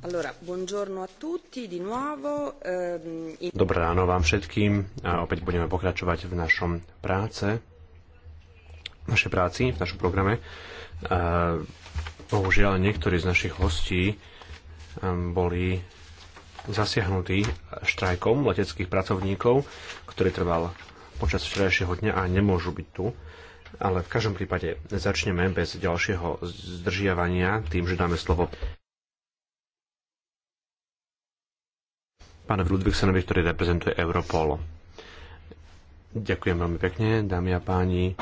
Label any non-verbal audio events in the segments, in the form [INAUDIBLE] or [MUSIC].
Ehm, Dobré ráno vám všetkým a opäť budeme pokračovať v našom práce, v našej práci, v našom programe. Bohužiaľ, niektorí z našich hostí ehm, boli zasiahnutí štrajkom leteckých pracovníkov, ktorý trval počas včerajšieho dňa a nemôžu byť tu. Ale v každom prípade začneme bez ďalšieho zdržiavania tým, že dáme slovo pánovi Ludvíksenovi, ktorý reprezentuje Europol. Ďakujem veľmi pekne, dámy a páni.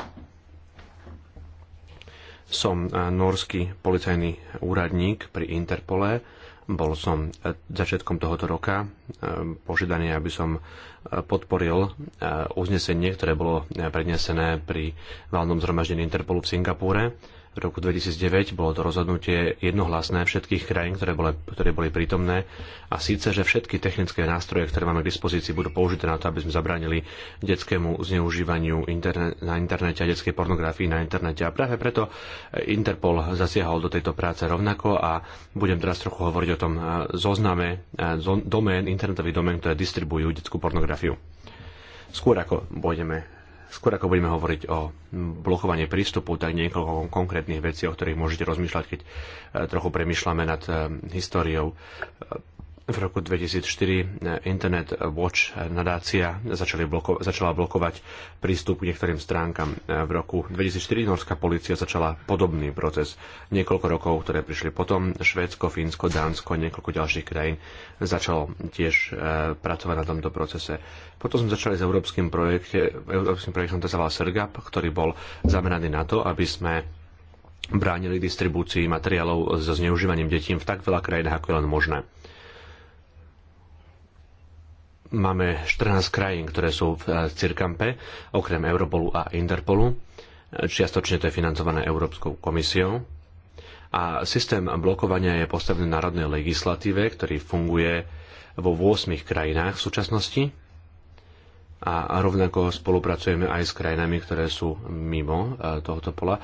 Som eh, norský policajný úradník pri Interpole. Bol som eh, začiatkom tohoto roka eh, požiadaný, aby som podporil uznesenie, ktoré bolo prednesené pri valnom zhromaždení Interpolu v Singapúre v roku 2009 bolo to rozhodnutie jednohlasné všetkých krajín, ktoré, boli, ktoré boli prítomné a síce, že všetky technické nástroje, ktoré máme k dispozícii, budú použité na to, aby sme zabránili detskému zneužívaniu interne- na internete a detskej pornografii na internete. A práve preto Interpol zasiahol do tejto práce rovnako a budem teraz trochu hovoriť o tom zozname domén, internetový domén, ktoré distribujú detskú pornografiu. Skôr ako pôjdeme Skôr ako budeme hovoriť o blokovaní prístupu, tak niekoľko konkrétnych vecí, o ktorých môžete rozmýšľať, keď e, trochu premyšľame nad e, históriou v roku 2004 eh, Internet Watch eh, nadácia začala, bloko- začala blokovať prístup k niektorým stránkam. Eh, v roku 2004 norská policia začala podobný proces. Niekoľko rokov, ktoré prišli potom, Švédsko, Fínsko, Dánsko, niekoľko ďalších krajín začalo tiež pracovať na tomto procese. Potom sme začali s európskym, projekte, európskym projektom, ktorý sa volá Sergap, ktorý bol zameraný na to, aby sme bránili distribúcii materiálov so zneužívaním detí v tak veľa krajinách, ako je len možné. Máme 14 krajín, ktoré sú v e, Cirkampe, okrem Europolu a Interpolu. Čiastočne to je financované Európskou komisiou. A systém blokovania je postavený v národnej legislatíve, ktorý funguje vo 8 krajinách v súčasnosti a rovnako spolupracujeme aj s krajinami, ktoré sú mimo e, tohoto pola e,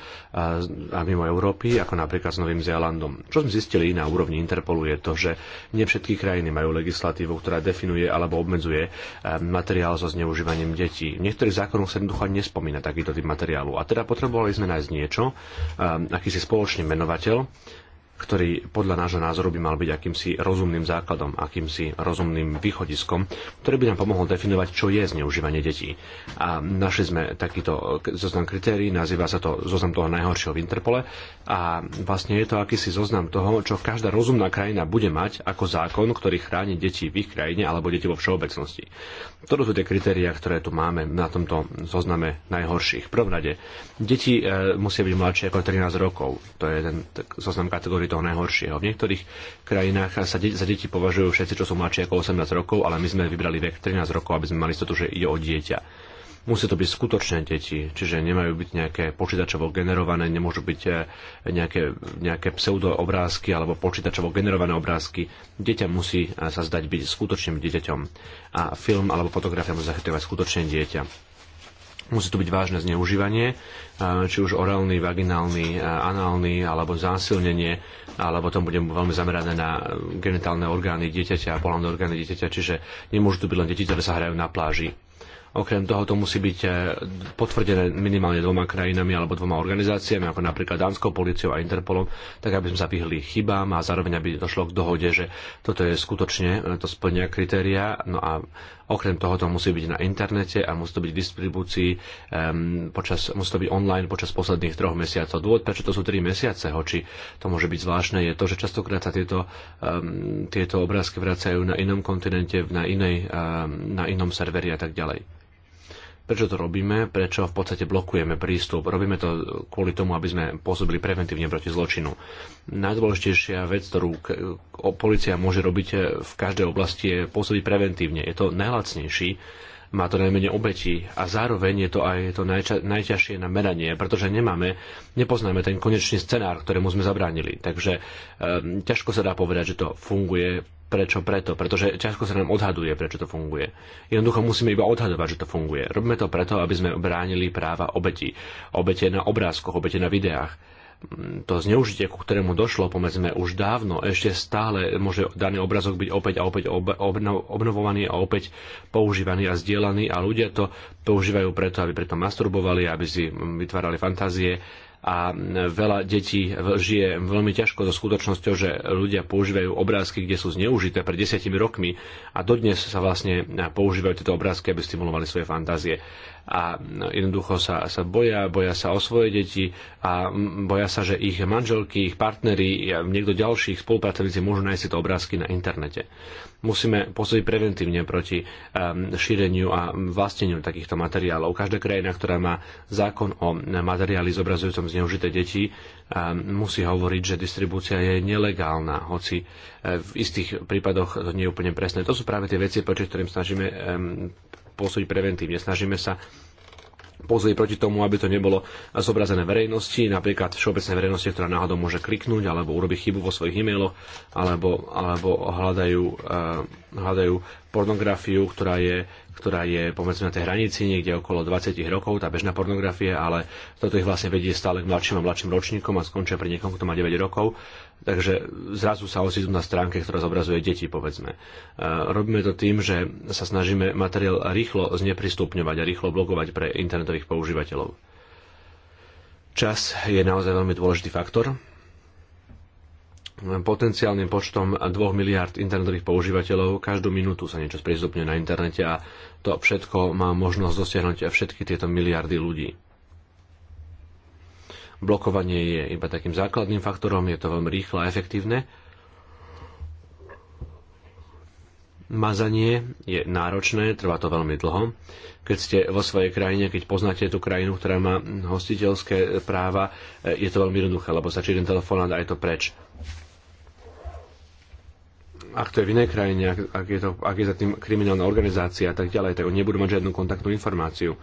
a mimo Európy, ako napríklad s Novým Zélandom. Čo sme zistili na úrovni Interpolu je to, že nie všetky krajiny majú legislatívu, ktorá definuje alebo obmedzuje e, materiál so zneužívaním detí. V niektorých zákonoch sa jednoducho nespomína takýto typ materiálu. A teda potrebovali sme nájsť niečo, akýsi spoločný menovateľ, ktorý podľa nášho názoru by mal byť akýmsi rozumným základom, akýmsi rozumným východiskom, ktorý by nám pomohol definovať, čo je zneužívanie detí. A našli sme takýto zoznam kritérií, nazýva sa to zoznam toho najhoršieho v Interpole a vlastne je to akýsi zoznam toho, čo každá rozumná krajina bude mať ako zákon, ktorý chráni deti v ich krajine alebo deti vo všeobecnosti. Toto sú tie kritériá, ktoré tu máme na tomto zozname najhorších. prvom rade, deti e, musia byť mladšie ako 13 rokov. To je ten zoznam kategórii toho najhoršieho. V niektorých krajinách sa de- za deti považujú všetci, čo sú mladšie ako 18 rokov, ale my sme vybrali vek 13 rokov, aby sme mali istotu, že ide o dieťa. Musí to byť skutočné deti, čiže nemajú byť nejaké počítačovo generované, nemôžu byť e, nejaké, nejaké pseudoobrázky alebo počítačovo generované obrázky. Dieťa musí e, sa zdať byť skutočným dieťaťom a film alebo fotografia musí zachytovať skutočné dieťa. Musí tu byť vážne zneužívanie, e, či už orálny, vaginálny, análny alebo zásilnenie, alebo tom budem veľmi zamerané na genitálne orgány dieťaťa a polávne orgány dieťaťa, čiže nemôžu tu byť len deti, ktoré sa hrajú na pláži. Okrem toho to musí byť eh, potvrdené minimálne dvoma krajinami alebo dvoma organizáciami, ako napríklad Dánskou policiou a Interpolom, tak aby sme sa vyhli chybám a zároveň aby došlo k dohode, že toto je skutočne, eh, to splňa kritéria. No a okrem toho to musí byť na internete a musí to byť v distribúcii, um, počas, musí to byť online počas posledných troch mesiacov. Dôvod, prečo to sú tri mesiace, hoči to môže byť zvláštne, je to, že častokrát sa tieto, um, tieto obrázky vracajú na inom kontinente, na, inej, um, na inom serveri a tak ďalej. Prečo to robíme? Prečo v podstate blokujeme prístup? Robíme to kvôli tomu, aby sme pôsobili preventívne proti zločinu. Najdôležitejšia vec, ktorú policia môže robiť v každej oblasti, je pôsobiť preventívne. Je to najlacnejší má to najmenej obetí a zároveň je to aj to najča- najťažšie na meranie, pretože nemáme, nepoznáme ten konečný scenár, ktorému sme zabránili. Takže e, ťažko sa dá povedať, že to funguje. Prečo preto? Pretože ťažko sa nám odhaduje, prečo to funguje. Jednoducho musíme iba odhadovať, že to funguje. Robíme to preto, aby sme bránili práva obetí. Obete na obrázkoch, obete na videách to zneužitie, ku ktorému došlo, povedzme, už dávno, ešte stále môže daný obrazok byť opäť a opäť obnovovaný a opäť používaný a zdieľaný a ľudia to používajú preto, aby preto masturbovali, aby si vytvárali fantázie a veľa detí žije veľmi ťažko so skutočnosťou, že ľudia používajú obrázky, kde sú zneužité pred desiatimi rokmi a dodnes sa vlastne používajú tieto obrázky, aby stimulovali svoje fantázie. A jednoducho sa, sa boja, boja sa o svoje deti a boja sa, že ich manželky, ich partnery, niekto ďalší, ich spolupracovníci môžu nájsť tieto obrázky na internete musíme pôsobiť preventívne proti ehm, šíreniu a vlasteniu takýchto materiálov. Každá krajina, ktorá má zákon o materiáli zobrazujúcom zneužité deti, ehm, musí hovoriť, že distribúcia je nelegálna, hoci e, v istých prípadoch to nie je úplne presné. To sú práve tie veci, proti ktorým snažíme ehm, pôsobiť preventívne. Snažíme sa Pozrie proti tomu, aby to nebolo zobrazené verejnosti, napríklad všeobecnej verejnosti, ktorá náhodou môže kliknúť alebo urobiť chybu vo svojich e-mailoch, alebo, alebo hľadajú, eh, hľadajú pornografiu, ktorá je ktorá je povedzme na tej hranici niekde okolo 20 rokov, tá bežná pornografia, ale toto ich vlastne vedie stále k mladším a mladším ročníkom a skončia pri niekom, kto má 9 rokov. Takže zrazu sa osídlu na stránke, ktorá zobrazuje deti, povedzme. E, robíme to tým, že sa snažíme materiál rýchlo zneprístupňovať a rýchlo blokovať pre internetových používateľov. Čas je naozaj veľmi dôležitý faktor potenciálnym počtom 2 miliard internetových používateľov. Každú minútu sa niečo sprístupňuje na internete a to všetko má možnosť dosiahnuť všetky tieto miliardy ľudí. Blokovanie je iba takým základným faktorom, je to veľmi rýchle a efektívne. Mazanie je náročné, trvá to veľmi dlho. Keď ste vo svojej krajine, keď poznáte tú krajinu, ktorá má hostiteľské práva, je to veľmi jednoduché, lebo stačí jeden telefonát a je to preč ak to je v inej krajine, ak, ak, je, to, ak je za tým kriminálna organizácia a tak ďalej, tak oni nebudú mať žiadnu kontaktnú informáciu.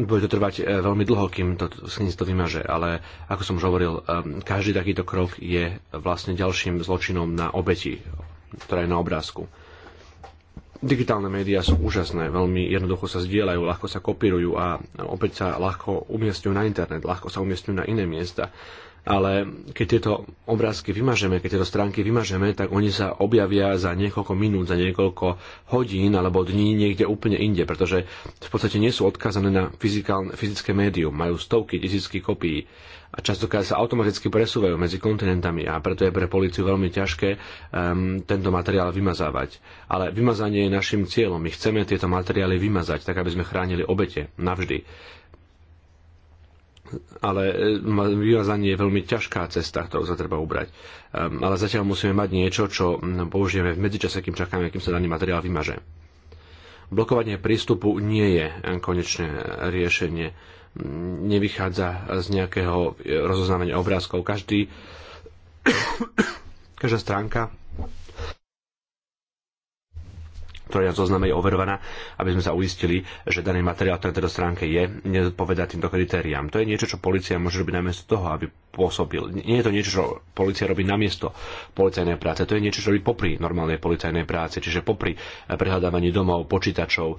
Bude to trvať e, veľmi dlho, kým to, s to vymaže, ale ako som už hovoril, e, každý takýto krok je vlastne ďalším zločinom na obeti, ktorá je na obrázku. Digitálne médiá sú úžasné, veľmi jednoducho sa zdieľajú, ľahko sa kopírujú a opäť sa ľahko umiestňujú na internet, ľahko sa umiestňujú na iné miesta ale keď tieto obrázky vymažeme, keď tieto stránky vymažeme, tak oni sa objavia za niekoľko minút, za niekoľko hodín alebo dní niekde úplne inde, pretože v podstate nie sú odkazané na fyzikálne, fyzické médium, majú stovky, tisícky kopií a častokrát sa automaticky presúvajú medzi kontinentami a preto je pre políciu veľmi ťažké um, tento materiál vymazávať. Ale vymazanie je našim cieľom. My chceme tieto materiály vymazať, tak aby sme chránili obete navždy ale e, vyvázanie je veľmi ťažká cesta, ktorú sa treba ubrať. Ehm, ale zatiaľ musíme mať niečo, čo použijeme v medzičase, kým čakáme, kým sa daný materiál vymaže. Blokovanie prístupu nie je e, konečné riešenie. Nevychádza z nejakého e, rozoznávania obrázkov. Každý, [COUGHS] každá stránka ktorá zozname je overovaná, aby sme sa uistili, že daný materiál, ktorý na tejto stránke je, nezodpovedá týmto kritériám. To je niečo, čo policia môže robiť namiesto toho, aby pôsobil. Nie je to niečo, čo policia robí namiesto policajnej práce. To je niečo, čo robí popri normálnej policajnej práci, čiže popri eh, prehľadávaní domov, počítačov eh,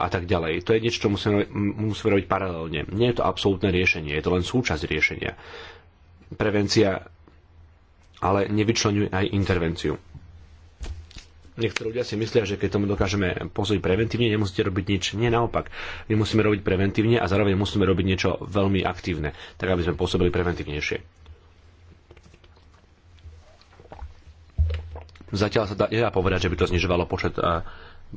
a tak ďalej. To je niečo, čo musíme, musíme robiť paralelne. Nie je to absolútne riešenie, je to len súčasť riešenia. Prevencia ale nevyčlenuje aj intervenciu. Niektorí ľudia si myslia, že keď tomu dokážeme pozrieť preventívne, nemusíte robiť nič. Nie naopak. My musíme robiť preventívne a zároveň musíme robiť niečo veľmi aktívne, tak aby sme pôsobili preventívnejšie. Zatiaľ sa dá, nedá povedať, že by to znižovalo počet uh,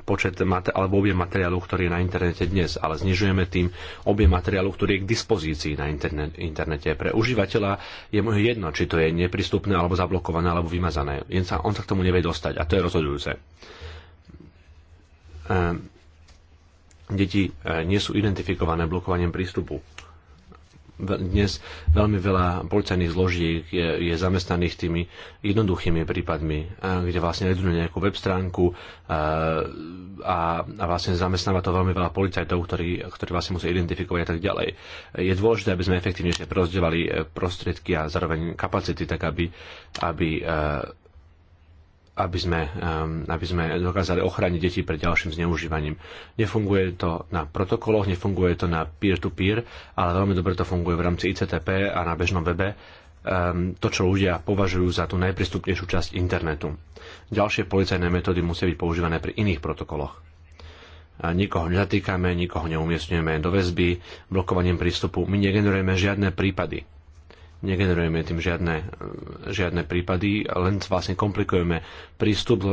počet alebo objem materiálu, ktorý je na internete dnes, ale znižujeme tým objem materiálu, ktorý je k dispozícii na interne- internete. Pre užívateľa je mu jedno, či to je neprístupné, alebo zablokované, alebo vymazané. Jen sa, on sa k tomu nevie dostať a to je rozhodujúce. Ehm, deti eh, nie sú identifikované blokovaním prístupu dnes veľmi veľa policajných zložiek je, je zamestnaných tými jednoduchými prípadmi, eh, kde vlastne vedú nejakú web stránku eh, a, a vlastne zamestnáva to veľmi veľa policajtov, ktorí, ktorí vlastne musia identifikovať a tak ďalej. Je dôležité, aby sme efektívnejšie prerozdeľovali eh, prostriedky a zároveň kapacity, tak aby, aby aby sme, ehm, aby sme dokázali ochrániť deti pred ďalším zneužívaním. Nefunguje to na protokoloch, nefunguje to na peer-to-peer, -peer, ale veľmi dobre to funguje v rámci ICTP a na bežnom webe, ehm, to, čo ľudia považujú za tú najprístupnejšiu časť internetu. Ďalšie policajné metódy musia byť používané pri iných protokoloch. Nikoho nezatýkame, nikoho neumiestňujeme do väzby, blokovaním prístupu my negenerujeme žiadne prípady negenerujeme tým žiadne, žiadne prípady, len vlastne komplikujeme prístup e,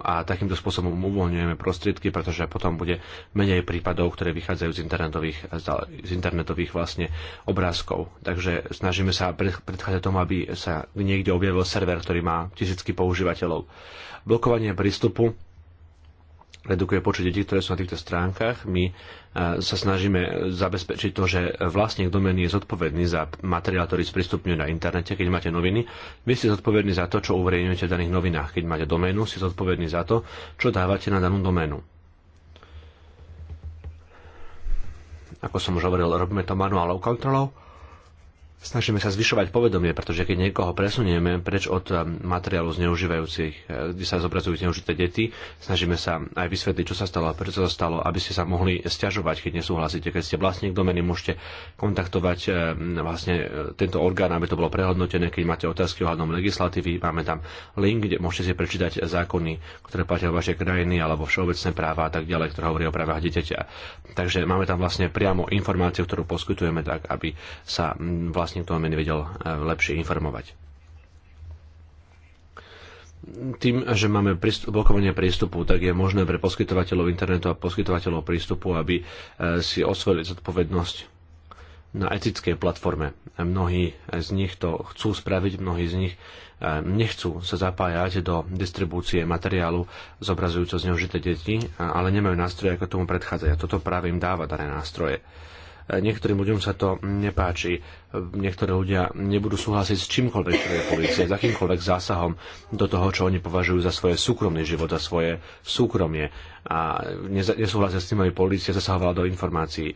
a takýmto spôsobom uvoľňujeme prostriedky, pretože potom bude menej prípadov, ktoré vychádzajú z internetových, z internetových vlastne obrázkov. Takže snažíme sa predchádzať tomu, aby sa niekde objavil server, ktorý má tisícky používateľov. Blokovanie prístupu redukuje počet detí, ktoré sú na týchto stránkach. My e, sa snažíme zabezpečiť to, že vlastník domény je zodpovedný za materiál, ktorý sprístupňuje na internete, keď máte noviny. Vy ste zodpovední za to, čo uverejňujete v daných novinách. Keď máte doménu, ste zodpovední za to, čo dávate na danú doménu. Ako som už hovoril, robíme to manuálnou kontrolou snažíme sa zvyšovať povedomie, pretože keď niekoho presunieme preč od um, materiálu zneužívajúcich, eh, kde sa zobrazujú zneužité deti, snažíme sa aj vysvetliť, čo sa stalo a prečo sa stalo, aby ste sa mohli stiažovať, keď nesúhlasíte. Keď ste vlastník domeny, môžete kontaktovať eh, vlastne eh, tento orgán, aby to bolo prehodnotené. Keď máte otázky ohľadom legislatívy, máme tam link, kde môžete si prečítať zákony, ktoré platia o vašej krajiny alebo všeobecné práva a tak ďalej, ktoré hovoria o právach dieťaťa. Takže máme tam vlastne priamo informáciu, ktorú poskytujeme tak, aby sa mm, vlastne vlastne kto mene vedel eh, lepšie informovať. Tým, že máme blokovanie prístupu, tak je možné pre poskytovateľov internetu a poskytovateľov prístupu, aby eh, si osvojili zodpovednosť na etickej platforme. Mnohí z nich to chcú spraviť, mnohí z nich eh, nechcú sa zapájať do distribúcie materiálu zobrazujúco zneužité deti, ale nemajú nástroje, ako tomu predchádzať. A toto práve im dáva dané nástroje. Niektorým ľuďom sa to nepáči. Niektorí ľudia nebudú súhlasiť s čímkoľvek, čo je policie, s akýmkoľvek zásahom do toho, čo oni považujú za svoje súkromný život a svoje súkromie. A nesúhlasia s tým, aby policia zasahovala do informácií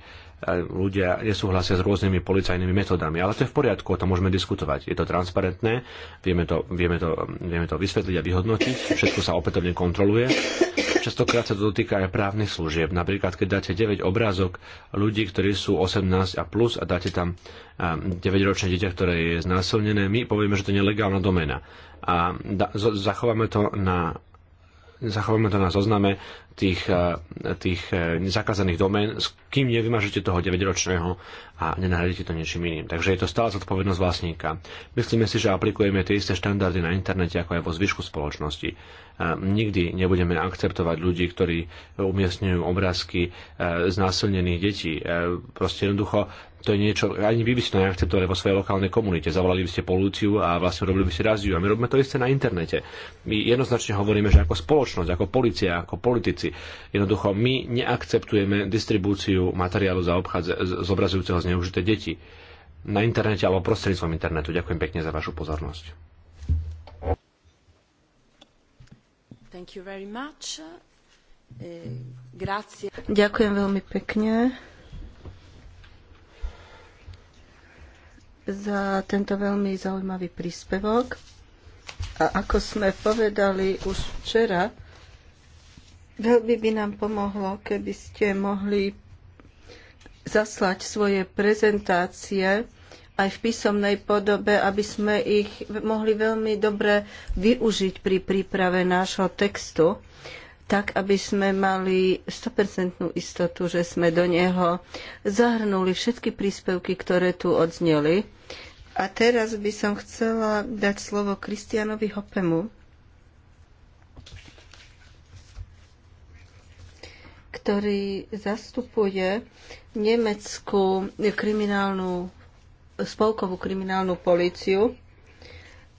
ľudia nesúhlasia s rôznymi policajnými metodami. Ale to je v poriadku, o tom môžeme diskutovať. Je to transparentné, vieme to, vieme to, vieme to vysvetliť a vyhodnotiť, všetko sa opätovne kontroluje Častokrát sa to dotýka aj právnych služieb. Napríklad, keď dáte 9 obrázok ľudí, ktorí sú 18 a plus a dáte tam 9-ročné um, dieťa, ktoré je znásilnené, my povieme, že to je nelegálna domena. A zachováme to na zachovujeme to na zozname tých, eh, tých eh, zakázaných domén, kým nevymažete toho 9-ročného a nenahradíte to niečím iným. Takže je to stále zodpovednosť vlastníka. Myslíme si, že aplikujeme tie isté štandardy na internete ako aj vo zvyšku spoločnosti. Eh, nikdy nebudeme akceptovať ľudí, ktorí umiestňujú obrázky znásilnených detí. Proste jednoducho to je niečo, ani vy by ste to neakceptovali vo svojej lokálnej komunite. Zavolali by ste polúciu a vlastne robili by ste raziu. A my robíme to isté na internete. My jednoznačne hovoríme, že ako spoločnosť, ako policia, ako politici, jednoducho my neakceptujeme distribúciu materiálu za obchádz- zobrazujúceho zneužité deti na internete alebo prostredníctvom internetu. Ďakujem pekne za vašu pozornosť. Thank you very much. Eh, hmm. grazie. Ďakujem veľmi pekne. za tento veľmi zaujímavý príspevok. A ako sme povedali už včera, veľmi by nám pomohlo, keby ste mohli zaslať svoje prezentácie aj v písomnej podobe, aby sme ich mohli veľmi dobre využiť pri príprave nášho textu tak aby sme mali 100% istotu, že sme do neho zahrnuli všetky príspevky, ktoré tu odzneli. A teraz by som chcela dať slovo Kristianovi Hopemu, ktorý zastupuje nemeckú kriminálnu, spolkovú kriminálnu políciu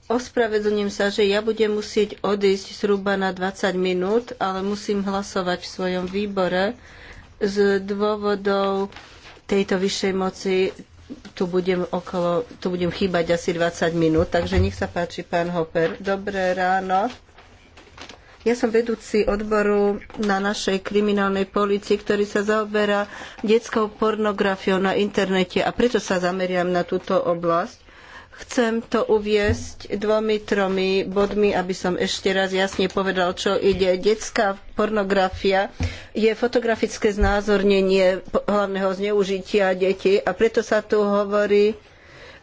Ospravedlňujem sa, že ja budem musieť odísť zhruba na 20 minút, ale musím hlasovať v svojom výbore. Z dôvodov tejto vyššej moci tu budem, okolo, tu budem chýbať asi 20 minút, takže nech sa páči, pán Hopper. Dobré ráno. Ja som vedúci odboru na našej kriminálnej polícii, ktorý sa zaoberá detskou pornografiou na internete a preto sa zameriam na túto oblasť. Chcem to uviesť dvomi, tromi bodmi, aby som ešte raz jasne povedal, čo ide. Detská pornografia je fotografické znázornenie hlavného zneužitia detí a preto sa tu hovorí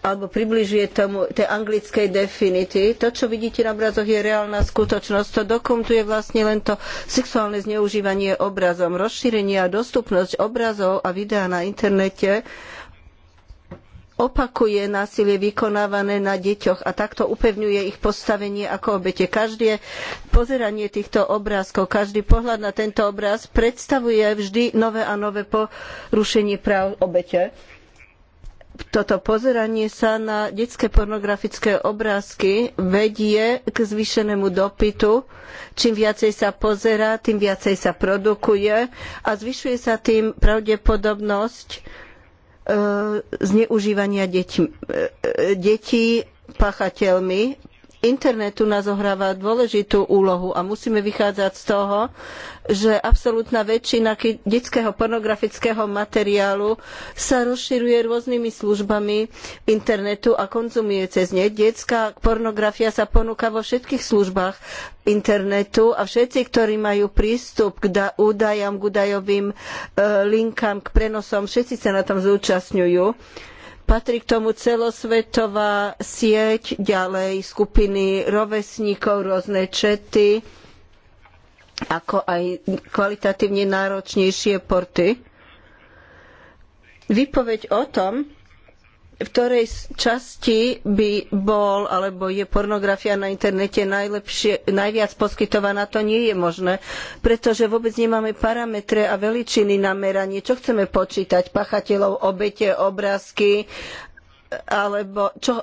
alebo približuje tomu tej anglickej definity. To, čo vidíte na obrazoch, je reálna skutočnosť. To dokumentuje vlastne len to sexuálne zneužívanie obrazom. Rozšírenie a dostupnosť obrazov a videa na internete opakuje násilie vykonávané na deťoch a takto upevňuje ich postavenie ako obete. Každé pozeranie týchto obrázkov, každý pohľad na tento obraz predstavuje vždy nové a nové porušenie práv obete. Toto pozeranie sa na detské pornografické obrázky vedie k zvýšenému dopytu. Čím viacej sa pozerá, tým viacej sa produkuje a zvyšuje sa tým pravdepodobnosť E, zneužívania detí, e, e, detí pachateľmi internet tu nás zohráva dôležitú úlohu a musíme vychádzať z toho, že absolútna väčšina detského pornografického materiálu sa rozširuje rôznymi službami internetu a konzumuje cez ne. Detská pornografia sa ponúka vo všetkých službách internetu a všetci, ktorí majú prístup k údajom, k údajovým e, linkám, k prenosom, všetci sa na tom zúčastňujú. Patrí k tomu celosvetová sieť, ďalej skupiny rovesníkov, rôzne čety, ako aj kvalitatívne náročnejšie porty. Výpoveď o tom, v ktorej časti by bol alebo je pornografia na internete najlepšie, najviac poskytovaná, to nie je možné, pretože vôbec nemáme parametre a veličiny na meranie, čo chceme počítať, pachateľov, obete, obrázky, alebo čo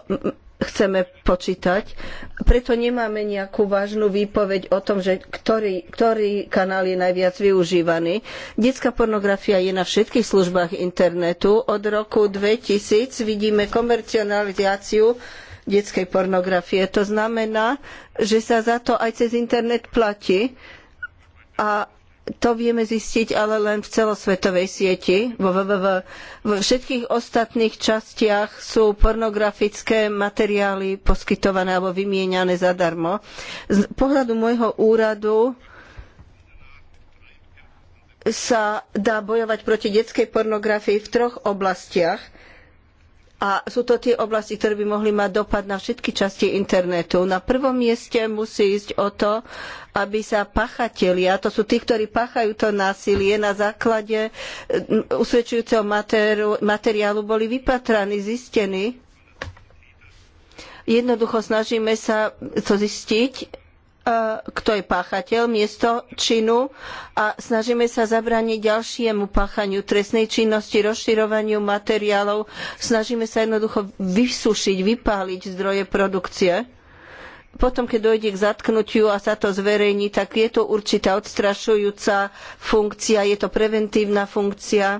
chceme počítať. Preto nemáme nejakú vážnu výpoveď o tom, že ktorý, ktorý kanál je najviac využívaný. Detská pornografia je na všetkých službách internetu. Od roku 2000 vidíme komercionalizáciu detskej pornografie. To znamená, že sa za to aj cez internet platí. A to vieme zistiť ale len v celosvetovej sieti. Vo, všetkých ostatných častiach sú pornografické materiály poskytované alebo vymieňané zadarmo. Z pohľadu môjho úradu sa dá bojovať proti detskej pornografii v troch oblastiach. A sú to tie oblasti, ktoré by mohli mať dopad na všetky časti internetu. Na prvom mieste musí ísť o to, aby sa pachatelia, to sú tí, ktorí páchajú to násilie, na základe mm, usvedčujúceho materiálu boli vypatraní, zistení. Jednoducho snažíme sa to zistiť E, kto je páchateľ, miesto činu a snažíme sa zabrániť ďalšiemu páchaniu trestnej činnosti, rozširovaniu materiálov. Snažíme sa jednoducho vysušiť, vypáliť zdroje produkcie. Potom, keď dojde k zatknutiu a sa to zverejní, tak je to určitá odstrašujúca funkcia, je to preventívna funkcia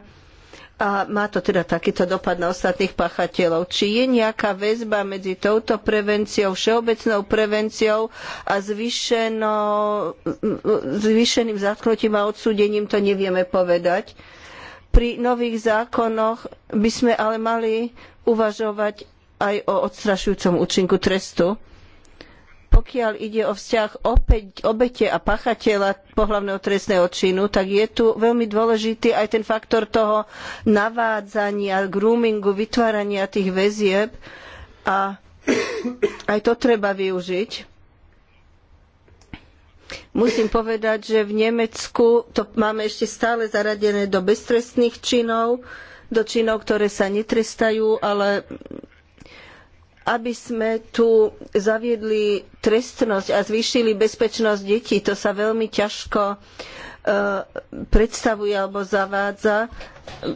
a má to teda takýto dopad na ostatných pachateľov. Či je nejaká väzba medzi touto prevenciou, všeobecnou prevenciou a zvýšeným zatknutím a odsúdením, to nevieme povedať. Pri nových zákonoch by sme ale mali uvažovať aj o odstrašujúcom účinku trestu pokiaľ ide o vzťah opäť, obete a pachateľa pohlavného trestného činu, tak je tu veľmi dôležitý aj ten faktor toho navádzania, groomingu, vytvárania tých väzieb a aj to treba využiť. Musím povedať, že v Nemecku to máme ešte stále zaradené do beztrestných činov, do činov, ktoré sa netrestajú, ale aby sme tu zaviedli trestnosť a zvýšili bezpečnosť detí. To sa veľmi ťažko e, predstavuje alebo zavádza.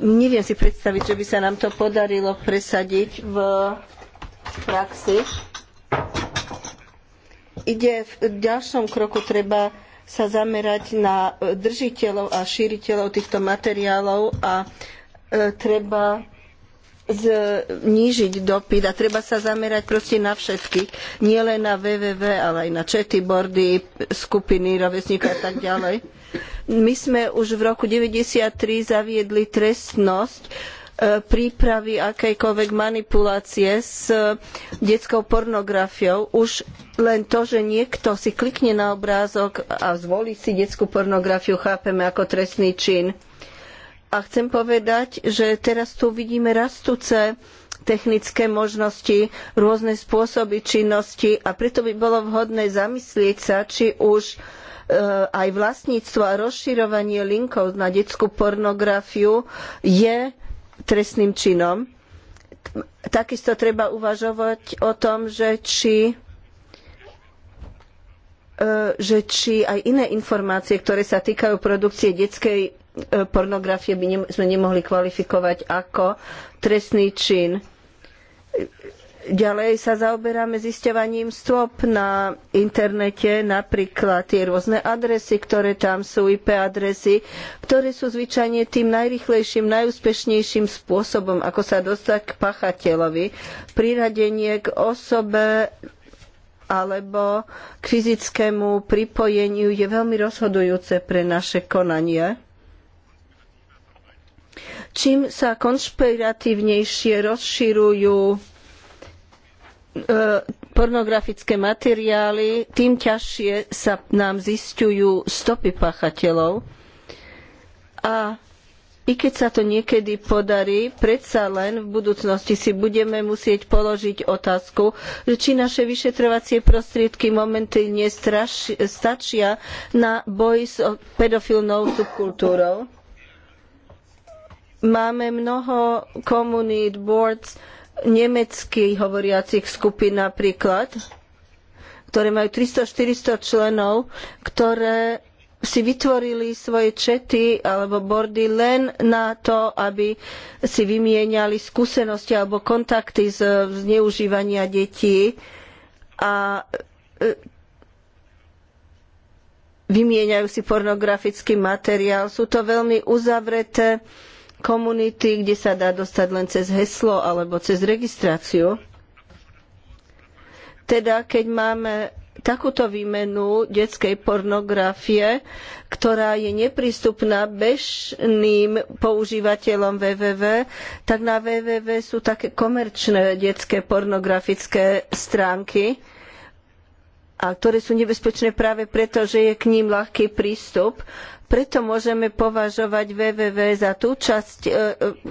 Neviem si predstaviť, že by sa nám to podarilo presadiť v praxi. Ide v ďalšom kroku treba sa zamerať na držiteľov a šíriteľov týchto materiálov a e, treba znížiť dopyt a treba sa zamerať proste na všetkých. Nie len na www, ale aj na boardy, skupiny rovesníkov a tak ďalej. My sme už v roku 1993 zaviedli trestnosť e, prípravy akejkoľvek manipulácie s e, detskou pornografiou. Už len to, že niekto si klikne na obrázok a zvolí si detskú pornografiu, chápeme ako trestný čin a chcem povedať, že teraz tu vidíme rastúce technické možnosti, rôzne spôsoby činnosti a preto by bolo vhodné zamyslieť sa, či už e, aj vlastníctvo a rozširovanie linkov na detskú pornografiu je trestným činom. Takisto treba uvažovať o tom, že či e, že či aj iné informácie, ktoré sa týkajú produkcie detskej E, pornografie by sme nemohli kvalifikovať ako trestný čin. Ďalej sa zaoberáme zisťovaním stôp na internete, napríklad tie rôzne adresy, ktoré tam sú, IP adresy, ktoré sú zvyčajne tým najrychlejším, najúspešnejším spôsobom, ako sa dostať k pachateľovi. Priradenie k osobe alebo k fyzickému pripojeniu je veľmi rozhodujúce pre naše konanie. Čím sa konšpiratívnejšie rozširujú e, pornografické materiály, tým ťažšie sa nám zisťujú stopy páchateľov. A i keď sa to niekedy podarí, predsa len v budúcnosti si budeme musieť položiť otázku, že či naše vyšetrovacie prostriedky momentálne stačia na boj s pedofilnou subkultúrou Máme mnoho komunít, boards, nemeckých hovoriacich skupín napríklad, ktoré majú 300-400 členov, ktoré si vytvorili svoje čety alebo bordy len na to, aby si vymieniali skúsenosti alebo kontakty z zneužívania detí a e, vymieňajú si pornografický materiál. Sú to veľmi uzavreté komunity, kde sa dá dostať len cez heslo alebo cez registráciu. Teda keď máme takúto výmenu detskej pornografie, ktorá je neprístupná bežným používateľom www, tak na www sú také komerčné detské pornografické stránky, a ktoré sú nebezpečné práve preto, že je k ním ľahký prístup preto môžeme považovať www za tú časť e, e,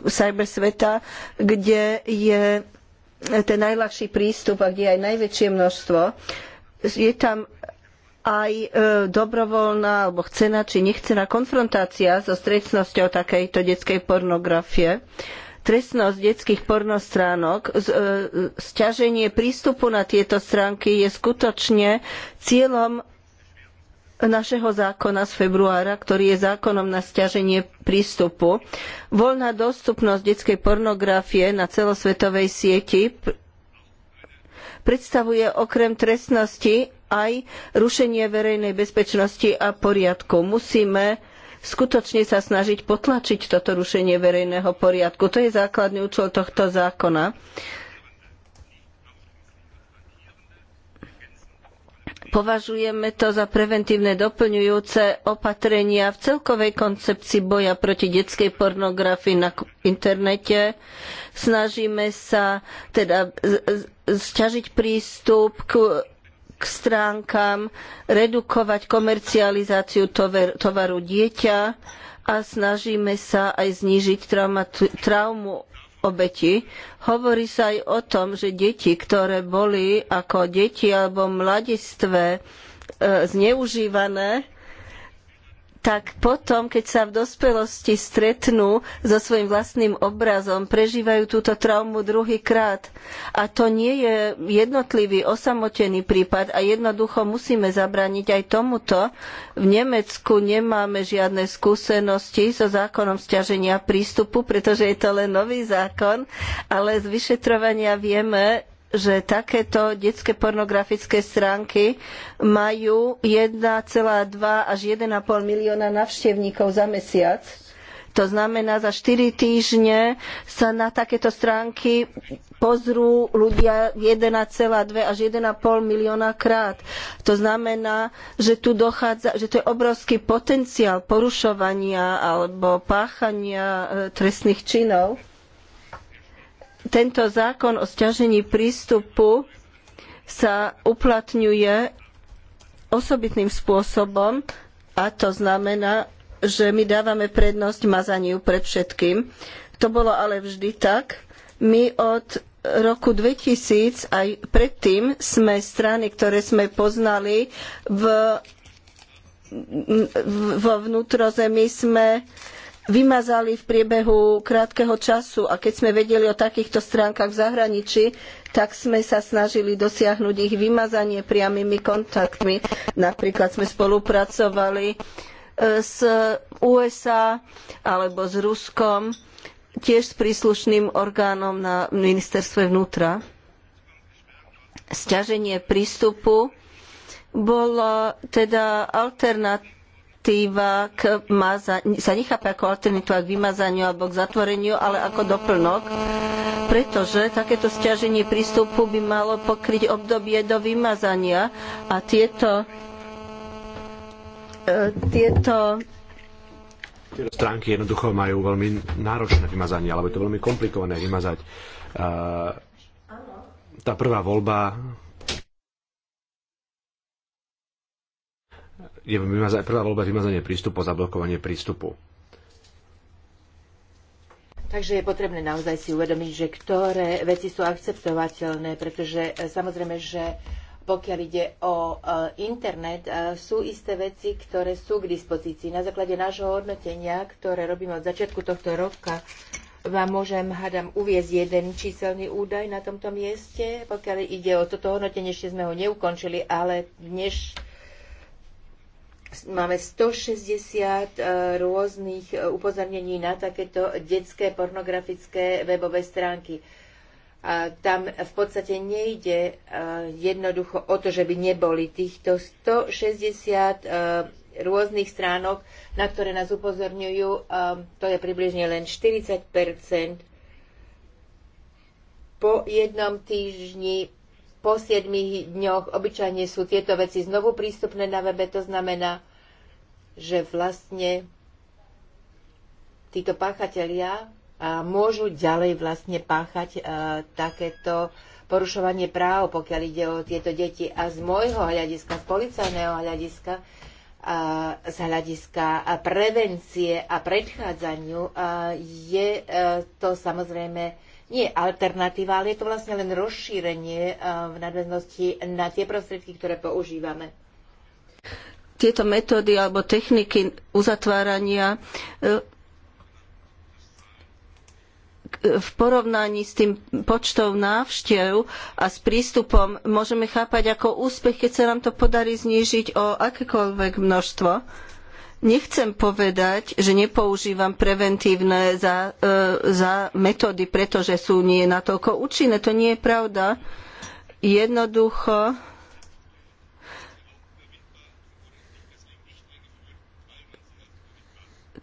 cybersveta, kde je ten najľahší prístup a kde je aj najväčšie množstvo. Je tam aj e, dobrovoľná alebo chcená či nechcená konfrontácia so strecnosťou takejto detskej pornografie trestnosť detských pornostránok, e, sťaženie prístupu na tieto stránky je skutočne cieľom našeho zákona z februára, ktorý je zákonom na stiaženie prístupu. Voľná dostupnosť detskej pornografie na celosvetovej sieti predstavuje okrem trestnosti aj rušenie verejnej bezpečnosti a poriadku. Musíme skutočne sa snažiť potlačiť toto rušenie verejného poriadku. To je základný účel tohto zákona. Uh, Považujeme to za preventívne doplňujúce opatrenia v celkovej koncepcii boja proti detskej pornografii na internete. Snažíme sa teda sťažiť prístup k k stránkam, redukovať komercializáciu tover, tovaru dieťa a snažíme sa aj znížiť traumu obeti. Hovorí sa aj o tom, že deti, ktoré boli ako deti alebo mladistve e, zneužívané, tak potom, keď sa v dospelosti stretnú so svojím vlastným obrazom, prežívajú túto traumu druhýkrát. A to nie je jednotlivý, osamotený prípad a jednoducho musíme zabrániť aj tomuto. V Nemecku nemáme žiadne skúsenosti so zákonom stiaženia prístupu, pretože je to len nový zákon, ale z vyšetrovania vieme, že takéto detské pornografické stránky majú 1,2 až 1,5 milióna navštevníkov za mesiac. To znamená, za 4 týždne sa na takéto stránky pozrú ľudia 1,2 až 1,5 milióna krát. To znamená, že tu dochádza, že to je obrovský potenciál porušovania alebo páchania e, trestných činov tento zákon o stiažení prístupu sa uplatňuje osobitným spôsobom a to znamená, že my dávame prednosť mazaniu pred všetkým. To bolo ale vždy tak. My od roku 2000 aj predtým sme strany, ktoré sme poznali v, vo vnútrozemí sme vymazali v priebehu krátkeho času a keď sme vedeli o takýchto stránkach v zahraničí, tak sme sa snažili dosiahnuť ich vymazanie priamými kontaktmi. Napríklad sme spolupracovali e, s USA alebo s Ruskom, tiež s príslušným orgánom na ministerstve vnútra. Sťaženie prístupu bolo teda alternat- alternatíva k maza- sa nechápe ako alternatíva k vymazaniu alebo k zatvoreniu, ale ako doplnok, pretože takéto stiaženie prístupu by malo pokryť obdobie do vymazania a tieto e, tieto tieto stránky jednoducho majú veľmi náročné vymazanie, alebo je to veľmi komplikované vymazať. E, tá prvá voľba je vymaza- prvá voľba vymazanie prístupu, zablokovanie prístupu. Takže je potrebné naozaj si uvedomiť, že ktoré veci sú akceptovateľné, pretože e, samozrejme, že pokiaľ ide o e, internet, e, sú isté veci, ktoré sú k dispozícii. Na základe nášho hodnotenia, ktoré robíme od začiatku tohto roka, vám môžem, hádam, uviezť jeden číselný údaj na tomto mieste. Pokiaľ ide o toto hodnotenie, ešte sme ho neukončili, ale dnes Máme 160 e, rôznych e, upozornení na takéto detské pornografické webové stránky. tam v podstate nejde e, jednoducho o to, že by neboli týchto 160 rôznych stránok, na ktoré nás upozorňujú, to je približne len 40 Po jednom týždni po 7 dňoch obyčajne sú tieto veci znovu prístupné na webe. To znamená, že vlastne títo páchatelia môžu ďalej vlastne páchať e, takéto porušovanie práv, pokiaľ ide o tieto deti. A z môjho hľadiska, z policajného hľadiska, a z hľadiska prevencie a predchádzaniu je e, to samozrejme nie je alternatíva, ale je to vlastne len rozšírenie eh, v nadväznosti na tie prostriedky, ktoré používame. Tieto metódy alebo techniky uzatvárania eh, eh, v porovnaní s tým počtom návštev a s prístupom môžeme chápať ako úspech, keď sa nám to podarí znížiť o akékoľvek množstvo. Nechcem povedať, že nepoužívam preventívne za, e, za metódy, pretože sú nie natoľko účinné. To nie je pravda. Jednoducho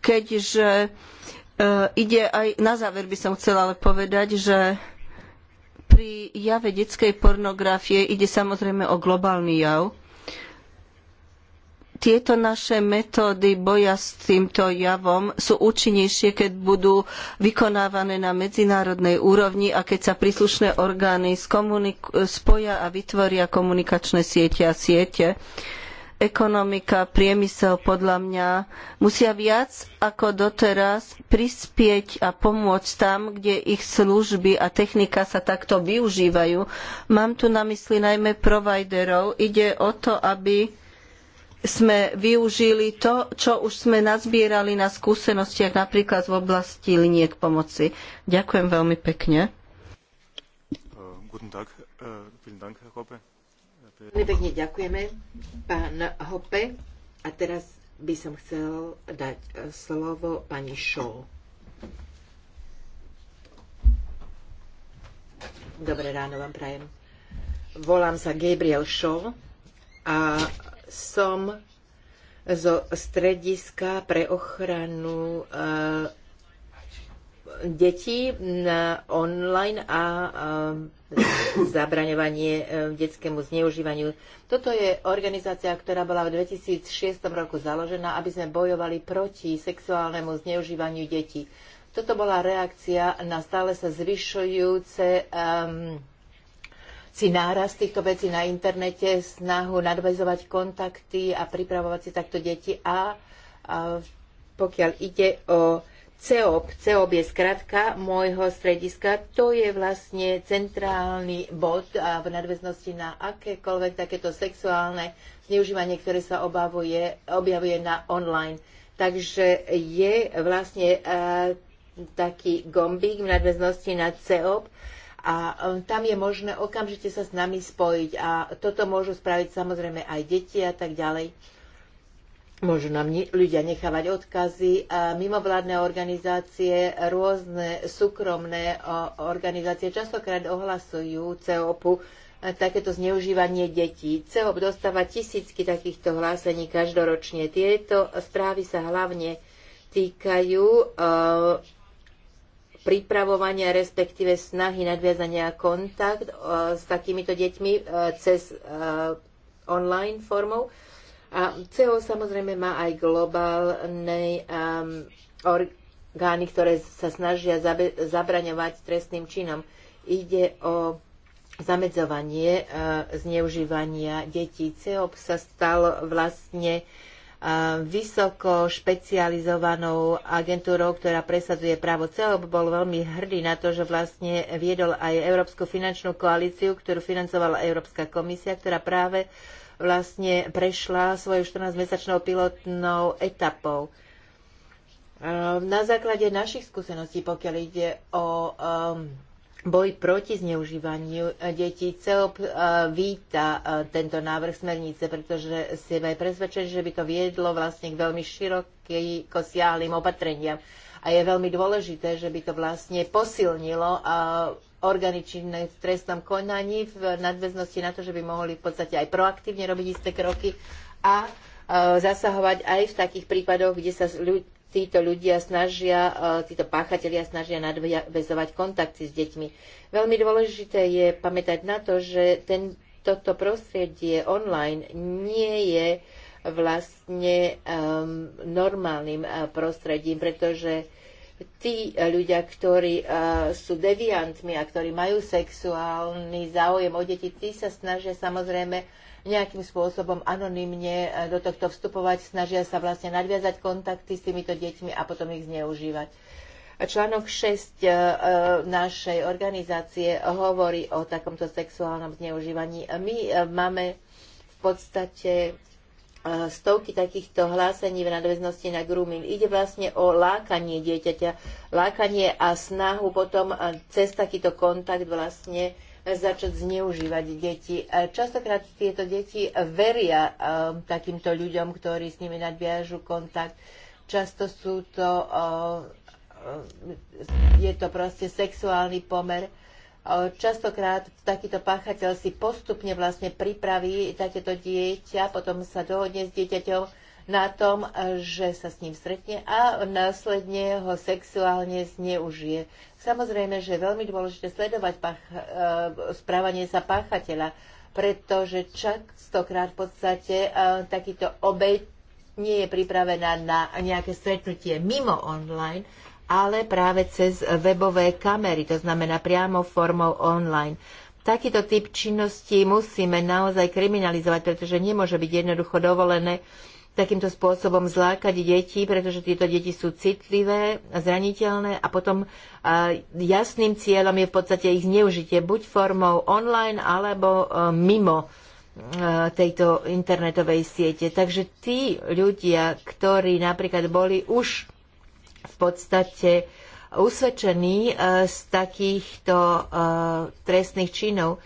keďže e, ide aj na záver by som chcela ale povedať, že pri jave detskej pornografie ide samozrejme o globálny jav tieto naše metódy boja s týmto javom sú účinnejšie, keď budú vykonávané na medzinárodnej úrovni a keď sa príslušné orgány spoja a vytvoria komunikačné siete a siete ekonomika, priemysel podľa mňa musia viac ako doteraz prispieť a pomôcť tam, kde ich služby a technika sa takto využívajú. Mám tu na mysli najmä providerov. Ide o to, aby sme využili to, čo už sme nazbierali na skúsenostiach napríklad v oblasti liniek pomoci. Ďakujem veľmi pekne. Eh, eh, veľmi pekne ďakujeme, pán Hope. A teraz by som chcel dať eh, slovo pani Šol. Dobré ráno vám prajem. Volám sa Gabriel Šol a som zo strediska pre ochranu eh, detí na online a eh, zabraňovanie eh, detskému zneužívaniu. Toto je organizácia, ktorá bola v 2006 roku založená, aby sme bojovali proti sexuálnemu zneužívaniu detí. Toto bola reakcia na stále sa zvyšujúce um, si náraz týchto vecí na internete, snahu nadvezovať kontakty a pripravovať si takto deti. A, a pokiaľ ide o CEOP, CEOP je skratka môjho strediska, to je vlastne centrálny bod a v nadväznosti na akékoľvek takéto sexuálne zneužívanie, ktoré sa obavuje, objavuje na online. Takže je vlastne uh, taký gombík v nadväznosti na CEOP, a um, tam je možné okamžite sa s nami spojiť a toto môžu spraviť samozrejme aj deti a tak ďalej. Môžu nám ľudia nechávať odkazy. mimovládne organizácie, rôzne súkromné organizácie častokrát ohlasujú COPu e, takéto zneužívanie detí. COP dostáva tisícky takýchto hlásení každoročne. Tieto správy sa hlavne týkajú uh, pripravovania, respektíve snahy nadviazania kontakt e, s takýmito deťmi e, cez e, online formou. A CEO samozrejme má aj globálne orgány, ktoré sa snažia zabraňovať trestným činom. Ide o zamedzovanie zneužívania detí. CO sa stal vlastne vysoko špecializovanou agentúrou, ktorá presadzuje právo celého, bol veľmi hrdý na to, že vlastne viedol aj Európsku finančnú koalíciu, ktorú financovala Európska komisia, ktorá práve vlastne prešla svojou 14-mesačnou pilotnou etapou. Ehm, na základe našich skúseností, pokiaľ ide o um, boj proti zneužívaniu detí. celop eh, víta eh, tento návrh smernice, pretože si aj presvedčený, že by to viedlo vlastne k veľmi širokým kosiálnym opatreniam. A je veľmi dôležité, že by to vlastne posilnilo eh, orgány činné v trestnom konaní v nadväznosti na to, že by mohli v podstate aj proaktívne robiť isté kroky a zasahovať aj v takých prípadoch, kde sa ľudia títo ľudia snažia, e, títo páchatelia snažia nadväzovať kontakty s deťmi. Veľmi dôležité je pamätať na to, že ten, toto prostredie online nie je vlastne um, normálnym e, prostredím, pretože tí ľudia, ktorí uh, sú deviantmi a ktorí majú sexuálny záujem o deti, tí sa snažia samozrejme nejakým spôsobom anonymne e, do tohto vstupovať, snažia sa vlastne nadviazať kontakty s týmito deťmi a potom ich zneužívať. Článok 6 e, e, našej organizácie hovorí o takomto sexuálnom zneužívaní. My máme v podstate stovky takýchto hlásení v nadväznosti na grooming. Ide vlastne o lákanie dieťaťa, lákanie a snahu potom cez takýto kontakt vlastne začať zneužívať deti. Častokrát tieto deti veria um, takýmto ľuďom, ktorí s nimi nadviažú kontakt. Často sú to, um, je to proste sexuálny pomer. Častokrát takýto páchateľ si postupne vlastne pripraví takéto dieťa, potom sa dohodne s dieťaťom, na tom, že sa s ním stretne a následne ho sexuálne zneužije. Samozrejme, že je veľmi dôležité sledovať pach, e, správanie sa páchateľa, pretože čak stokrát v podstate e, takýto obeď nie je pripravená na nejaké stretnutie mimo online, ale práve cez webové kamery, to znamená priamo formou online. Takýto typ činnosti musíme naozaj kriminalizovať, pretože nemôže byť jednoducho dovolené uh, takýmto spôsobom zlákať deti, pretože tieto deti sú citlivé, zraniteľné a potom jasným cieľom je v podstate ich zneužitie buď formou online alebo e, mimo e, tejto internetovej siete. Takže tí ľudia, ktorí napríklad boli už v podstate usvedčení e, z takýchto trestných činov,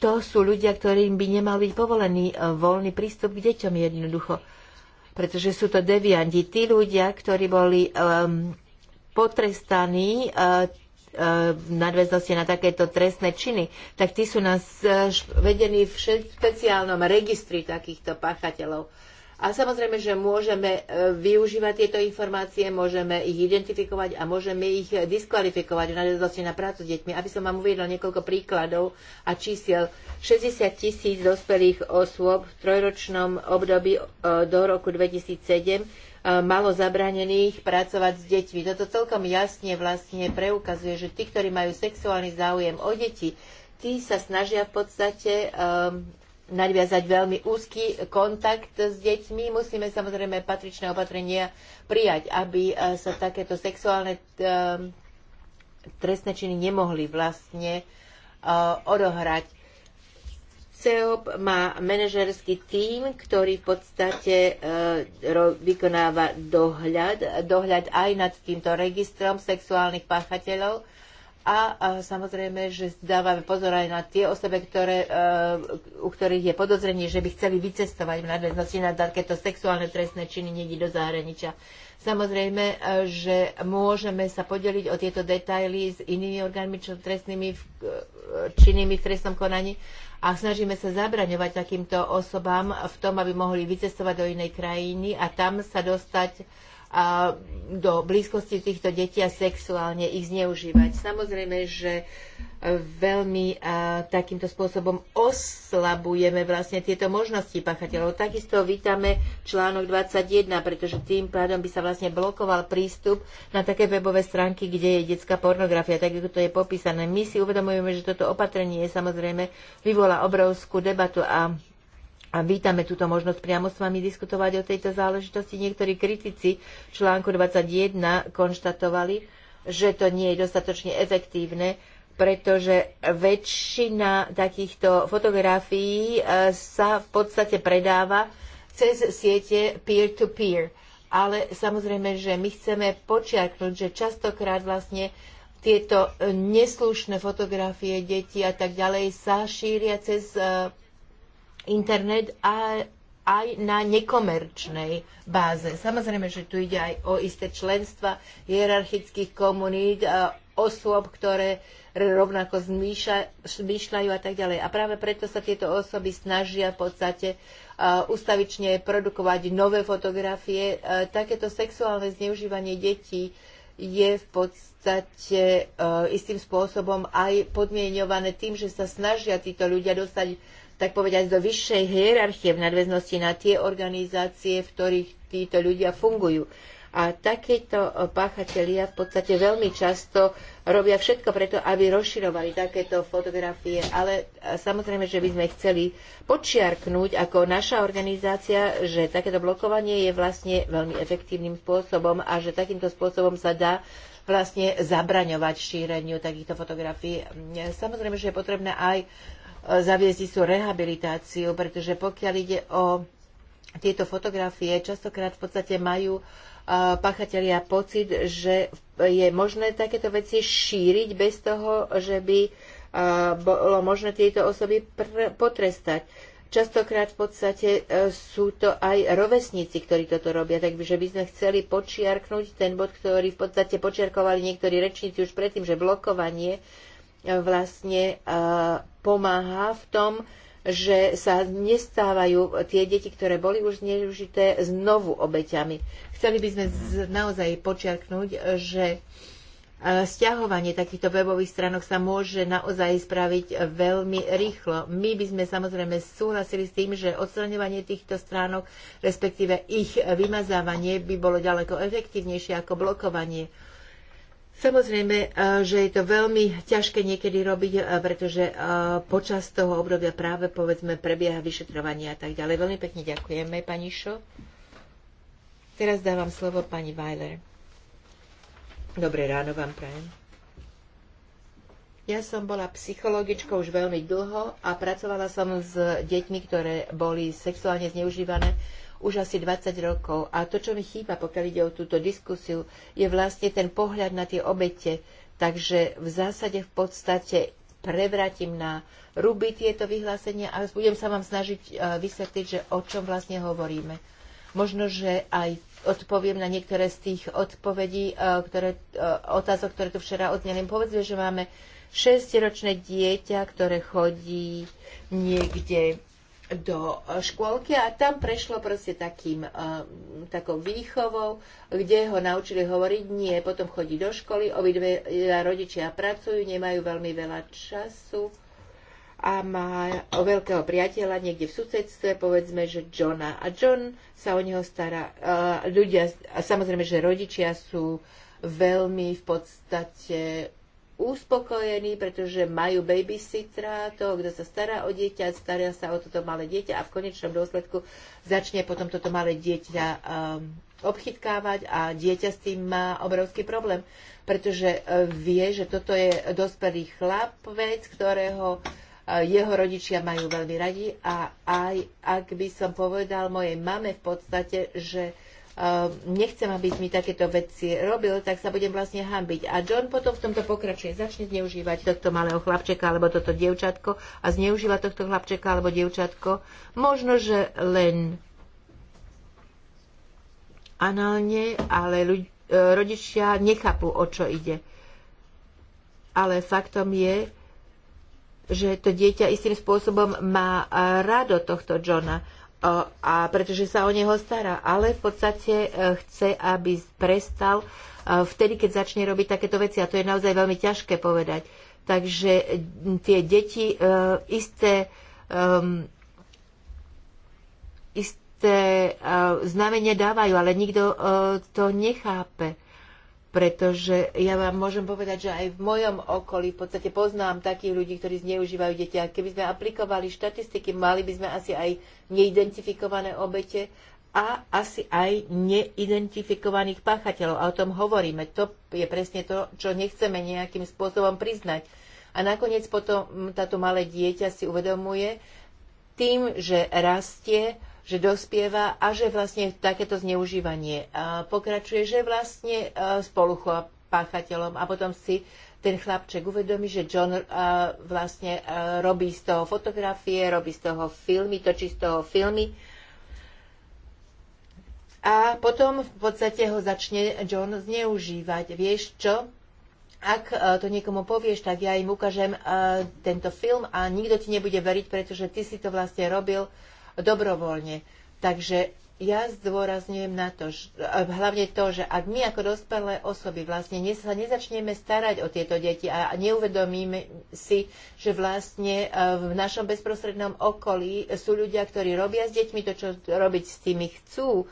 to sú ľudia, ktorým by nemal byť povolený e, voľný prístup k deťom jednoducho. Pretože sú to deviandi. Tí ľudia, ktorí boli um, potrestaní uh, v nadväznosti na takéto trestné činy, tak tí sú nás vedení v špeciálnom registri takýchto páchateľov. A samozrejme, že môžeme e, využívať tieto informácie, môžeme ich identifikovať a môžeme ich diskvalifikovať v nadväznosti na prácu s deťmi. Aby som vám uviedla niekoľko príkladov a čísiel. 60 tisíc dospelých osôb v trojročnom období e, do roku 2007 e, malo zabranených pracovať s deťmi. Toto celkom jasne vlastne preukazuje, že tí, ktorí majú sexuálny záujem o deti, tí sa snažia v podstate um, nadviazať veľmi úzky kontakt s deťmi. Musíme samozrejme patričné opatrenia prijať, aby e, sa takéto sexuálne e, trestné činy nemohli vlastne e, odohrať. CEOP má manažerský tím, ktorý v podstate vykonáva dohľad, dohľad aj nad týmto registrom sexuálnych páchateľov a, a samozrejme, že dávame pozor aj na tie osoby, ktoré, uh, u ktorých je podozrenie, že by chceli vycestovať v nadväznosti na takéto sexuálne trestné činy niekde do zahraničia. Samozrejme, uh, že môžeme sa podeliť o tieto detaily s inými orgánmi čo, trestnými v, e, uh, činnými v trestnom konaní a snažíme sa zabraňovať takýmto osobám v tom, aby mohli vycestovať do inej krajiny a tam sa dostať do blízkosti týchto detí a sexuálne ich zneužívať. Samozrejme, že e, veľmi e, takýmto spôsobom oslabujeme vlastne tieto možnosti pachateľov. Takisto vítame článok 21, pretože tým pádom by sa vlastne blokoval prístup na také webové stránky, kde je detská pornografia, tak ako to je popísané. My si uvedomujeme, že toto opatrenie samozrejme vyvolá obrovskú debatu a a vítame túto možnosť priamo s vami diskutovať o tejto záležitosti. Niektorí kritici článku 21 konštatovali, že to nie je dostatočne efektívne, pretože väčšina takýchto fotografií e, sa v podstate predáva cez siete peer-to-peer. -peer. Ale samozrejme, že my chceme počiarknúť, že častokrát vlastne tieto neslušné fotografie detí a tak ďalej sa šíria cez e, internet a aj na nekomerčnej báze. Samozrejme, že tu ide aj o isté členstva hierarchických komunít, osôb, ktoré rovnako zmýšľajú a tak ďalej. A práve preto sa tieto osoby snažia v podstate ustavične produkovať nové fotografie. Takéto sexuálne zneužívanie detí je v podstate istým spôsobom aj podmienované tým, že sa snažia títo ľudia dostať tak povedať, do vyššej hierarchie v nadväznosti na tie organizácie, v ktorých títo ľudia fungujú. A takíto eh, páchatelia v podstate veľmi často robia všetko preto, aby rozširovali takéto fotografie. Ale eh, samozrejme, že by sme chceli počiarknúť ako naša organizácia, že takéto blokovanie je vlastne veľmi efektívnym spôsobom a že takýmto spôsobom sa dá vlastne zabraňovať šíreniu takýchto fotografií. Samozrejme, že je potrebné aj zaviesť istú rehabilitáciu, pretože pokiaľ ide o tieto fotografie, častokrát v podstate majú pachatelia pocit, že je možné takéto veci šíriť bez toho, že by bolo možné tieto osoby potrestať. Častokrát v podstate e, sú to aj rovesníci, ktorí toto robia, takže by sme chceli počiarknúť ten bod, ktorý v podstate počiarkovali niektorí rečníci už predtým, že blokovanie E, vlastne e, pomáha v tom, že sa nestávajú tie deti, ktoré boli už zneužité, znovu obeťami. Chceli by sme naozaj počiarknúť, že e, stiahovanie takýchto webových stránok sa môže naozaj spraviť veľmi rýchlo. My by sme samozrejme súhlasili s tým, že odstraňovanie týchto stránok, respektíve ich vymazávanie, by bolo ďaleko efektívnejšie ako blokovanie Samozrejme, eh, že je to veľmi ťažké niekedy robiť, eh, pretože eh, počas toho obdobia práve, povedzme, prebieha vyšetrovanie a tak ďalej. Veľmi pekne ďakujeme, pani Šo. Teraz dávam slovo pani Weiler. Dobré ráno vám prajem. Ja som bola psychologičkou už veľmi dlho a pracovala som s deťmi, ktoré boli sexuálne zneužívané už asi 20 rokov. A to, čo mi chýba, pokiaľ ide o túto diskusiu, je vlastne ten pohľad na tie obete. Takže v zásade v podstate prevrátim na ruby tieto vyhlásenia a budem sa vám snažiť e, vysvetliť, že o čom vlastne hovoríme. Možno, že aj odpoviem na niektoré z tých odpovedí, e, ktoré, e, otázok, ktoré tu včera odneli. Povedzme, že máme 6-ročné dieťa, ktoré chodí niekde do e, škôlky a tam prešlo proste takým, e, takou výchovou, kde ho naučili hovoriť nie, potom chodí do školy, obidve e, rodičia pracujú, nemajú veľmi veľa času a má veľkého priateľa niekde v susedstve, povedzme, že Johna. A John sa o neho stará. Ľudia, a samozrejme, že rodičia sú veľmi v podstate uspokojení, pretože majú babysitra, toho, kto sa stará o dieťa, stará sa o toto malé dieťa a v konečnom dôsledku začne potom toto malé dieťa um, obchytkávať a dieťa s tým má obrovský problém, pretože e, vie, že toto je dospelý chlap, vec, ktorého e, jeho rodičia majú veľmi radi a aj ak by som povedal mojej mame v podstate, že uh, Ehm, nechcem, aby mi takéto veci robil, tak sa budem vlastne hambiť. A John potom v tomto pokračuje, začne zneužívať tohto malého chlapčeka alebo toto dievčatko a zneužíva tohto chlapčeka alebo dievčatko. Možno, že len análne, ale ľudí, e, rodičia nechápu, o čo ide. Ale faktom je, že to dieťa istým spôsobom má rado tohto Johna a pretože sa o neho stará, ale v podstate e, chce, aby prestal e, vtedy, keď začne robiť takéto veci a to je naozaj veľmi ťažké povedať. Takže tie deti e, isté, isté znamenie dávajú, ale nikto to nechápe pretože ja vám môžem povedať, že aj v mojom okolí v podstate poznám takých ľudí, ktorí zneužívajú deti. A keby sme aplikovali štatistiky, mali by sme asi aj neidentifikované obete a asi aj neidentifikovaných páchateľov. A o tom hovoríme. To je presne to, čo nechceme nejakým spôsobom priznať. A nakoniec potom táto malé dieťa si uvedomuje tým, že rastie, že dospieva a že vlastne takéto zneužívanie pokračuje, že vlastne e, spolu páchateľom a potom si ten chlapček uvedomí, že John uh, vlastne uh, robí z toho fotografie, robí z toho filmy, točí z toho filmy. A potom v podstate ho začne John zneužívať. Vieš čo? Ak uh, to niekomu povieš, tak ja im ukážem uh, tento film a nikto ti nebude veriť, pretože ty si to vlastne robil uh, dobrovoľne. Takže ja zdôrazňujem na to, hlavne to, že ak my ako dospelé osoby vlastne sa nezačneme starať o tieto deti a neuvedomíme si, že vlastne e, v našom bezprostrednom okolí sú ľudia, ktorí robia s deťmi to, čo robiť s tými chcú.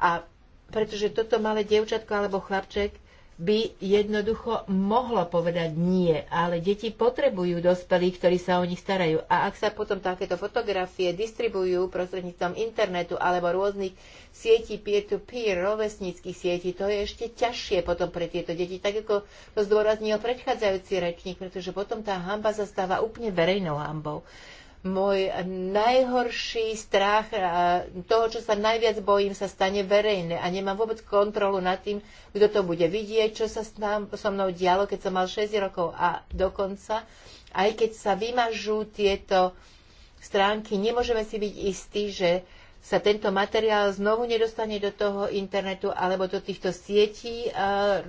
A pretože toto malé dievčatko alebo chlapček by jednoducho mohlo povedať nie, ale deti potrebujú dospelých, ktorí sa o nich starajú. A ak sa potom takéto fotografie distribujú prostredníctvom internetu alebo rôznych sietí peer-to-peer, rovesníckých sietí, to je ešte ťažšie potom pre tieto deti, tak ako to zdôraznil predchádzajúci rečník, pretože potom tá hamba sa stáva úplne verejnou hambou môj najhorší strach, toho, čo sa najviac bojím, sa stane verejné a nemám vôbec kontrolu nad tým, kto to bude vidieť, čo sa so mnou dialo, keď som mal 6 rokov a dokonca, aj keď sa vymažú tieto stránky, nemôžeme si byť istí, že sa tento materiál znovu nedostane do toho internetu alebo do týchto sietí e,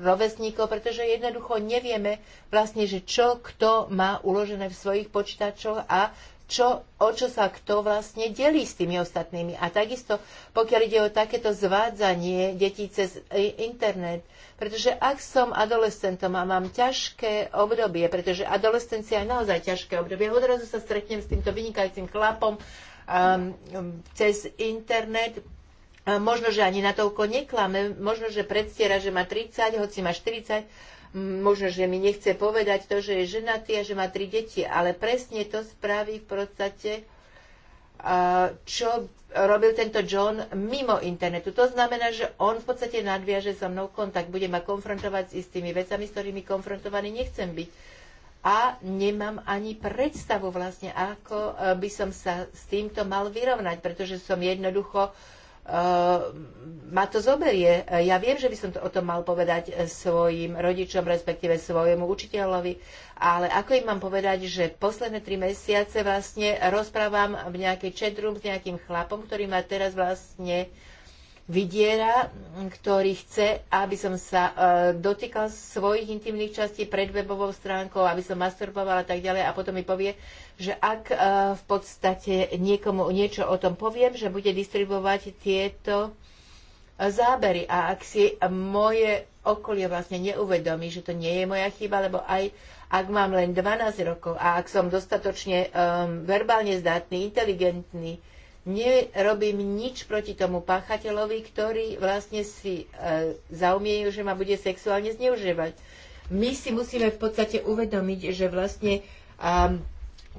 rovesníkov, pretože jednoducho nevieme vlastne, že čo kto má uložené v svojich počítačoch a čo, o čo sa kto vlastne delí s tými ostatnými. A takisto, pokiaľ ide o takéto zvádzanie detí cez internet, pretože ak som adolescentom a mám ťažké obdobie, pretože adolescencia je naozaj ťažké obdobie, odrazu sa stretnem s týmto vynikajúcim chlapom um, cez internet, možno, že ani natoľko neklame, možno, že predstiera, že má 30, hoci má 40, možno, že mi nechce povedať to, že je ženatý a že má tri deti, ale presne to spraví v podstate, čo robil tento John mimo internetu. To znamená, že on v podstate nadviaže so mnou kontakt, bude ma konfrontovať s istými vecami, s ktorými konfrontovaný nechcem byť. A nemám ani predstavu vlastne, ako e, by som sa s týmto mal vyrovnať, pretože som jednoducho uh, Eh, ma to zoberie. Ja viem, že by som to o tom mal povedať eh, svojim rodičom, respektíve svojemu učiteľovi, ale ako im mám povedať, že posledné tri mesiace vlastne rozprávam v nejakej chatroom s nejakým chlapom, ktorý ma teraz vlastne uh, vydiera, ktorý chce, aby som sa e, dotýkal svojich intimných častí pred webovou stránkou, aby som masturbovala a tak ďalej a potom mi povie, že ak e, v podstate niekomu niečo o tom poviem, že bude distribuovať tieto e, zábery a ak si moje okolie vlastne neuvedomí, že to nie je moja chyba, lebo aj ak mám len 12 rokov a ak som dostatočne um, verbálne zdatný, inteligentný, nerobím nič proti tomu páchateľovi, ktorý vlastne si e, zaumienil, že ma bude sexuálne zneužívať. My si musíme v podstate uvedomiť, že vlastne e,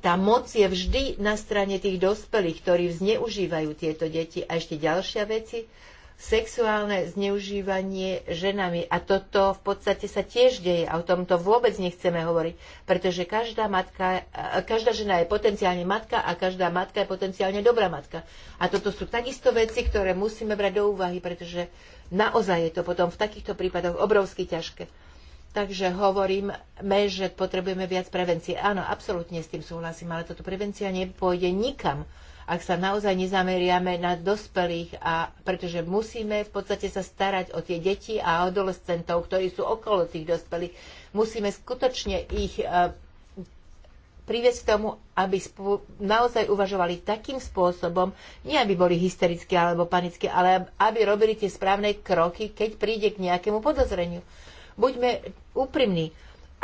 tá moc je vždy na strane tých dospelých, ktorí zneužívajú tieto deti. A ešte ďalšia veci, sexuálne zneužívanie ženami. A toto v podstate sa tiež deje a o tomto vôbec nechceme hovoriť, pretože každá, matka, každá žena je potenciálne matka a každá matka je potenciálne dobrá matka. A toto sú takisto veci, ktoré musíme brať do úvahy, pretože naozaj je to potom v takýchto prípadoch obrovsky ťažké. Takže hovoríme, že potrebujeme viac prevencie. Áno, absolútne s tým súhlasím, ale toto prevencia nepôjde nikam, ak sa naozaj nezameriame na dospelých, a, pretože musíme v podstate sa starať o tie deti a adolescentov, ktorí sú okolo tých dospelých. Musíme skutočne ich e, priviesť k tomu, aby naozaj uvažovali takým spôsobom, nie aby boli hysterické alebo panické, ale aby robili tie správne kroky, keď príde k nejakému podozreniu. Buďme úprimní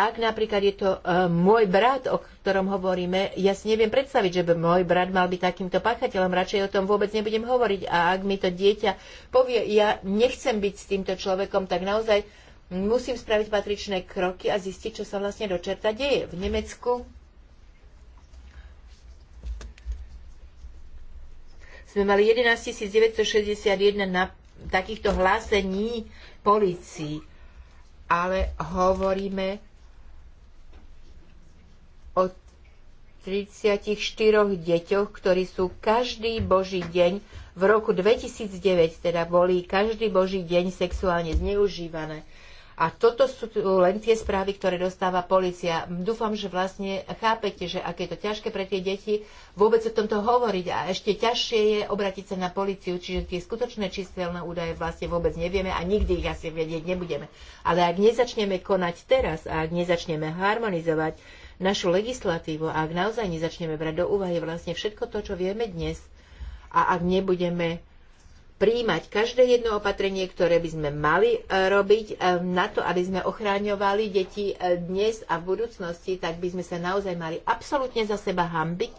ak napríklad je to uh, môj brat, o ktorom hovoríme, ja si neviem predstaviť, že by môj brat mal byť takýmto páchateľom, radšej o tom vôbec nebudem hovoriť. A ak mi to dieťa povie, ja nechcem byť s týmto človekom, tak naozaj musím spraviť patričné kroky a zistiť, čo sa vlastne do čerta deje. V Nemecku sme mali 11 961 na takýchto hlásení policii, ale hovoríme 34 deťoch, ktorí sú každý boží deň v roku 2009, teda boli každý boží deň sexuálne zneužívané. A toto sú len tie správy, ktoré dostáva policia. Dúfam, že vlastne chápete, že aké je to ťažké pre tie deti vôbec o tomto hovoriť. A ešte ťažšie je obrátiť sa na policiu, čiže tie skutočné číselné údaje vlastne vôbec nevieme a nikdy ich asi vedieť nebudeme. Ale ak nezačneme konať teraz a ak nezačneme harmonizovať našu legislatívu a ak naozaj nezačneme brať do úvahy vlastne všetko to, čo vieme dnes a ak nebudeme príjmať každé jedno opatrenie, ktoré by sme mali e, robiť e, na to, aby sme ochráňovali deti e, dnes a v budúcnosti, tak by sme sa naozaj mali absolútne za seba hambiť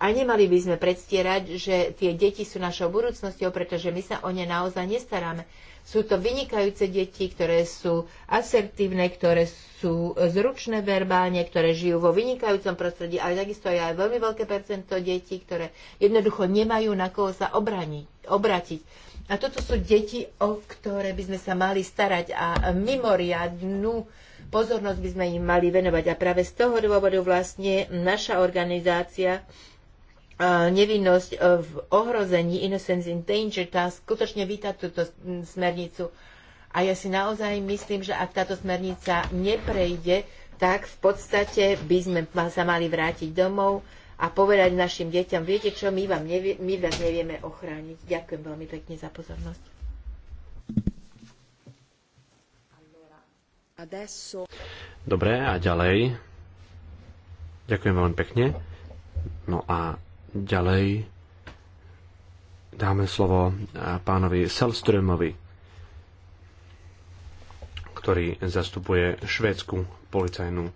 a nemali by sme predstierať, že tie deti sú našou budúcnosťou, pretože my sa o ne naozaj nestaráme. Sú to vynikajúce deti, ktoré sú asertívne, ktoré sú zručné verbálne, ktoré žijú vo vynikajúcom prostredí, ale takisto je aj veľmi veľké percento detí, ktoré jednoducho nemajú na koho sa obraniť, obratiť. A toto sú deti, o ktoré by sme sa mali starať a mimoriadnú pozornosť by sme im mali venovať. A práve z toho dôvodu vlastne naša organizácia nevinnosť e, v ohrození, innocence in danger, tá skutočne víta túto smernicu. A ja si naozaj myslím, že ak táto smernica neprejde, tak v podstate by sme sa mali vrátiť domov a povedať našim deťom, viete čo, my, vám nevie, my vás nevieme ochrániť. Ďakujem veľmi pekne za pozornosť. Dobre, a ďalej. Ďakujem veľmi pekne. No a Ďalej dáme slovo e, pánovi Selströmovi, ktorý zastupuje švédsku policajnú, e,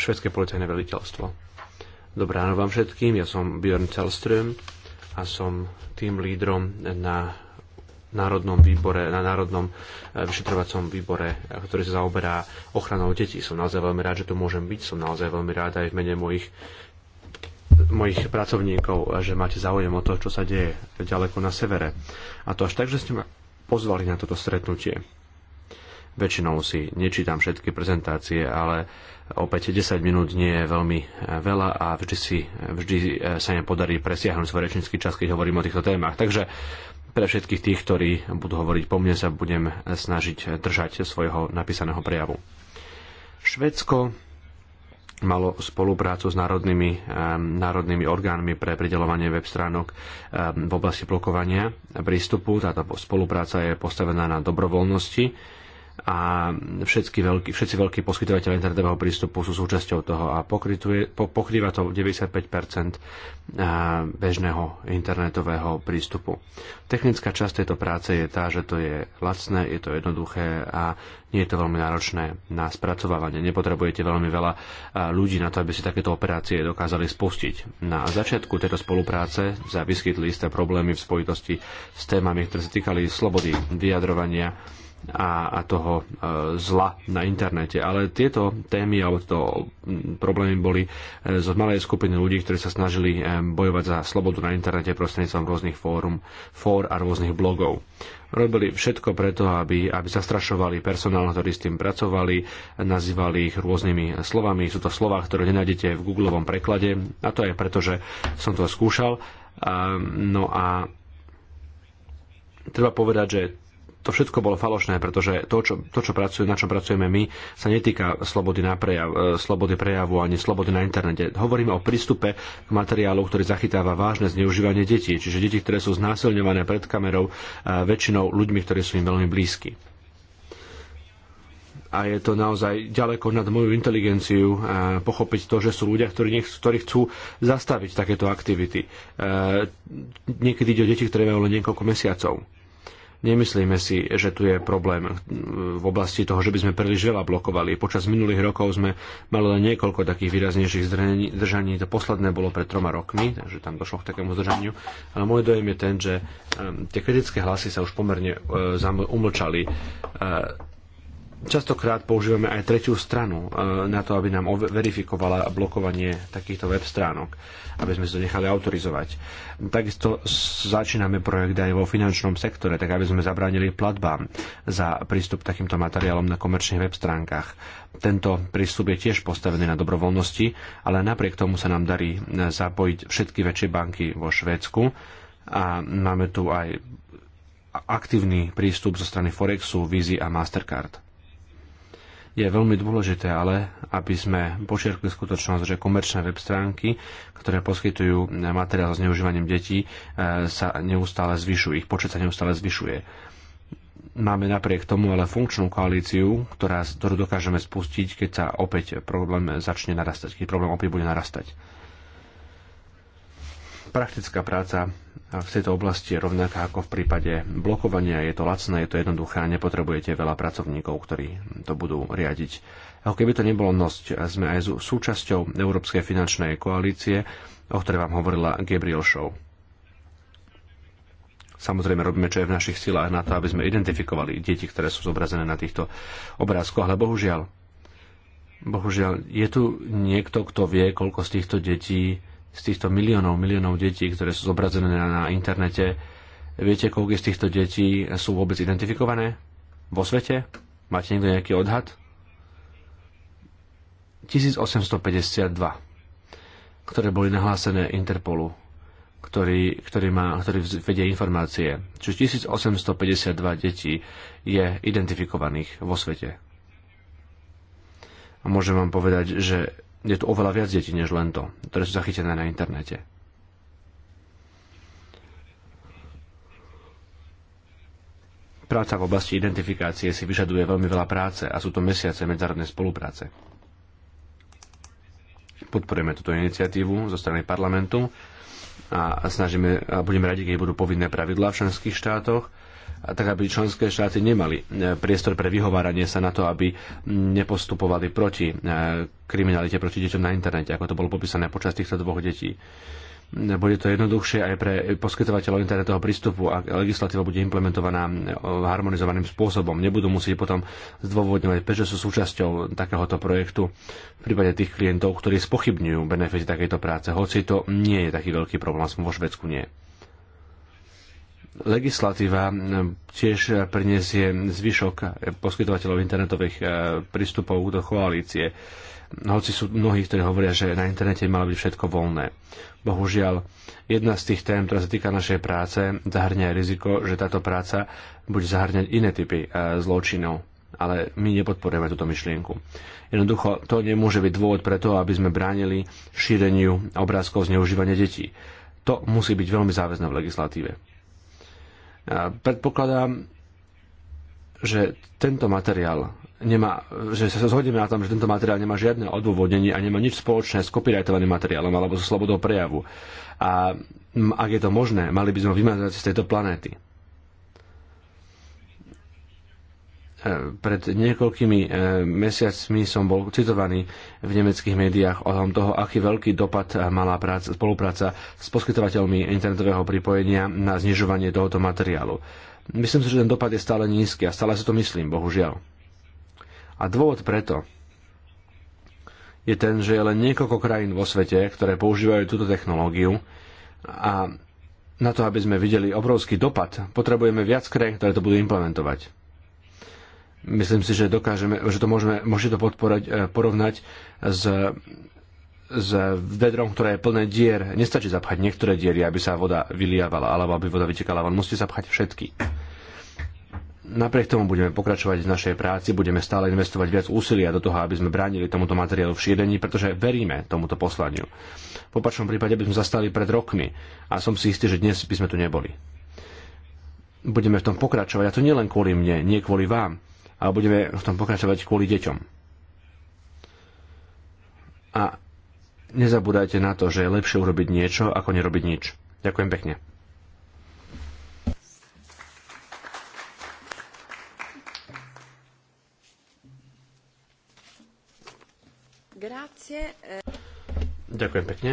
švédske policajné veliteľstvo. Dobrá ráno vám všetkým, ja som Björn Selström a som tým lídrom na národnom výbore, na národnom e, vyšetrovacom výbore, ktorý sa zaoberá ochranou detí. Som naozaj veľmi rád, že tu môžem byť. Som naozaj veľmi rád aj v mene mojich mojich pracovníkov, že máte záujem o to, čo sa deje ďaleko na severe. A to až tak, že ste ma pozvali na toto stretnutie. Väčšinou si nečítam všetky prezentácie, ale opäť 10 minút nie je veľmi eh, veľa a vždy, si, vždy eh, sa mi podarí presiahnuť svoj rečnícky čas, keď hovorím o týchto témach. Takže pre všetkých tých, ktorí budú hovoriť po mne, sa budem eh, snažiť držať svojho napísaného prejavu. Švedsko malo spoluprácu s národnými, národnými orgánmi pre pridelovanie web stránok v oblasti blokovania prístupu. Táto spolupráca je postavená na dobrovoľnosti a všetky veľký, všetci veľkí poskytovateľe internetového prístupu sú súčasťou toho a pokrytuje, po, pokrýva to 95% bežného internetového prístupu. Technická časť tejto práce je tá, že to je lacné, je to jednoduché a nie je to veľmi náročné na spracovávanie. Nepotrebujete veľmi veľa ľudí na to, aby si takéto operácie dokázali spustiť. Na no začiatku tejto spolupráce sa vyskytli isté problémy v spojitosti s témami, ktoré sa týkali slobody vyjadrovania a, a toho e, zla na internete. Ale tieto témy alebo to problémy boli e, zo malej skupiny ľudí, ktorí sa snažili e, bojovať za slobodu na internete prostredníctvom rôznych fórum, fór a rôznych blogov. Robili všetko preto, aby, aby zastrašovali personál, ktorí s tým pracovali, nazývali ich rôznymi slovami. Sú to slová, ktoré nenájdete v googlovom preklade, a to aj preto, že som to skúšal. A, no a treba povedať, že to všetko bolo falošné, pretože to, čo, to, čo pracuje, na čom pracujeme my, sa netýka slobody na prejav, e, slobody prejavu ani slobody na internete. Hovoríme o prístupe k materiálu, ktorý zachytáva vážne zneužívanie detí, čiže deti, ktoré sú znásilňované pred kamerou e, väčšinou ľuďmi, ktorí sú im veľmi blízki a je to naozaj ďaleko nad moju inteligenciu a e, pochopiť to, že sú ľudia, ktorí, nech, ktorí chcú zastaviť takéto aktivity. E, niekedy ide o deti, ktoré majú len niekoľko mesiacov. Nemyslíme si, že tu je problém eh, v oblasti toho, že by sme príliš veľa blokovali. Počas minulých rokov sme mali len niekoľko takých výraznejších zdržaní. To posledné bolo pred troma rokmi, takže tam došlo k takému zdržaniu. Ale môj dojem je ten, že eh, tie kritické hlasy sa už pomerne eh, umlčali Častokrát používame aj tretiu stranu e, na to, aby nám verifikovala blokovanie takýchto web stránok, aby sme si to nechali autorizovať. Takisto začíname projekt aj vo finančnom sektore, tak aby sme zabránili platbám za prístup k takýmto materiálom na komerčných web stránkach. Tento prístup je tiež postavený na dobrovoľnosti, ale napriek tomu sa nám darí e, zapojiť všetky väčšie banky vo Švédsku a máme tu aj aktívny prístup zo strany Forexu, Vizi a Mastercard je veľmi dôležité ale, aby sme počiarkli skutočnosť, že komerčné web stránky, ktoré poskytujú materiál s neužívaním detí, e, sa neustále zvyšujú, ich počet sa neustále zvyšuje. Máme napriek tomu ale funkčnú koalíciu, ktorá, ktorú dokážeme spustiť, keď sa opäť problém začne narastať, keď problém opäť bude narastať. Praktická práca v tejto oblasti je rovnaká ako v prípade blokovania. Je to lacné, je to jednoduché a nepotrebujete veľa pracovníkov, ktorí to budú riadiť. Ako keby to nebolo nosť, sme aj súčasťou Európskej finančnej koalície, o ktorej vám hovorila Gabriel Show. Samozrejme robíme, čo je v našich silách na to, aby sme identifikovali deti, ktoré sú zobrazené na týchto obrázkoch, ale bohužiaľ, bohužiaľ, je tu niekto, kto vie, koľko z týchto detí z týchto miliónov, miliónov detí, ktoré sú zobrazené na internete, viete, koľko z týchto detí sú vôbec identifikované vo svete? Máte niekto nejaký odhad? 1852, ktoré boli nahlásené Interpolu, ktorý, ktorý, má, ktorý vedie informácie. Čiže 1852 detí je identifikovaných vo svete. A môžem vám povedať, že je tu oveľa viac detí než len to, ktoré sú zachytené na internete. Práca v oblasti identifikácie si vyžaduje veľmi veľa práce a sú to mesiace medzárodnej spolupráce. Podporujeme túto iniciatívu zo strany parlamentu a snažíme, a budeme radi, keď budú povinné pravidlá v členských štátoch tak aby členské štáty nemali e, priestor pre vyhováranie sa na to, aby nepostupovali proti e, kriminalite proti deťom na internete, ako to bolo popísané počas týchto dvoch detí. E, bude to jednoduchšie aj pre poskytovateľov internetového prístupu ak legislatíva bude implementovaná harmonizovaným spôsobom. Nebudú musieť potom zdôvodňovať, prečo sú súčasťou takéhoto projektu v prípade tých klientov, ktorí spochybňujú benefity takejto práce, hoci to nie je taký veľký problém, aspoň vo Švedsku nie legislatíva tiež e, priniesie zvyšok e, poskytovateľov internetových e, prístupov do koalície. Hoci sú mnohí, ktorí hovoria, že na internete malo byť všetko voľné. Bohužiaľ, jedna z tých tém, ktorá sa týka našej práce, zahrňa aj riziko, že táto práca bude zahrňať iné typy zločinov. Ale my nepodporujeme túto myšlienku. Jednoducho, to nemôže byť dôvod preto, aby sme bránili šíreniu obrázkov zneužívania detí. To musí byť veľmi záväzné v legislatíve. Predpokladám, že tento materiál nemá, že sa zhodneme na tom, že tento materiál nemá žiadne odôvodnenie a nemá nič spoločné s copyrightovaným materiálom alebo so slobodou prejavu. A ak je to možné, mali by sme vymazať z tejto planéty. E, pred niekoľkými e, mesiacmi som bol citovaný v nemeckých médiách o tom toho, aký veľký dopad mala práca, spolupráca s poskytovateľmi internetového pripojenia na znižovanie tohoto materiálu. Myslím si, že ten dopad je stále nízky a stále si to myslím, bohužiaľ. A dôvod preto je ten, že je len niekoľko krajín vo svete, ktoré používajú túto technológiu a na to, aby sme videli obrovský dopad, potrebujeme viac krajín, ktoré to budú implementovať. Myslím si, že dokážeme, že to môžeme, môžete to podporať, e, porovnať s s vedrom, ktoré je plné dier. Nestačí zapchať niektoré diery, aby sa voda vyliavala alebo aby voda vytekala von. Musíte zapchať všetky. Napriek tomu budeme pokračovať v našej práci, budeme stále investovať viac úsilia do toho, aby sme bránili tomuto materiálu v šírení, pretože veríme tomuto poslaniu. V opačnom prípade by sme zastali pred rokmi a som si istý, že dnes by sme tu neboli. Budeme v tom pokračovať a to nielen kvôli mne, nie kvôli vám, a budeme v tom pokračovať kvôli deťom. A nezabúdajte na to, že je lepšie urobiť niečo, ako nerobiť nič. Ďakujem pekne. Ďakujem pekne.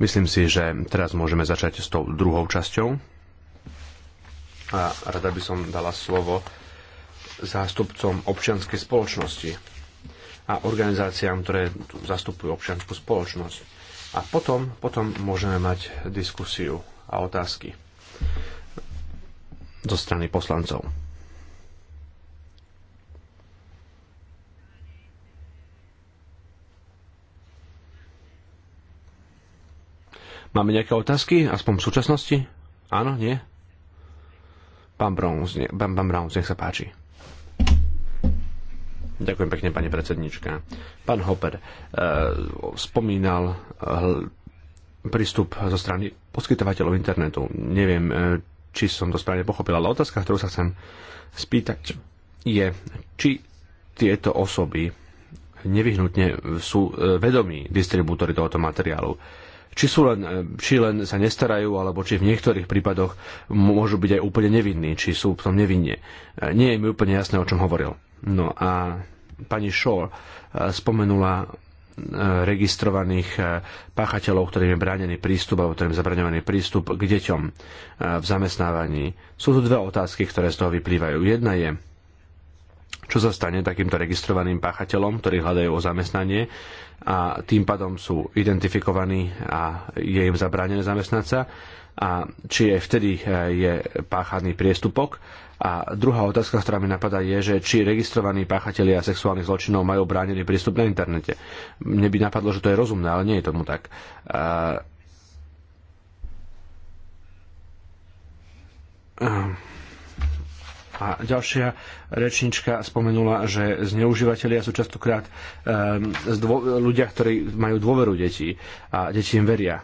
Myslím si, že teraz môžeme začať s tou druhou časťou. A rada by som dala slovo zástupcom občianskej spoločnosti a organizáciám, ktoré zastupujú občianskú spoločnosť. A potom, potom môžeme mať diskusiu a otázky zo strany poslancov. Máme nejaké otázky? Aspoň v súčasnosti? Áno? Nie? Pán Browns, ne, pán, pán Browns, nech sa páči. Ďakujem pekne, pani predsednička. Pán Hopper e, spomínal eh, prístup zo strany poskytovateľov internetu. Neviem, e, či som to správne pochopil, ale otázka, ktorú sa chcem spýtať, je, či tieto osoby nevyhnutne sú vedomí distribútory tohoto materiálu či, sú len, e, či len sa nestarajú, alebo či v niektorých prípadoch môžu byť aj úplne nevinní, či sú v tom nevinne. E, nie je mi úplne jasné, o čom hovoril. No a pani Shaw e, spomenula registrovaných páchateľov, ktorým je bránený prístup alebo ktorým je zabraňovaný prístup k deťom v zamestnávaní. Sú tu dve otázky, ktoré z toho vyplývajú. Jedna je, čo sa stane takýmto registrovaným páchateľom, ktorí hľadajú o zamestnanie a tým pádom sú identifikovaní a je im zabránené zamestnať sa a či aj vtedy eh, je páchaný priestupok. A druhá otázka, ktorá mi napadá, je, že či registrovaní páchatelia sexuálnych zločinov majú bránený prístup na internete. Mne by napadlo, že to je rozumné, ale nie je tomu tak. uh, a ďalšia rečnička spomenula, že zneužívateľia sú častokrát um, ľudia, ktorí majú dôveru detí a deti im veria.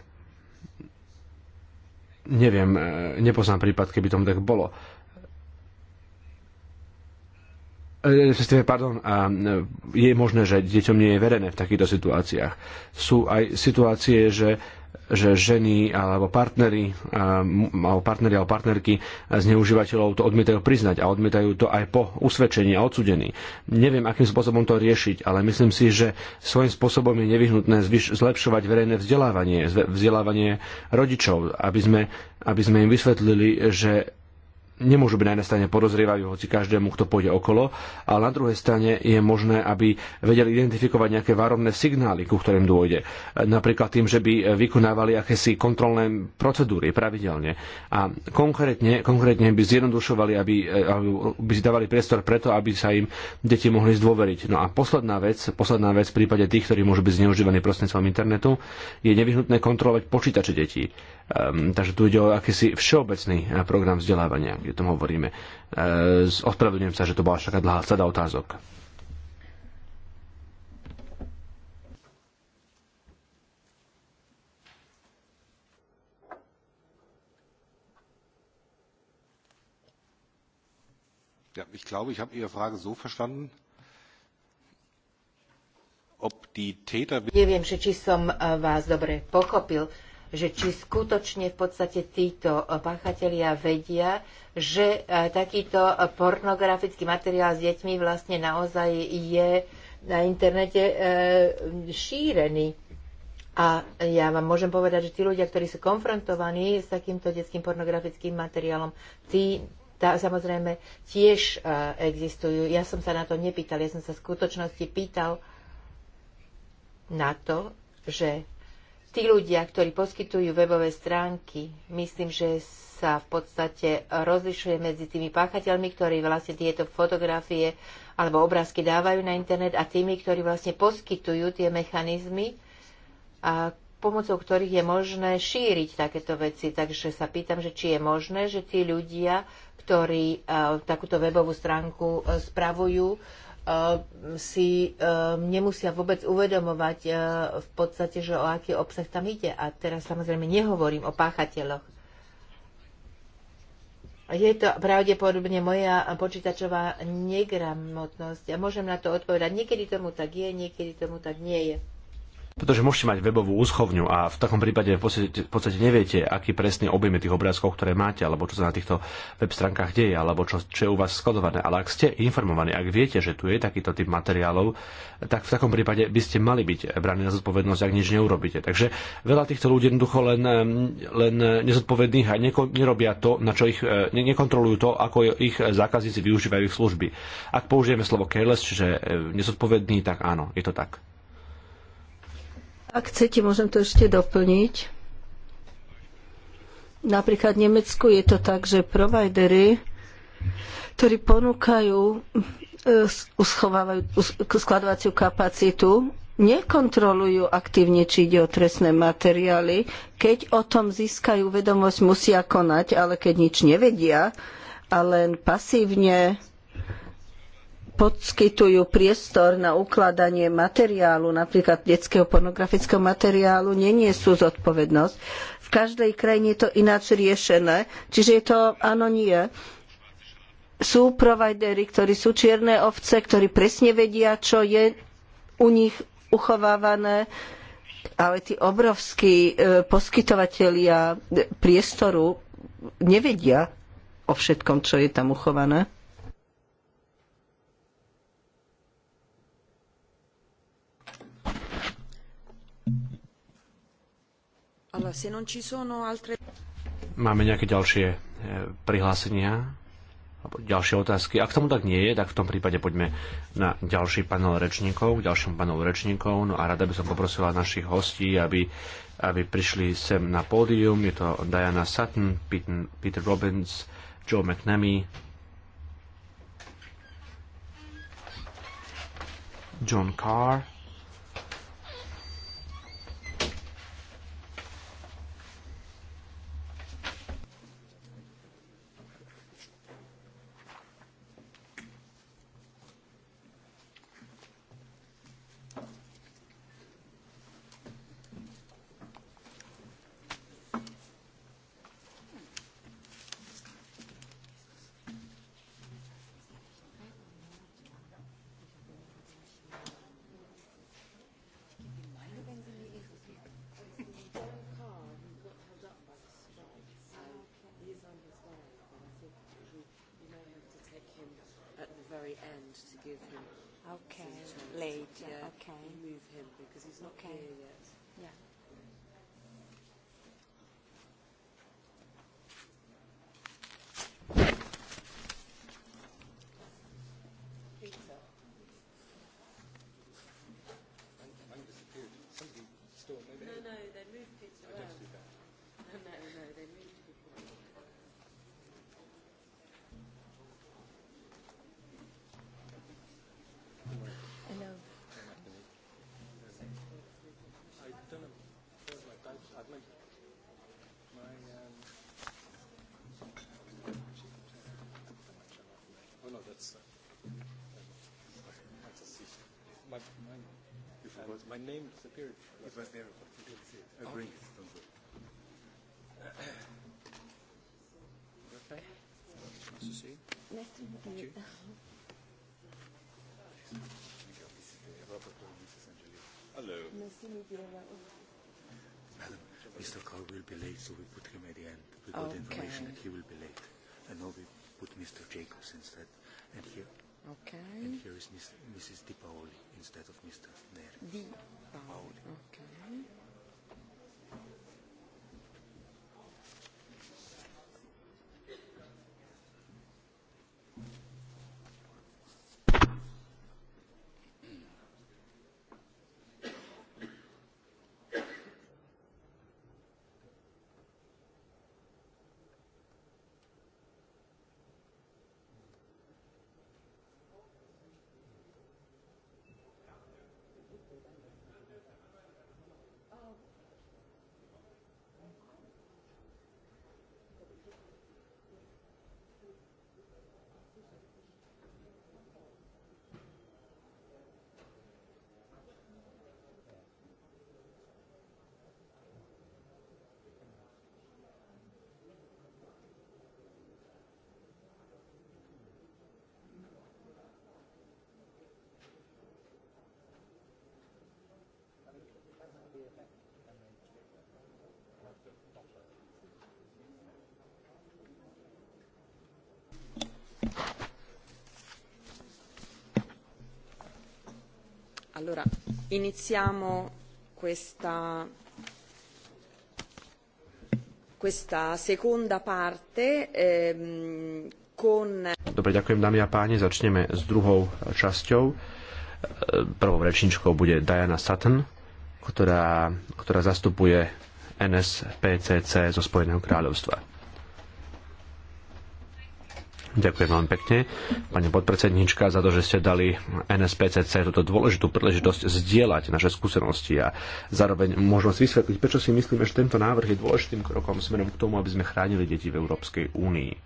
Neviem, e, nepoznám prípad, keby tomu tak bolo. E, respektíve, pardon, a e, je možné, že deťom nie je verené v takýchto situáciách. Sú aj situácie, že že ženy alebo partnery, alebo partneri alebo partnerky zneužívateľov to odmietajú priznať a odmietajú to aj po usvedčení a odsudení. Neviem, akým spôsobom to riešiť, ale myslím si, že svojím spôsobom je nevyhnutné zlepšovať verejné vzdelávanie, vzdelávanie rodičov, aby sme, aby sme im vysvetlili, že nemôžu byť na jednej strane podozrievajú hoci každému, kto pôjde okolo, ale na druhej strane je možné, aby vedeli identifikovať nejaké várovné signály, ku ktorým dôjde. Napríklad tým, že by vykonávali akési kontrolné procedúry pravidelne. A konkrétne, konkrétne by zjednodušovali, aby, aby si dávali priestor preto, aby sa im deti mohli zdôveriť. No a posledná vec, posledná vec v prípade tých, ktorí môžu byť zneužívaní prostredníctvom internetu, je nevyhnutné kontrolovať počítače detí. Um, takže tu ide o akýsi všeobecný program vzdelávania o tom hovoríme. E, ospravedlňujem sa, že to bola taká dlhá sada otázok. Ja, ich glaube, ich habe Ihre Frage so verstanden, ob die Täter... Neviem, či som e, vás dobre pochopil že či skutočne v podstate títo páchatelia vedia, že e, takýto pornografický materiál s deťmi vlastne naozaj je na internete e, šírený. A ja vám môžem povedať, že tí ľudia, ktorí sú konfrontovaní s takýmto detským pornografickým materiálom, tí tá, samozrejme tiež uh, existujú. Ja som sa na to nepýtal, ja som sa v skutočnosti pýtal na to, že tí ľudia, ktorí poskytujú webové stránky, myslím, že sa v podstate rozlišuje medzi tými páchateľmi, ktorí vlastne tieto fotografie alebo obrázky dávajú na internet a tými, ktorí vlastne poskytujú tie mechanizmy, a pomocou ktorých je možné šíriť takéto veci. Takže sa pýtam, že či je možné, že tí ľudia, ktorí takúto webovú stránku e, spravujú, Eh, si eh, nemusia vôbec uvedomovať eh, v podstate, že o aký obsah tam ide. A teraz samozrejme nehovorím o páchateľoch. Je to pravdepodobne moja počítačová negramotnosť. Ja môžem na to odpovedať. Niekedy tomu tak je, niekedy tomu tak nie je pretože môžete mať webovú úschovňu a v takom prípade v podstate, v podstate neviete, aký presný objem je tých obrázkov, ktoré máte, alebo čo sa na týchto web stránkach deje, alebo čo, čo je u vás skladované. Ale ak ste informovaní, ak viete, že tu je takýto typ materiálov, tak v takom prípade by ste mali byť braní na zodpovednosť, ak nič neurobíte. Takže veľa týchto ľudí jednoducho len, len nezodpovedných a neko, nerobia to, na čo ich, ne, nekontrolujú to, ako ich zákazníci využívajú ich služby. Ak použijeme slovo careless, čiže nezodpovedný, tak áno, je to tak. Ak chcete, môžem to ešte doplniť. Napríklad v Nemecku je to tak, že providery, ktorí ponúkajú e, uschovávajú skladovaciu kapacitu, nekontrolujú aktívne, či ide o trestné materiály. Keď o tom získajú vedomosť, musia konať, ale keď nič nevedia a len pasívne poskytujú priestor na ukladanie materiálu, napríklad detského pornografického materiálu, neniesú zodpovednosť. V každej krajine je to ináč riešené, čiže je to áno nie. Sú providery, ktorí sú čierne ovce, ktorí presne vedia, čo je u nich uchovávané, ale tí obrovskí e, poskytovatelia priestoru nevedia o všetkom, čo je tam uchované. Máme nejaké ďalšie e, prihlásenia? Alebo ďalšie otázky? Ak tomu tak nie je, tak v tom prípade poďme na ďalší panel rečníkov, k ďalšiemu panelu rečníkov. No a rada by som poprosila našich hostí, aby, aby prišli sem na pódium. Je to Diana Sutton, Peter, Peter Robbins, Joe McNamee, John Carr, end to give him okay, later. Yeah, okay. Move him because he's not okay. here yet. jetzt. My, my, you forgot? my name disappeared. It was there, you didn't see it. I'll bring Okay. Nice to see you. Nice to meet you. Hello. Madam, Mr. Carr will be late, so we put him at the end. We got okay. information that he will be late. And all we put Mr. Jacobs instead. And here, okay. and here is Mrs. Di Paoli instead of Mr. Neri. Di Paoli. Paoli. Okay. Allora, iniziamo questa, questa seconda parte ehm, con... Dobre, ďakujem dámy a páni, začneme s druhou časťou. E, prvou rečničkou bude Diana Sutton, ktorá, ktorá zastupuje NSPCC zo Spojeného kráľovstva. Ďakujem veľmi pekne, pani podpredsednička, za to, že ste dali NSPCC túto dôležitú príležitosť zdieľať naše skúsenosti a zároveň možnosť vysvetliť, prečo si myslíme, že tento návrh je dôležitým krokom smerom k tomu, aby sme chránili deti v Európskej únii.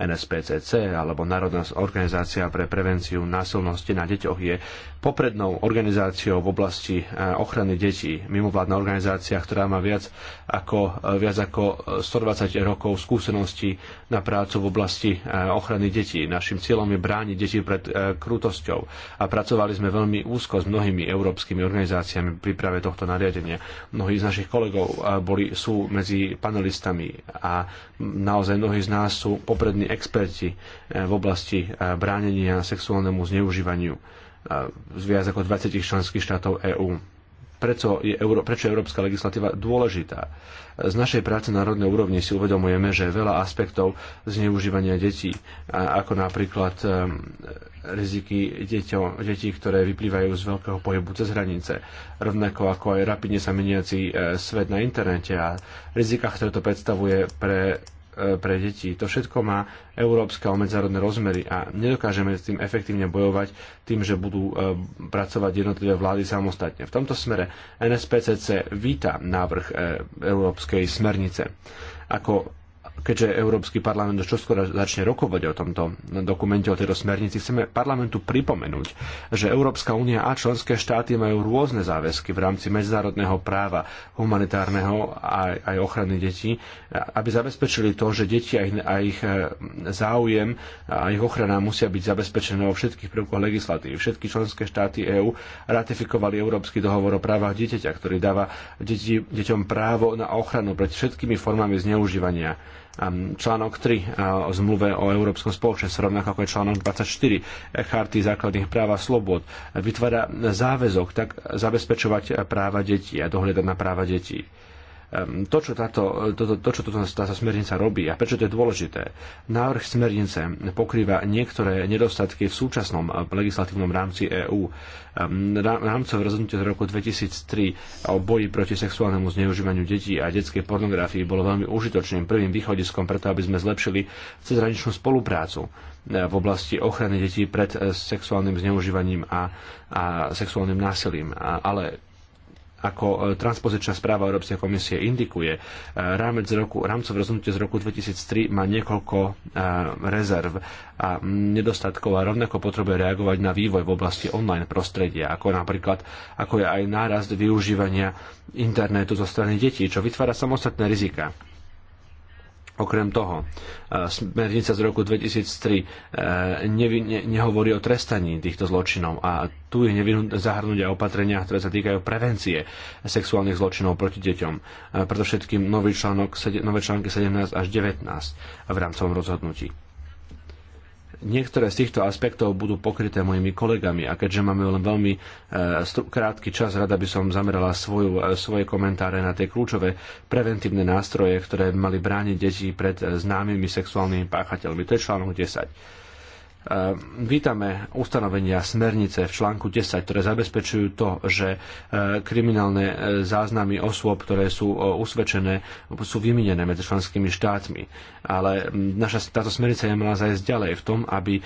NSPCC alebo Národná organizácia pre prevenciu násilnosti na deťoch je poprednou organizáciou v oblasti eh, ochrany detí. Mimovládna organizácia, ktorá má viac ako, eh, viac ako 120 eh, rokov skúseností na prácu v oblasti ochrany ochrany detí. Našim cieľom je brániť deti pred e, krutosťou a pracovali sme veľmi úzko s mnohými európskymi organizáciami pri práve tohto nariadenia. Mnohí z našich kolegov e, boli, sú medzi panelistami a naozaj mnohí z nás sú poprední experti e, v oblasti bránenia sexuálnemu zneužívaniu z viac ako 20 členských štátov EÚ prečo je, Euró- prečo je európska legislatíva dôležitá. Z našej práce na národnej úrovni si uvedomujeme, že je veľa aspektov zneužívania detí, ako napríklad ehm, riziky detí, ktoré vyplývajú z veľkého pohybu cez hranice, rovnako ako aj rapidne sa meniaci e, svet na internete a rizika, ktoré to predstavuje pre E, pre deti. To všetko má európske a medzárodné rozmery a nedokážeme s tým efektívne bojovať tým, že budú e, pracovať jednotlivé vlády samostatne. V tomto smere NSPCC víta návrh e, Európskej smernice. Ako keďže Európsky parlament čoskoro začne rokovať o tomto dokumente, o tejto smernici, chceme parlamentu pripomenúť, že Európska únia a členské štáty majú rôzne záväzky v rámci medzinárodného práva, humanitárneho a aj ochrany detí, aby zabezpečili to, že deti a ich, a ich e, záujem a ich ochrana musia byť zabezpečené vo všetkých prvkoch legislatívy. Všetky členské štáty EÚ ratifikovali Európsky dohovor o právach dieťaťa, ktorý dáva deti, deťom právo na ochranu pred všetkými formami zneužívania článok 3 o zmluve o Európskom spoločenstve, rovnako ako je článok 24 e, Charty základných práv a slobod, vytvára záväzok tak zabezpečovať práva detí a dohľadať na práva detí. To, čo táto, to, to, to, čo toto, táto smernica robí a prečo to je dôležité, návrh smernice pokrýva niektoré nedostatky v súčasnom eh, legislatívnom rámci EÚ. Rámcové rozhodnutie z roku 2003 o boji proti sexuálnemu zneužívaniu detí a detskej pornografii bolo veľmi užitočným prvým východiskom preto, aby sme zlepšili cezhraničnú spoluprácu eh, v oblasti ochrany detí pred eh, sexuálnym zneužívaním a, a sexuálnym násilím. A, ale ako e, transpozičná správa Európskej komisie indikuje, e, rámec roku, rámcov rozhodnutie z roku 2003 má niekoľko e, rezerv a nedostatkov a rovnako potrebuje reagovať na vývoj v oblasti online prostredia, ako napríklad, ako je aj nárast využívania internetu zo strany detí, čo vytvára samostatné rizika Okrem toho, e, smernica z roku 2003 e, nevy, ne, nehovorí o trestaní týchto zločinov a tu je nevyhnutné zahrnúť aj opatrenia, ktoré sa týkajú prevencie sexuálnych zločinov proti deťom. E, predovšetkým nový článok, nové články 17 až 19 v rámcovom rozhodnutí. Niektoré z týchto aspektov budú pokryté mojimi kolegami a keďže máme len veľmi e, krátky čas, rada by som zamerala svoju, e, svoje komentáre na tie kľúčové preventívne nástroje, ktoré mali brániť deti pred e, známymi sexuálnymi páchateľmi. To je článok 10. Eh, vítame ustanovenia smernice v článku 10, ktoré zabezpečujú to, že eh, kriminálne eh, záznamy osôb, ktoré sú usvedčené, sú vyminené medzi členskými štátmi. Ale hm, naša, táto smernica je mala zajsť ďalej v tom, aby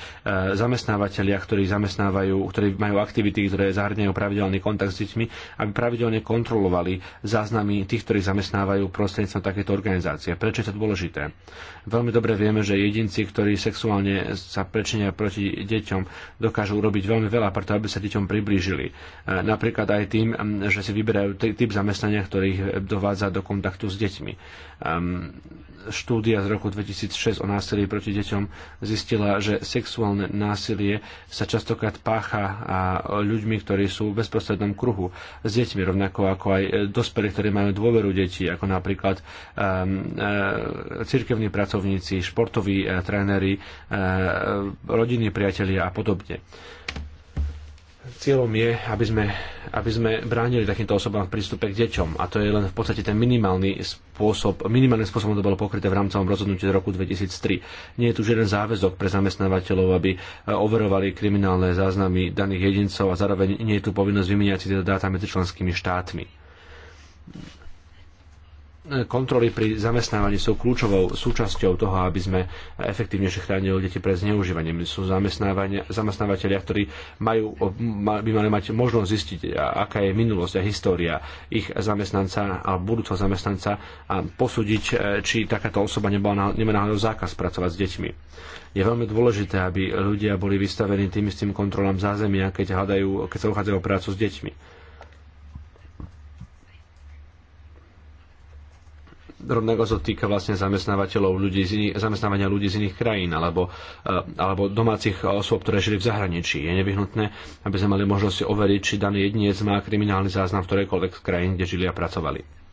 zamestnávateľia, ktorí zamestnávajú, ktorí majú aktivity, ktoré zahrňajú pravidelný kontakt s deťmi, aby pravidelne kontrolovali záznamy tých, ktorí zamestnávajú prostredníctvom takéto organizácie. Prečo je to dôležité? Veľmi dobre vieme, že jedinci, ktorí sexuálne sa prečinia násilia proti deťom dokážu urobiť veľmi veľa preto, aby sa deťom priblížili. E, napríklad aj tým, že si vyberajú typ zamestnania, ktorý ich dovádza do kontaktu s deťmi. Ehm, štúdia z roku 2006 o násilí proti deťom zistila, že sexuálne násilie sa častokrát pácha a ľuďmi, ktorí sú v bezprostrednom kruhu s deťmi, rovnako ako aj e, dospelí, ktorí majú dôveru detí, ako napríklad um, uh, cirkevní pracovníci, športoví uh, tréneri, uh, rodinní priatelia a podobne. Cieľom je, aby sme, aby sme bránili takýmto osobám v prístupe k deťom a to je len v podstate ten minimálny spôsob, minimálnym spôsobom to bolo pokryté v rámcovom rozhodnutí z roku 2003. Nie je tu žiaden záväzok pre zamestnávateľov, aby e, overovali kriminálne záznamy daných jedincov a zároveň nie je tu povinnosť vymieňať si tieto dáta medzi členskými štátmi kontroly pri zamestnávaní sú kľúčovou súčasťou toho, aby sme efektívnejšie chránili deti pred zneužívaním. Sú zamestnávateľia, ktorí majú, by mali mať možnosť zistiť, aká je minulosť a história ich zamestnanca a budúceho zamestnanca a posúdiť, e, či takáto osoba nebola, nemá náhodou zákaz pracovať s deťmi. Je veľmi dôležité, aby ľudia boli vystavení tým istým kontrolám zázemia, keď, hľadajú, keď sa uchádzajú prácu s deťmi rovnako sa týka vlastne zamestnávateľov ľudí z iných, zamestnávania ľudí z iných krajín alebo, eh, alebo domácich osôb, ktoré žili v zahraničí. Je nevyhnutné, aby sme mali možnosť overiť, či daný jedinec má kriminálny záznam v ktorejkoľvek z krajín, kde žili a pracovali.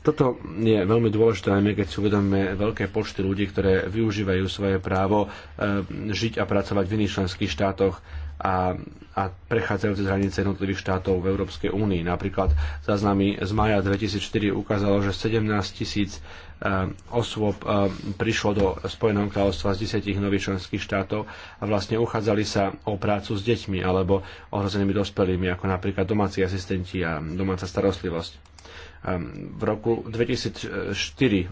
Toto je veľmi dôležité, my, keď si uvedomíme veľké počty ľudí, ktoré využívajú svoje právo eh, žiť a pracovať v iných členských štátoch a, a prechádzajú cez hranice jednotlivých štátov v Európskej únii. Napríklad záznamy z maja 2004 ukázalo, že 17 tisíc eh, osôb eh, prišlo do Spojeného kráľovstva z 10 nových členských štátov a vlastne uchádzali sa o prácu s deťmi alebo ohrozenými dospelými, ako napríklad domáci asistenti a domáca starostlivosť. Ehm, v roku 2004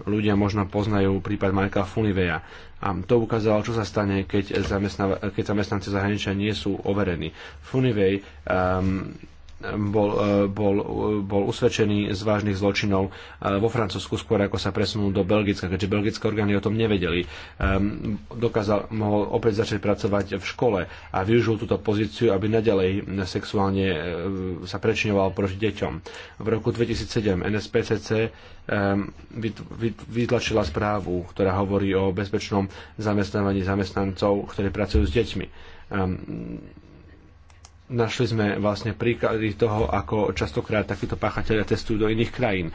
ľudia možno poznajú prípad Marka Funiveja a to ukázalo, čo sa stane, keď, keď zamestnanci zahraničia nie sú overení. Funivej um, bol, e, bol, e, bol usvedčený z vážnych zločinov e, vo Francúzsku skôr ako sa presunul do Belgicka, keďže belgické orgány o tom nevedeli. Ehm, dokázal, mohol opäť začať pracovať v škole a využil túto pozíciu, aby nadalej sexuálne sa prečňoval proti deťom. V roku 2007 NSPCC ehm, vytlačila správu, ktorá hovorí o bezpečnom zamestnávaní zamestnancov, ktorí pracujú s deťmi ehm, Našli sme vlastne príklady toho, ako častokrát takíto páchatelia testujú do iných krajín.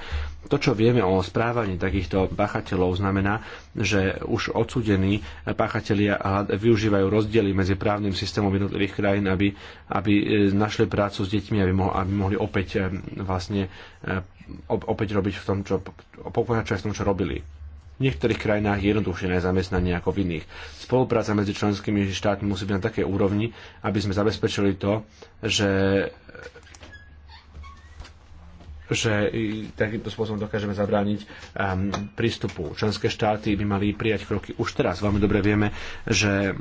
To, čo vieme o správaní takýchto páchateľov, znamená, že už odsudení páchatelia využívajú rozdiely medzi právnym systémom jednotlivých krajín, aby, aby našli prácu s deťmi, aby, mohli, aby mohli opäť vlastne opäť robiť v tom, čo, v tom, čo robili. V niektorých krajinách je jednoduchšie nájsť zamestnanie ako v iných. Spolupráca medzi členskými štátmi musí byť na takej úrovni, aby sme zabezpečili to, že že takýmto spôsobom dokážeme zabrániť um, prístupu. Členské štáty by mali prijať kroky už teraz. Veľmi dobre vieme, že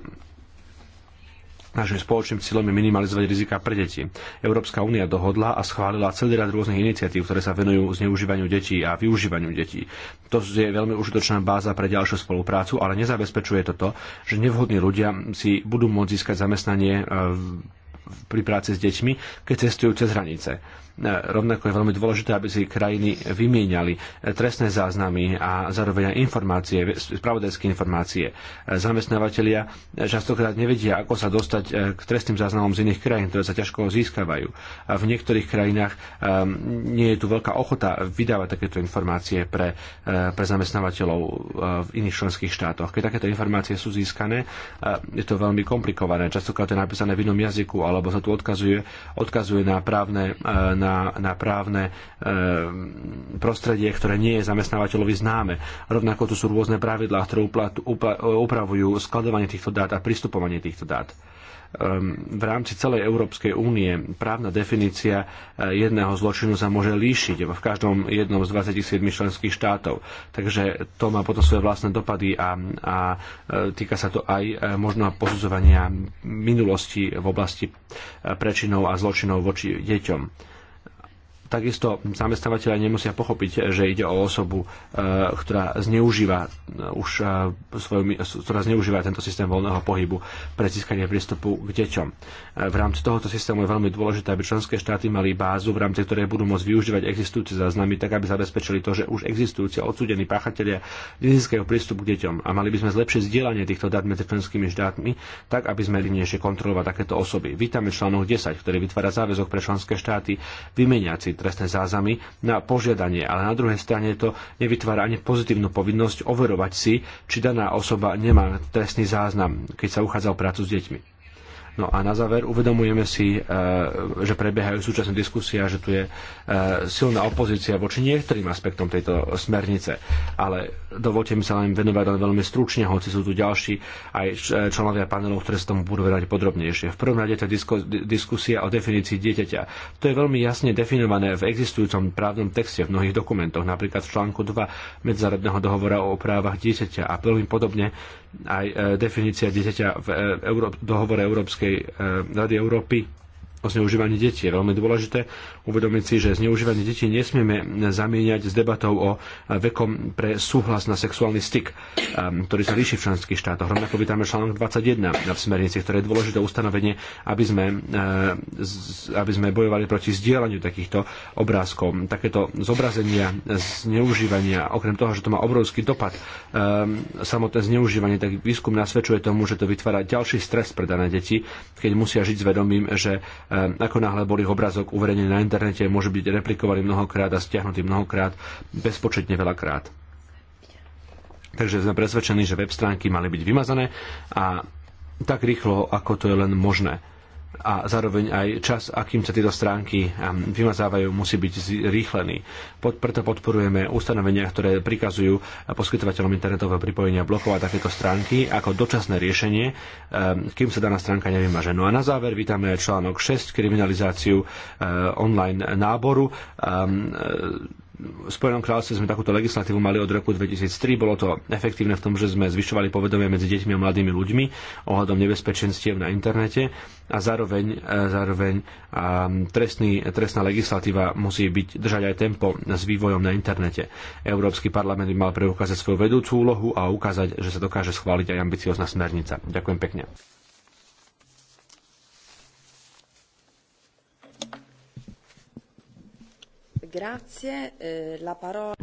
Našim spoločným cieľom je minimalizovať rizika pre deti. Európska únia dohodla a schválila celý rad rôznych iniciatív, ktoré sa venujú zneužívaniu detí a využívaniu detí. To je veľmi užitočná báza pre ďalšiu spoluprácu, ale nezabezpečuje toto, že nevhodní ľudia si budú môcť získať zamestnanie e, pri práci s deťmi, keď cestujú cez hranice. Rovnako je veľmi dôležité, aby si krajiny vymieniali trestné záznamy a zároveň aj informácie, spravodajské informácie. Zamestnávateľia častokrát nevedia, ako sa dostať eh, k trestným záznamom z iných krajín, ktoré sa ťažko získavajú. A v niektorých krajinách ehm, nie je tu veľká ochota vydávať takéto informácie pre, eh, pre zamestnávateľov eh, v iných členských štátoch. Keď takéto informácie sú získané, je to veľmi komplikované. Častokrát je napísané v inom jazyku alebo sa tu odkazuje, odkazuje na právne, na, na právne e, prostredie, ktoré nie je zamestnávateľovi známe. Rovnako tu sú rôzne pravidlá, ktoré uplat, upla, upravujú skladovanie týchto dát a pristupovanie týchto dát ehm, v rámci celej Európskej únie právna definícia eh, jedného zločinu sa môže líšiť v každom jednom z 27 členských štátov. Takže to má potom svoje vlastné dopady a, a eh, týka sa to aj možno posudzovania minulosti v oblasti prečinov a zločinov voči deťom Takisto zamestnávateľe nemusia pochopiť, že ide o osobu, e, ktorá zneužíva, e, už e, svoju, ktorá zneužíva tento systém voľného pohybu pre získanie prístupu k deťom. V rámci tohoto systému je veľmi dôležité, aby členské štáty mali bázu, v rámci ktorej budú môcť využívať existujúce záznamy, tak aby zabezpečili to, že už existujúci odsúdení páchatelia nezískajú prístup k deťom a mali by sme zlepšie zdieľanie týchto dát medzi členskými štátmi, tak aby sme rinejšie kontrolovať takéto osoby. Vítame článok 10, ktorý vytvára záväzok pre členské štáty vymeniať si trestné zázamy na požiadanie, ale na druhej strane to nevytvára ani pozitívnu povinnosť overovať si, či daná osoba nemá trestný záznam, keď sa uchádza o prácu s deťmi. No a na záver uvedomujeme si, eh, že prebiehajú súčasné diskusia, že tu je eh, silná opozícia voči niektorým aspektom tejto smernice. Ale dovolte mi sa len venovať len veľmi stručne, hoci sú tu ďalší aj členovia panelov, ktoré sa tomu budú venovať podrobnejšie. V prvom rade tá diskusia o definícii dieťaťa. To je veľmi jasne definované v existujúcom právnom texte v mnohých dokumentoch, napríklad v článku 2 Medzárodného dohovora o právach dieťaťa a veľmi podobne aj e, definícia dieťaťa v e, dohovore Európskej e, rady Európy o zneužívaní detí. Je veľmi dôležité uvedomiť si, že zneužívanie detí nesmieme zamieňať s debatou o vekom pre súhlas na sexuálny styk, um, ktorý sa líši v členských štátoch. Rovnako vítame článok 21 v smernici, ktoré je dôležité ustanovenie, aby sme, uh, aby sme bojovali proti zdieľaniu takýchto obrázkov. Takéto zobrazenia, zneužívania, okrem toho, že to má obrovský dopad, um, samotné zneužívanie, tak výskum nasvedčuje tomu, že to vytvára ďalší stres pre dané deti, keď musia žiť s vedomím, že Ehm, ako náhle bol ich obrazok uverejnený na internete, môže byť replikovaný mnohokrát a stiahnutý mnohokrát, bezpočetne veľakrát. Takže sme presvedčení, že web stránky mali byť vymazané a tak rýchlo, ako to je len možné a zároveň aj čas, akým sa tieto stránky um, vymazávajú, musí byť zrýchlený. Pod, preto podporujeme ustanovenia, ktoré prikazujú poskytovateľom internetového pripojenia blokovať takéto stránky ako dočasné riešenie, um, kým sa daná stránka nevymaže. No a na záver vítame článok 6, kriminalizáciu uh, online náboru um, Spojenom kráľovstve sme takúto legislatívu mali od roku 2003. Bolo to efektívne v tom, že sme zvyšovali povedomie medzi deťmi a mladými ľuďmi ohľadom nebezpečenstiev na internete a zároveň, e, zároveň trestný, trestná legislatíva musí byť držať aj tempo s vývojom na internete. Európsky parlament by mal preukázať svoju vedúcu úlohu a ukázať, že sa dokáže schváliť aj ambiciozna smernica. Ďakujem pekne. Grazie, eh, la parola...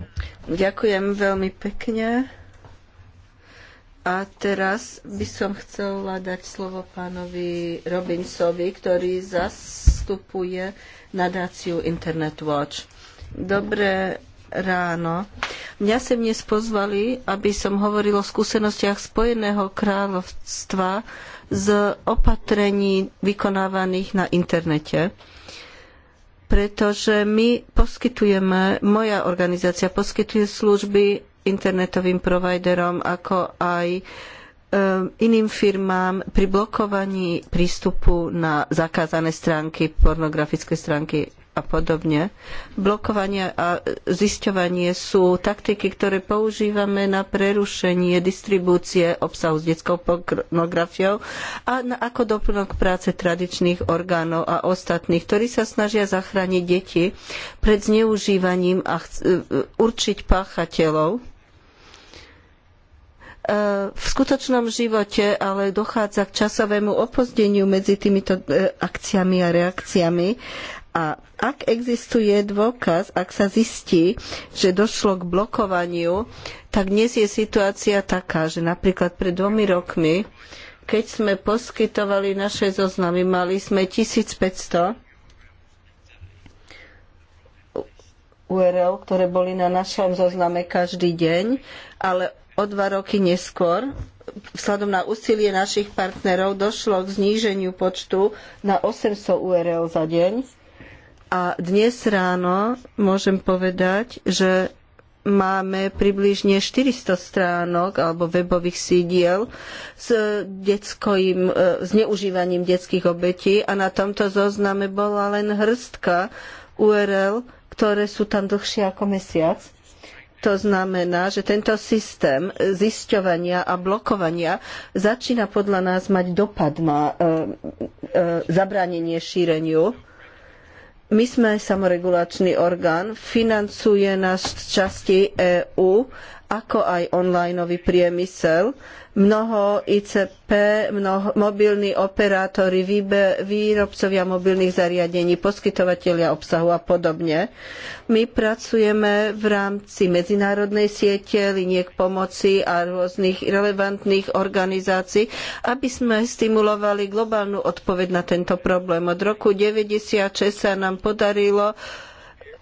Ďakujem veľmi pekne. A teraz by som chcela dať slovo pánovi Robinsovi, ktorý zastupuje nadáciu Internet Watch. Dobré ráno. Mňa sem dnes pozvali, aby som hovoril o skúsenostiach Spojeného kráľovstva z opatrení vykonávaných na internete pretože my poskytujeme, moja organizácia poskytuje služby internetovým providerom, ako aj eh, iným firmám pri blokovaní prístupu na zakázané stránky, pornografické stránky a podobne. Blokovanie a zisťovanie sú taktiky, ktoré používame na prerušenie distribúcie obsahu s detskou pornografiou a ako doplnok práce tradičných orgánov a ostatných, ktorí sa snažia zachrániť deti pred zneužívaním a e, určiť páchateľov e, v skutočnom živote ale dochádza k časovému opozdeniu medzi týmito e, akciami a reakciami a ak existuje dôkaz, ak sa zistí, že došlo k blokovaniu, tak dnes je situácia taká, že napríklad pred dvomi rokmi, keď sme poskytovali naše zoznamy, mali sme 1500 URL, ktoré boli na našom zozname každý deň, ale o dva roky neskôr vzhľadom na úsilie našich partnerov došlo k zníženiu počtu na 800 URL za deň a dnes ráno môžem povedať, že máme približne 400 stránok alebo webových sídiel s detským e, zneužívaním detských obetí a na tomto zozname bola len hrstka URL, ktoré sú tam dlhšie ako mesiac. To znamená, že tento systém zisťovania a blokovania začína podľa nás mať dopad na e, e, zabránenie šíreniu my sme samoregulačný orgán, financuje nás z časti EÚ ako aj onlineový priemysel. Mnoho ICP, mnoho mobilní operátori, výrobcovia mobilných zariadení, poskytovatelia obsahu a podobne. My pracujeme v rámci medzinárodnej siete, liniek pomoci a rôznych relevantných organizácií, aby sme stimulovali globálnu odpoveď na tento problém. Od roku 1996 sa nám podarilo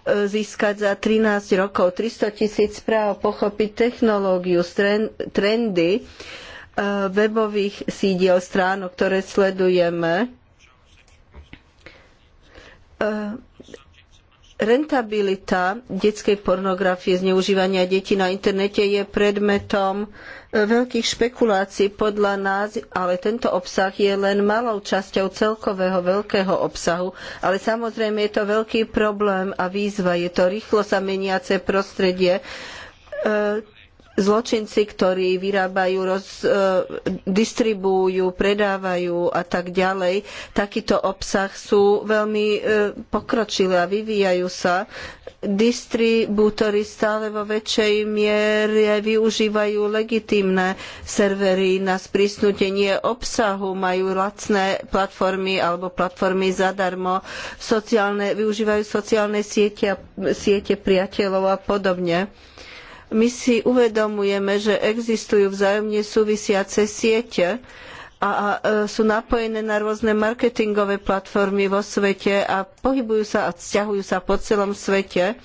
získať za 13 rokov 300 tisíc správ, pochopiť technológiu, trendy e, webových sídiel stránok, ktoré sledujeme e, Rentabilita detskej pornografie, zneužívania detí na internete je predmetom e, veľkých špekulácií podľa nás, ale tento obsah je len malou časťou celkového veľkého obsahu. Ale samozrejme je to veľký problém a výzva, je to rýchlo sa meniace prostredie e, zločinci, ktorí vyrábajú, roz, e, distribujú, predávajú a tak ďalej, takýto obsah sú veľmi e, pokročilé a vyvíjajú sa. Distribútory stále vo väčšej miere využívajú legitímne servery na sprísnutenie obsahu, majú lacné platformy alebo platformy zadarmo, sociálne, využívajú sociálne siete, siete priateľov a podobne. My si uvedomujeme, že existujú vzájomne súvisiace siete a e, sú napojené na rôzne marketingové platformy vo svete a pohybujú sa a vzťahujú sa po celom svete.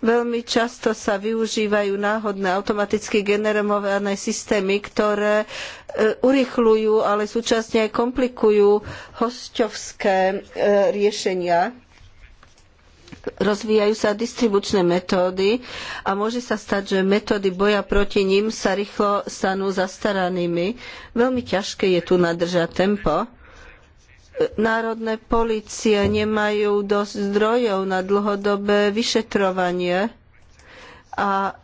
Veľmi často sa využívajú náhodné automaticky generované systémy, ktoré e, urychľujú, ale súčasne aj komplikujú hosťovské e, riešenia rozvíjajú sa distribučné metódy a môže sa stať, že metódy boja proti ním sa rýchlo stanú zastaranými. Veľmi ťažké je tu nadržať tempo. Národné polície nemajú dosť zdrojov na dlhodobé vyšetrovanie a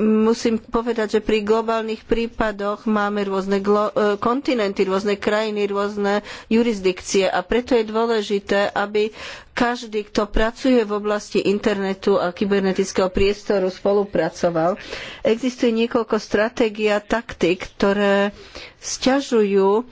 musím povedať, že pri globálnych prípadoch máme rôzne e, kontinenty, rôzne krajiny, rôzne jurisdikcie a preto je dôležité, aby každý, kto pracuje v oblasti internetu a kybernetického priestoru, spolupracoval. Existuje niekoľko stratégií a taktik, ktoré sťažujú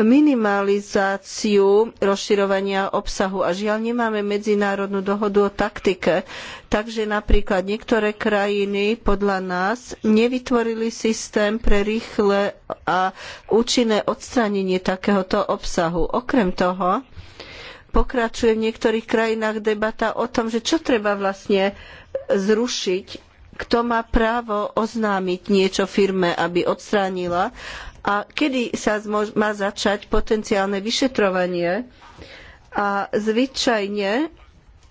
minimalizáciu rozširovania obsahu a žiaľ nemáme medzinárodnú dohodu o taktike. Takže napríklad niektoré krajiny podľa nás nevytvorili systém pre rýchle a účinné odstránenie takéhoto obsahu. Okrem toho pokračuje v niektorých krajinách debata o tom, že čo treba vlastne zrušiť kto má právo oznámiť niečo firme, aby odstránila a kedy sa má začať potenciálne vyšetrovanie. A zvyčajne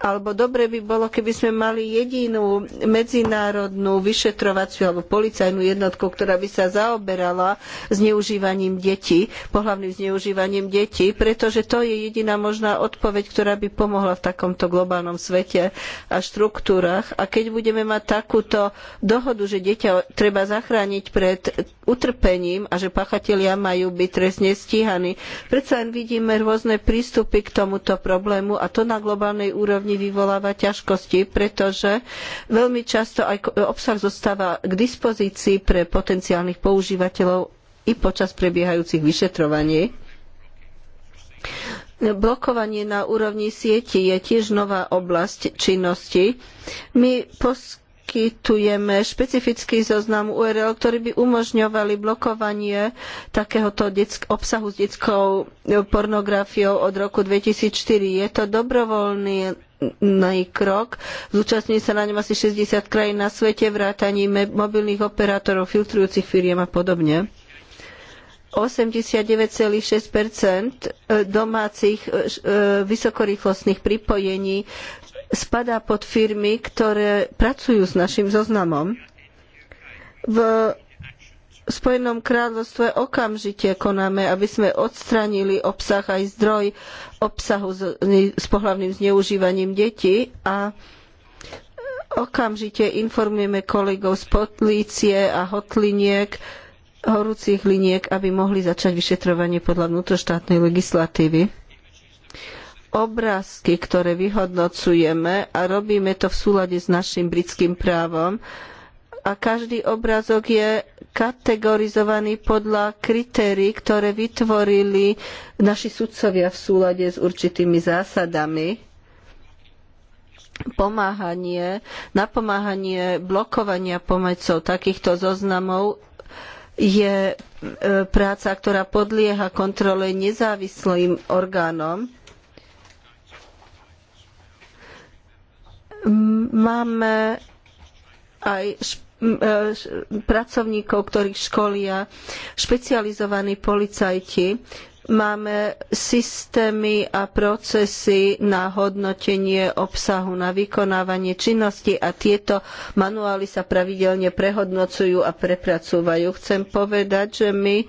alebo dobre by bolo, keby sme mali jedinú medzinárodnú vyšetrovaciu alebo policajnú jednotku, ktorá by sa zaoberala zneužívaním detí, pohlavným zneužívaním detí, pretože to je jediná možná odpoveď, ktorá by pomohla v takomto globálnom svete a štruktúrach. A keď budeme mať takúto dohodu, že dieťa treba zachrániť pred utrpením a že pachatelia majú byť trestne stíhaní, predsa len vidíme rôzne prístupy k tomuto problému a to na globálnej úrovni nimi vyvoláva ťažkosti, pretože veľmi často aj obsah zostáva k dispozícii pre potenciálnych používateľov i počas prebiehajúcich vyšetrovaní. Blokovanie na úrovni sieti je tiež nová oblasť činnosti. My poskytujeme špecifický zoznam URL, ktorý by umožňovali blokovanie takéhoto obsahu s detskou pornografiou od roku 2004. Je to dobrovoľný záchranný krok. Zúčastňuje sa na ňom asi 60 krajín na svete, vrátanie mobilných operátorov, filtrujúcich firiem a podobne. 89,6 e, domácich e, e, vysokorýchlostných pripojení spadá pod firmy, ktoré pracujú s našim zoznamom. V v Spojenom kráľovstve okamžite konáme, aby sme odstránili obsah aj zdroj obsahu s, s pohlavným zneužívaním detí a okamžite informujeme kolegov z polície a hotliniek, horúcich liniek, aby mohli začať vyšetrovanie podľa vnútroštátnej legislatívy. Obrázky, ktoré vyhodnocujeme a robíme to v súlade s našim britským právom, a každý obrázok je kategorizovaní podľa kritérií, ktoré vytvorili naši sudcovia v súlade s určitými zásadami pomáhanie, napomáhanie blokovania pomocou takýchto zoznamov je e, práca, ktorá podlieha kontrole nezávislým orgánom. Máme aj špe- E, pracovníkov, ktorých školia špecializovaní policajti. Máme systémy a procesy na hodnotenie obsahu, na vykonávanie činnosti a tieto manuály sa pravidelne prehodnocujú a prepracúvajú. Chcem povedať, že my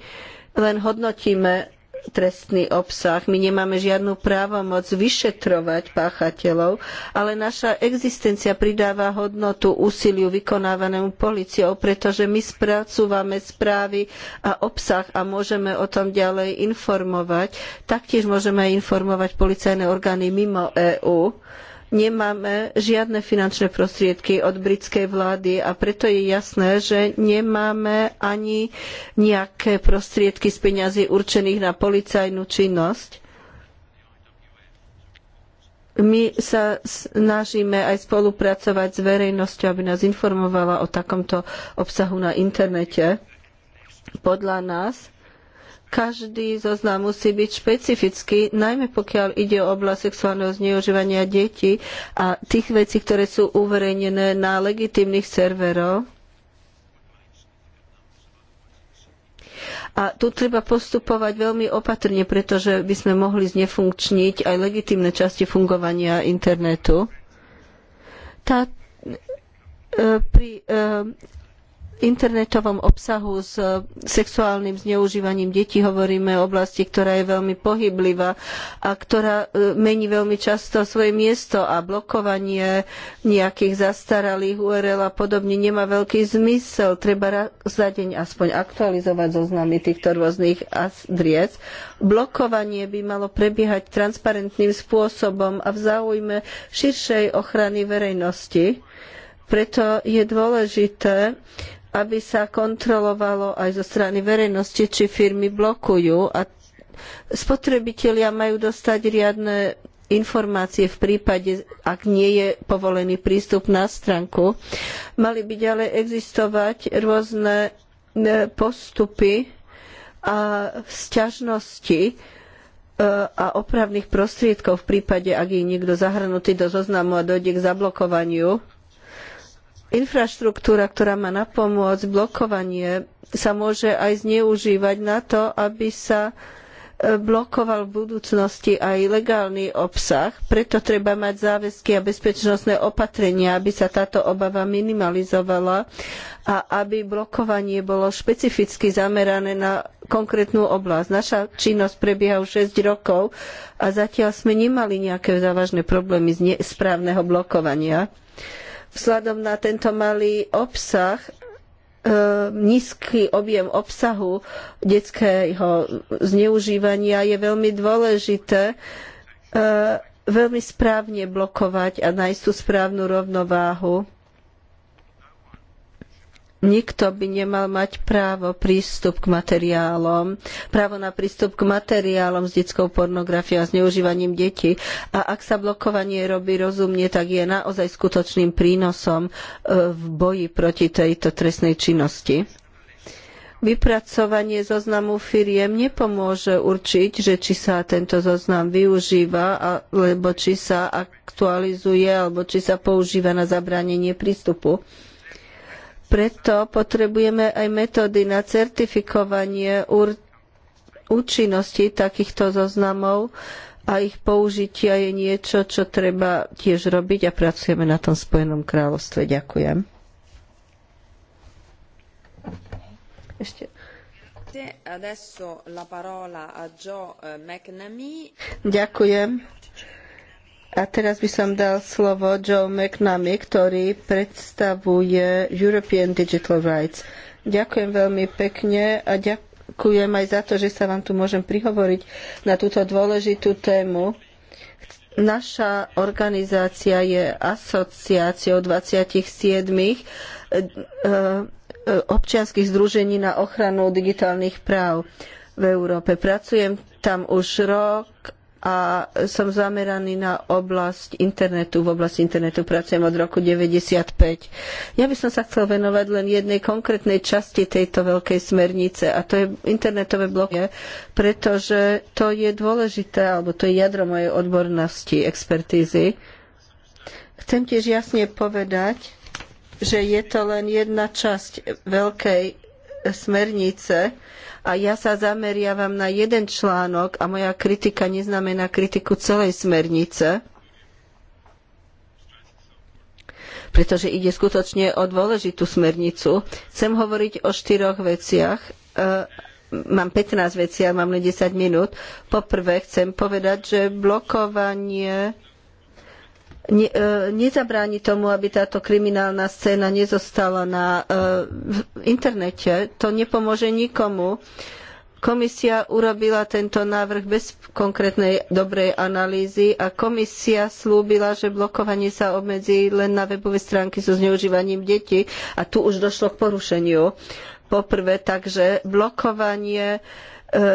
len hodnotíme trestný obsah. My nemáme žiadnu právomoc vyšetrovať páchateľov, ale naša existencia pridáva hodnotu úsiliu vykonávanému policiou, pretože my spracúvame správy a obsah a môžeme o tom ďalej informovať. Taktiež môžeme informovať policajné orgány mimo EÚ nemáme žiadne finančné prostriedky od britskej vlády a preto je jasné, že nemáme ani nejaké prostriedky z peňazí určených na policajnú činnosť. My sa snažíme aj spolupracovať s verejnosťou, aby nás informovala o takomto obsahu na internete. Podľa nás každý zoznam musí byť špecifický, najmä pokiaľ ide o oblasť sexuálneho zneužívania detí a tých vecí, ktoré sú uverejnené na legitímnych serveroch. A tu treba postupovať veľmi opatrne, pretože by sme mohli znefunkčniť aj legitímne časti fungovania internetu. Tá, e, pri e, internetovom obsahu s sexuálnym zneužívaním detí hovoríme o oblasti, ktorá je veľmi pohyblivá a ktorá e, mení veľmi často svoje miesto a blokovanie nejakých zastaralých URL a podobne nemá veľký zmysel. Treba raz za deň aspoň aktualizovať zoznamy týchto rôznych adries. Blokovanie by malo prebiehať transparentným spôsobom a v záujme širšej ochrany verejnosti. Preto je dôležité, aby sa kontrolovalo aj zo strany verejnosti, či firmy blokujú a spotrebitelia majú dostať riadne informácie v prípade, ak nie je povolený prístup na stránku. Mali by ďalej existovať rôzne e, postupy a sťažnosti e, a opravných prostriedkov v prípade, ak je niekto zahrnutý do zoznamu a dojde k zablokovaniu infraštruktúra, ktorá má napomôcť blokovanie, sa môže aj zneužívať na to, aby sa e, blokoval v budúcnosti aj legálny obsah, preto treba mať záväzky a bezpečnostné opatrenia, aby sa táto obava minimalizovala a aby blokovanie bolo špecificky zamerané na konkrétnu oblasť. Naša činnosť prebieha už 6 rokov a zatiaľ sme nemali nejaké závažné problémy z nesprávneho blokovania. Uh, vzhľadom na tento malý obsah e, nízky objem obsahu detského zneužívania je veľmi dôležité e, veľmi správne blokovať a nájsť tú správnu rovnováhu nikto by nemal mať právo prístup k materiálom, právo na prístup k materiálom s detskou pornografiou a zneužívaním detí. A ak sa blokovanie robí rozumne, tak je naozaj skutočným prínosom e, v boji proti tejto trestnej činnosti. Vypracovanie zoznamu firiem nepomôže určiť, že či sa tento zoznam využíva, alebo či sa aktualizuje, alebo či sa používa na zabránenie prístupu preto potrebujeme aj metódy na certifikovanie účinnosti takýchto zoznamov a ich použitia je niečo, čo treba tiež robiť a pracujeme na tom Spojenom kráľovstve. Ďakujem. Ešte. Eh, Ďakujem. A teraz by som dal slovo Joe McNamee, ktorý predstavuje European Digital Rights. Ďakujem veľmi pekne a ďakujem aj za to, že sa vám tu môžem prihovoriť na túto dôležitú tému. Naša organizácia je asociáciou 27 eh, občianskych združení na ochranu digitálnych práv v Európe. Pracujem tam už rok a som zameraný na oblasť internetu. V oblasti internetu pracujem od roku 95. Ja by som sa chcel venovať len jednej konkrétnej časti tejto veľkej smernice a to je internetové bloky, pretože to je dôležité, alebo to je jadro mojej odbornosti, expertízy. Chcem tiež jasne povedať, že je to len jedna časť veľkej smernice a ja sa zameriavam na jeden článok a moja kritika neznamená kritiku celej smernice, pretože ide skutočne o dôležitú smernicu. Chcem hovoriť o štyroch veciach. E, mám 15 vecí a mám len 10 minút. Poprvé chcem povedať, že blokovanie ne, e, nezabráni tomu, aby táto kriminálna scéna nezostala na e, internete. To nepomôže nikomu. Komisia urobila tento návrh bez konkrétnej dobrej analýzy a komisia slúbila, že blokovanie sa obmedzí len na webové stránky so zneužívaním detí a tu už došlo k porušeniu. Poprvé, takže blokovanie uh,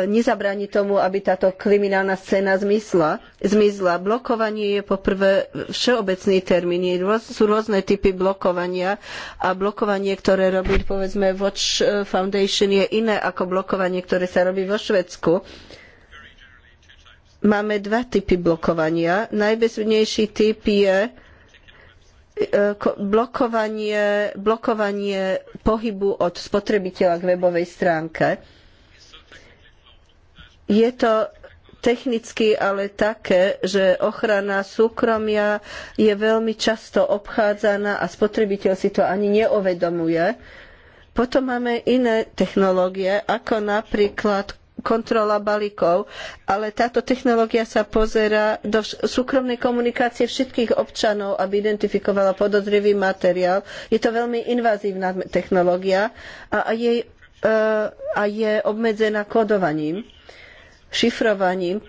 nezabráni tomu, aby táto kriminálna scéna zmysla, zmizla. Blokovanie je poprvé všeobecný termín. Sú rôzne typy blokovania a blokovanie, ktoré robí povedzme Watch Foundation je iné ako blokovanie, ktoré sa robí vo Švedsku. Máme dva typy blokovania. Najbezpečnejší typ je e, blokovanie, blokovanie pohybu od spotrebiteľa k webovej stránke je to technicky ale také, že ochrana súkromia je veľmi často obchádzaná a spotrebiteľ si to ani neuvedomuje. Potom máme iné technológie, ako napríklad kontrola balíkov, ale táto technológia sa pozerá do súkromnej komunikácie všetkých občanov, aby identifikovala podozrivý materiál. Je to veľmi invazívna technológia a, jej, e, a je obmedzená kódovaním šifrovaním.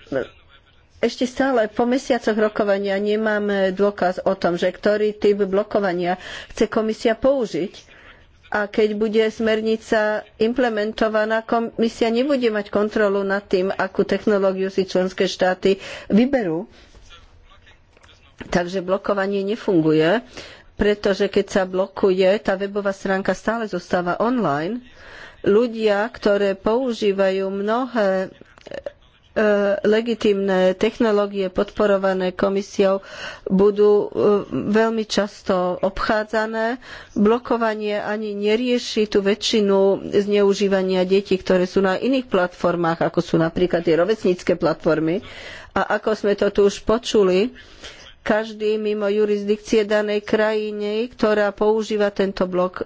Ešte stále po mesiacoch rokovania nemáme dôkaz o tom, že ktorý typ blokovania chce komisia použiť. A keď bude smernica implementovaná, komisia nebude mať kontrolu nad tým, akú technológiu si členské štáty vyberú. Takže blokovanie nefunguje, pretože keď sa blokuje, tá webová stránka stále zostáva online. Ľudia, ktoré používajú mnohé legitímne technológie podporované komisiou budú veľmi často obchádzané. Blokovanie ani nerieši tú väčšinu zneužívania detí, ktoré sú na iných platformách, ako sú napríklad tie rovesnícke platformy. A ako sme to tu už počuli, každý mimo jurisdikcie danej krajiny, ktorá používa tento blok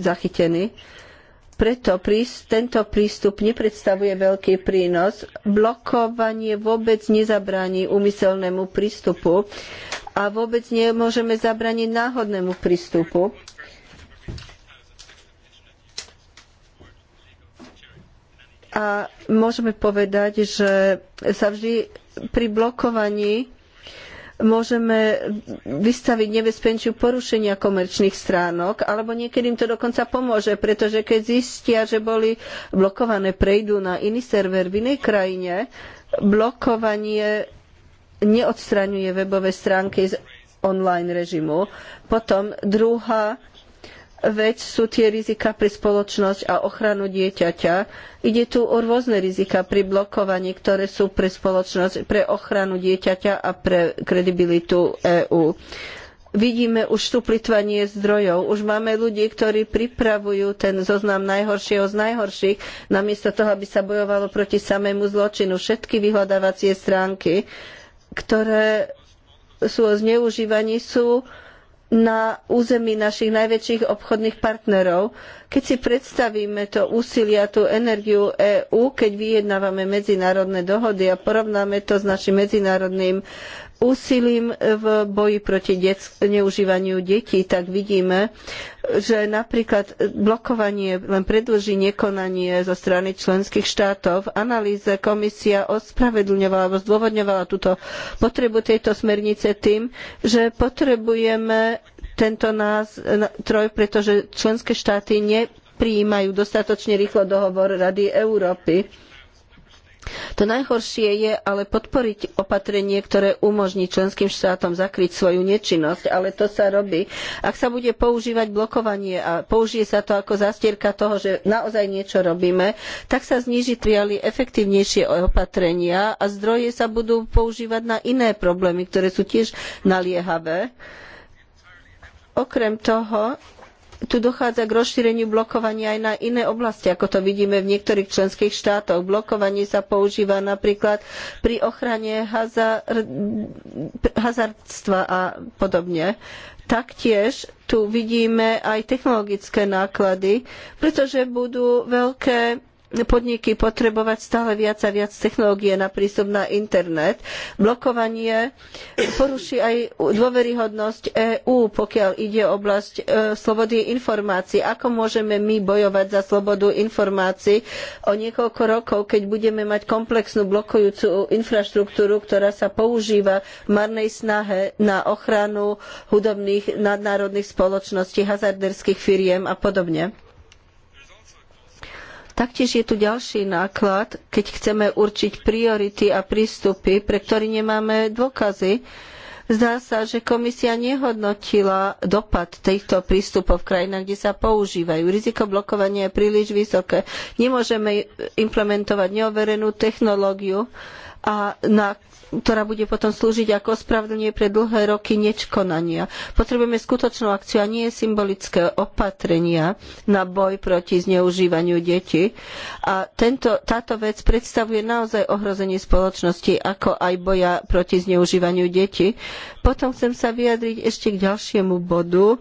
zachytený, preto tento prístup nepredstavuje veľký prínos. Blokovanie vôbec nezabráni úmyselnému prístupu a vôbec nemôžeme zabrániť náhodnému prístupu. A môžeme povedať, že sa vždy pri blokovaní môžeme vystaviť nebezpečiu porušenia komerčných stránok, alebo niekedy im to dokonca pomôže, pretože keď zistia, že boli blokované, prejdú na iný server v inej krajine, blokovanie neodstraňuje webové stránky z online režimu. Potom druhá veď sú tie rizika pre spoločnosť a ochranu dieťaťa. Ide tu o rôzne rizika pri blokovaní, ktoré sú pre spoločnosť, pre ochranu dieťaťa a pre kredibilitu EÚ. Vidíme už tu plitvanie zdrojov. Už máme ľudí, ktorí pripravujú ten zoznam najhoršieho z najhorších, namiesto toho, aby sa bojovalo proti samému zločinu. Všetky vyhľadávacie stránky, ktoré sú o zneužívaní, sú na území našich najväčších obchodných partnerov. Keď si predstavíme to úsilie a tú energiu EÚ, keď vyjednávame medzinárodné dohody a porovnáme to s našim medzinárodným úsilím v boji proti neužívaniu detí, tak vidíme, že napríklad blokovanie, len predĺží nekonanie zo strany členských štátov. V analýze komisia ospravedlňovala alebo zdôvodňovala túto potrebu tejto smernice tým, že potrebujeme tento nástroj, pretože členské štáty neprijímajú dostatočne rýchlo dohovor Rady Európy to najhoršie je ale podporiť opatrenie, ktoré umožní členským štátom zakryť svoju nečinnosť, ale to sa robí. Ak sa bude používať blokovanie a použije sa to ako zastierka toho, že naozaj niečo robíme, tak sa zníži triali efektívnejšie opatrenia a zdroje sa budú používať na iné problémy, ktoré sú tiež naliehavé. Okrem toho, tu dochádza k rozšíreniu blokovania aj na iné oblasti, ako to vidíme v niektorých členských štátoch. Blokovanie sa používa napríklad pri ochrane hazardstva a podobne. Taktiež tu vidíme aj technologické náklady, pretože budú veľké podniky potrebovať stále viac a viac technológie na prístup na internet. Blokovanie poruší aj dôveryhodnosť EÚ, pokiaľ ide o oblasť e, slobody informácií. Ako môžeme my bojovať za slobodu informácií o niekoľko rokov, keď budeme mať komplexnú blokujúcu infraštruktúru, ktorá sa používa v marnej snahe na ochranu hudobných nadnárodných spoločností, hazarderských firiem a podobne? Taktiež je tu ďalší náklad, keď chceme určiť priority a prístupy, pre ktorý nemáme dôkazy. Zdá sa, že komisia nehodnotila dopad týchto prístupov v krajinách, kde sa používajú. Riziko blokovania je príliš vysoké. Nemôžeme implementovať neoverenú technológiu a na ktorá bude potom slúžiť ako ospravedlnenie pre dlhé roky nečkonania. Potrebujeme skutočnú akciu a nie symbolické opatrenia na boj proti zneužívaniu detí. A tento, táto vec predstavuje naozaj ohrozenie spoločnosti, ako aj boja proti zneužívaniu detí. Potom chcem sa vyjadriť ešte k ďalšiemu bodu,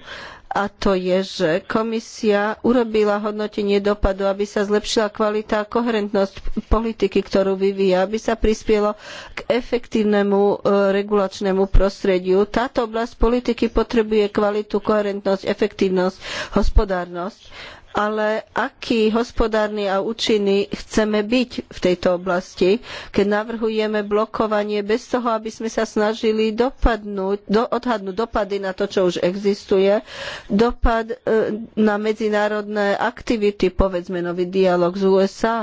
a to je, že komisia urobila hodnotenie dopadu, aby sa zlepšila kvalita a koherentnosť politiky, ktorú vyvíja, aby sa prispielo k efektívnemu e, regulačnému prostrediu. Táto oblasť politiky potrebuje kvalitu, koherentnosť, efektívnosť, hospodárnosť ale aký hospodárny a účinný chceme byť v tejto oblasti, keď navrhujeme blokovanie bez toho, aby sme sa snažili dopadnúť, do, odhadnúť dopady na to, čo už existuje, dopad e, na medzinárodné aktivity, povedzme nový dialog z USA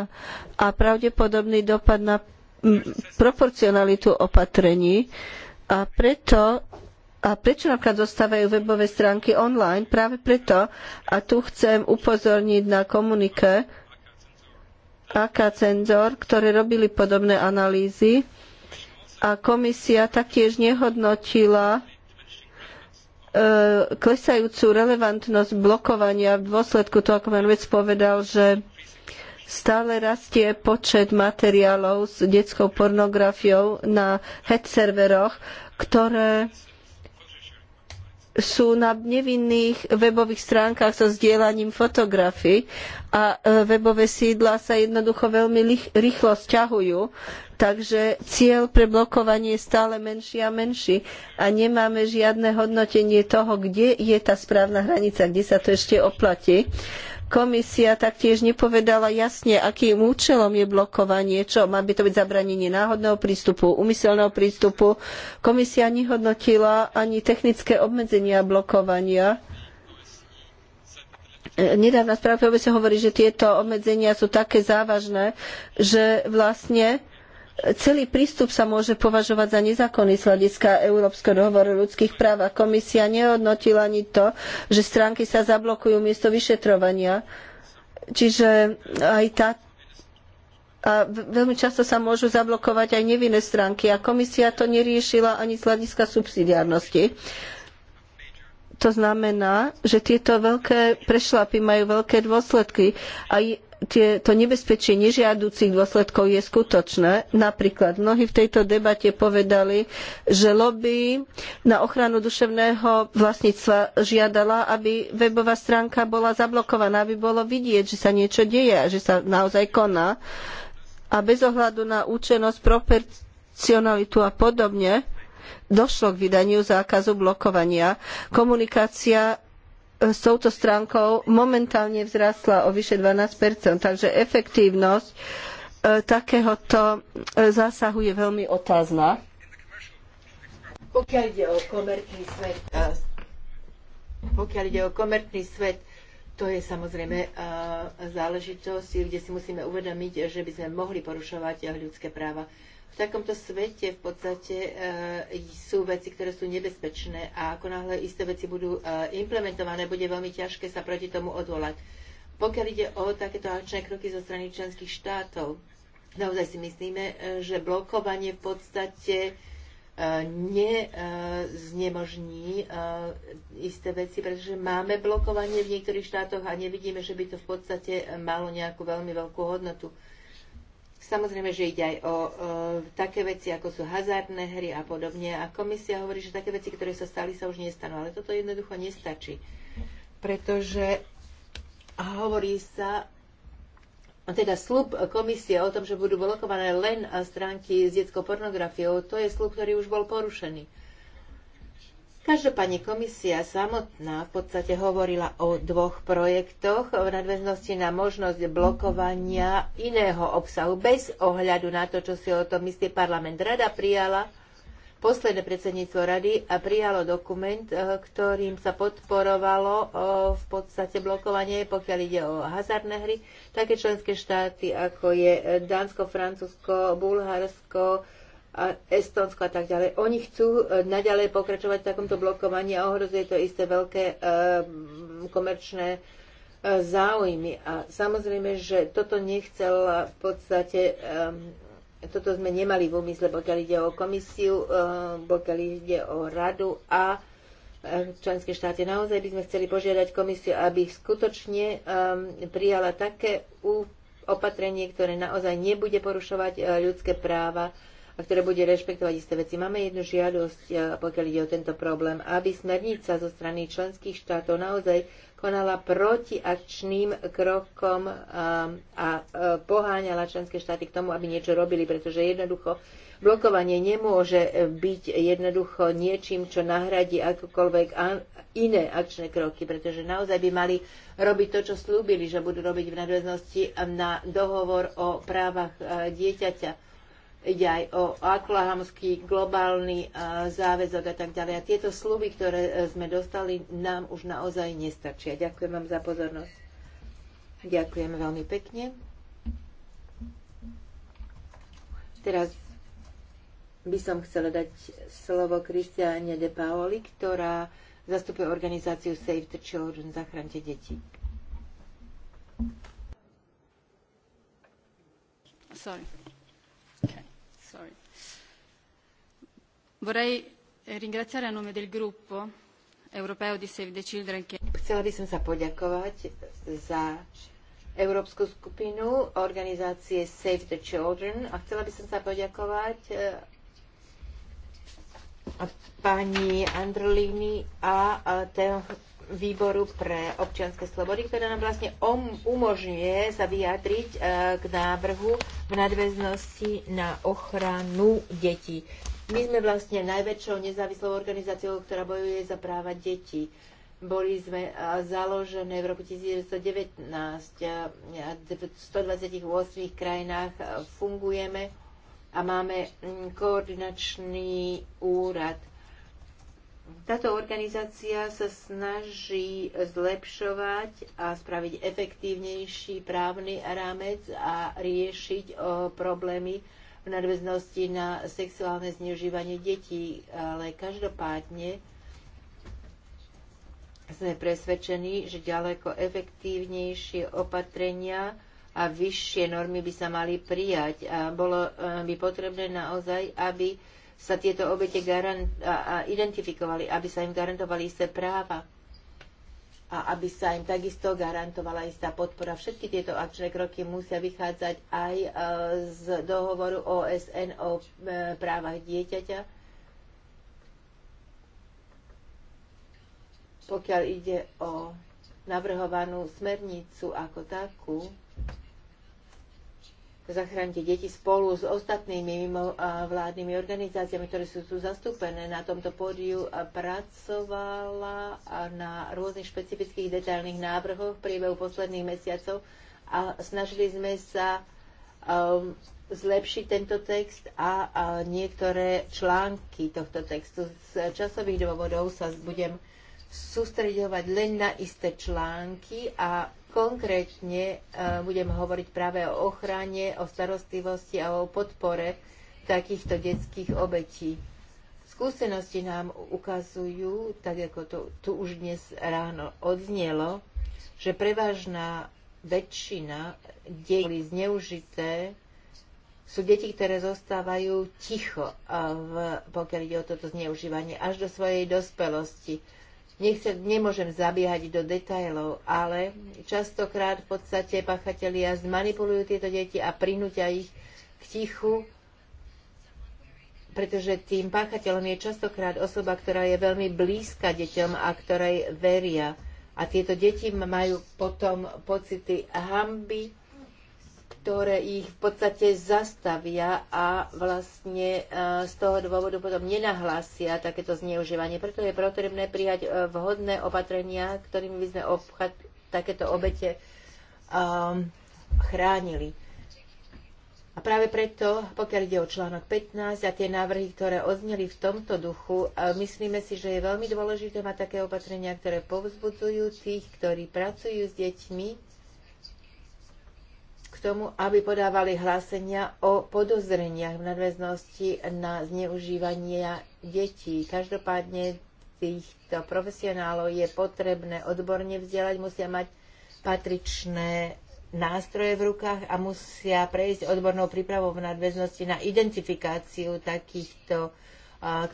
a pravdepodobný dopad na proporcionalitu opatrení. A preto a prečo napríklad zostávajú webové stránky online? Práve preto, a tu chcem upozorniť na komunike AK Cenzor, ktoré robili podobné analýzy a komisia taktiež nehodnotila e, klesajúcu relevantnosť blokovania v dôsledku toho, ako pán vec povedal, že stále rastie počet materiálov s detskou pornografiou na head serveroch, ktoré sú na nevinných webových stránkach so zdieľaním fotografií a e, webové sídla sa jednoducho veľmi rýchlo sťahujú. Takže cieľ pre blokovanie je stále menší a menší a nemáme žiadne hodnotenie toho, kde je tá správna hranica, kde sa to ešte oplatí. Komisia taktiež nepovedala jasne, akým účelom je blokovanie, čo má by to byť zabranenie náhodného prístupu, úmyselného prístupu. Komisia nehodnotila ani technické obmedzenia blokovania. Nedávna správa sa hovorí, že tieto obmedzenia sú také závažné, že vlastne celý prístup sa môže považovať za nezákonný z hľadiska Európskeho dohovoru o ľudských právach. Komisia nehodnotila ani to, že stránky sa zablokujú miesto vyšetrovania. Čiže aj tá a veľmi často sa môžu zablokovať aj nevinné stránky a komisia to neriešila ani z hľadiska subsidiárnosti. To znamená, že tieto veľké prešlapy majú veľké dôsledky a to nebezpečie nežiaducich dôsledkov je skutočné. Napríklad mnohí v tejto debate povedali, že lobby na ochranu duševného vlastníctva žiadala, aby webová stránka bola zablokovaná, aby bolo vidieť, že sa niečo deje a že sa naozaj koná. A bez ohľadu na účenosť, proporcionalitu a podobne, došlo k vydaniu zákazu blokovania. Komunikácia s touto stránkou momentálne vzrastla o vyše 12 takže efektívnosť e, takéhoto e, zásahu je veľmi otázna. Pokiaľ ide o komerčný svet, e, pokiaľ ide o komerčný svet, to je samozrejme záležitosť, kde si musíme uvedomiť, že by sme mohli porušovať ľudské práva v takomto svete v podstate eh, sú veci, ktoré sú nebezpečné a ako náhle isté veci budú eh, implementované, bude veľmi ťažké sa proti tomu odvolať. Pokiaľ ide o takéto akčné kroky zo strany členských štátov, naozaj si myslíme, eh, že blokovanie v podstate neznemožní isté veci, pretože máme blokovanie v niektorých štátoch a nevidíme, že by to v podstate malo nejakú veľmi veľkú hodnotu. Samozrejme, že ide aj o e, také veci, ako sú hazardné hry a podobne. A komisia hovorí, že také veci, ktoré sa stali, sa už nestanú. Ale toto jednoducho nestačí. Pretože hovorí sa teda slub komisie o tom, že budú blokované len stránky s detskou pornografiou, to je slub, ktorý už bol porušený. Každopádne komisia samotná v podstate hovorila o dvoch projektoch v nadväznosti na možnosť blokovania iného obsahu bez ohľadu na to, čo si o tom istý parlament rada prijala. Posledné predsedníctvo rady a prijalo dokument, eh, ktorým sa podporovalo eh, v podstate blokovanie, pokiaľ ide o hazardné hry, také členské štáty, ako je eh, Dánsko, Francúzsko, Bulharsko, a Estonsko a tak ďalej. Oni chcú e, naďalej pokračovať v takomto blokovaní a ohrozuje to isté veľké e, komerčné e, záujmy. A samozrejme, že toto nechcel v podstate, toto sme nemali v úmysle, pokiaľ ide o komisiu, pokiaľ ide o radu a členské štáty. Naozaj by sme chceli požiadať komisiu, aby skutočne prijala také opatrenie, ktoré naozaj nebude porušovať ľudské práva a ktoré bude rešpektovať isté veci. Máme jednu žiadosť, pokiaľ ide o tento problém, aby smernica zo strany členských štátov naozaj konala protiakčným krokom a, a e, poháňala členské štáty k tomu, aby niečo robili, pretože jednoducho blokovanie nemôže e, byť jednoducho niečím, čo nahradí akokoľvek iné akčné kroky, pretože naozaj by mali robiť to, čo slúbili, že budú robiť v nadväznosti na dohovor o právach e, dieťaťa ide aj o aklahamský globálny e, záväzok a tak ďalej. A tieto sluby, ktoré e, sme dostali, nám už naozaj nestačia. Ďakujem vám za pozornosť. Ďakujem veľmi pekne. Teraz by som chcela dať slovo Kristiane De Paoli, ktorá zastupuje organizáciu Save the Children, zachránte deti. Sorry. Sorry. Vorrei ringraziare a nome del gruppo europeo di Save the Children. Che... Chcela by som sa poďakovať za Európsku skupinu organizácie Save the Children a chcela by som sa poďakovať eh, pani Andrlini a, a výboru pre občianske slobody, ktorá nám vlastne umožňuje sa vyjadriť e, k návrhu v nadväznosti na ochranu detí. My sme vlastne najväčšou nezávislou organizáciou, ktorá bojuje za práva detí. Boli sme e, založené v roku 1919. E, v 128 krajinách fungujeme a máme koordinačný úrad táto organizácia sa snaží zlepšovať a spraviť efektívnejší právny rámec a riešiť e, problémy v nadväznosti na sexuálne zneužívanie detí, ale každopádne sme presvedčení, že ďaleko efektívnejšie opatrenia a vyššie normy by sa mali prijať. A bolo e, by potrebné naozaj, aby sa tieto obete identifikovali, aby sa im garantovali isté práva a aby sa im takisto garantovala istá podpora. Všetky tieto akčné kroky musia vychádzať aj e, z dohovoru OSN o e, právach dieťaťa. Pokiaľ ide o navrhovanú smernicu ako takú, zachránite deti spolu s ostatnými mimovládnymi organizáciami, ktoré sú tu zastúpené. Na tomto pódiu pracovala na rôznych špecifických detailných návrhoch v priebehu posledných mesiacov a snažili sme sa um, zlepšiť tento text a, a niektoré články tohto textu. Z časových dôvodov sa budem sústredovať len na isté články a Konkrétne e, budem hovoriť práve o ochrane, o starostlivosti a o podpore takýchto detských obetí. Skúsenosti nám ukazujú, tak ako to tu už dnes ráno odznelo, že prevažná väčšina detí boli zneužité, sú deti, ktoré zostávajú ticho, v, pokiaľ ide o toto zneužívanie, až do svojej dospelosti Nechce, nemôžem zabiehať do detajlov, ale častokrát v podstate pachatelia zmanipulujú tieto deti a prinútia ich k tichu, pretože tým páchateľom je častokrát osoba, ktorá je veľmi blízka deťom a ktorej veria. A tieto deti majú potom pocity hamby ktoré ich v podstate zastavia a vlastne e, z toho dôvodu potom nenahlásia takéto zneužívanie. Preto je potrebné prijať e, vhodné opatrenia, ktorými by sme obchať, takéto obete um, chránili. A práve preto, pokiaľ ide o článok 15 a tie návrhy, ktoré odzneli v tomto duchu, myslíme si, že je veľmi dôležité mať také opatrenia, ktoré povzbudzujú tých, ktorí pracujú s deťmi, tomu, aby podávali hlásenia o podozreniach v nadväznosti na zneužívania detí. Každopádne týchto profesionálov je potrebné odborne vzdelať, musia mať patričné nástroje v rukách a musia prejsť odbornou prípravou v nadväznosti na identifikáciu takýchto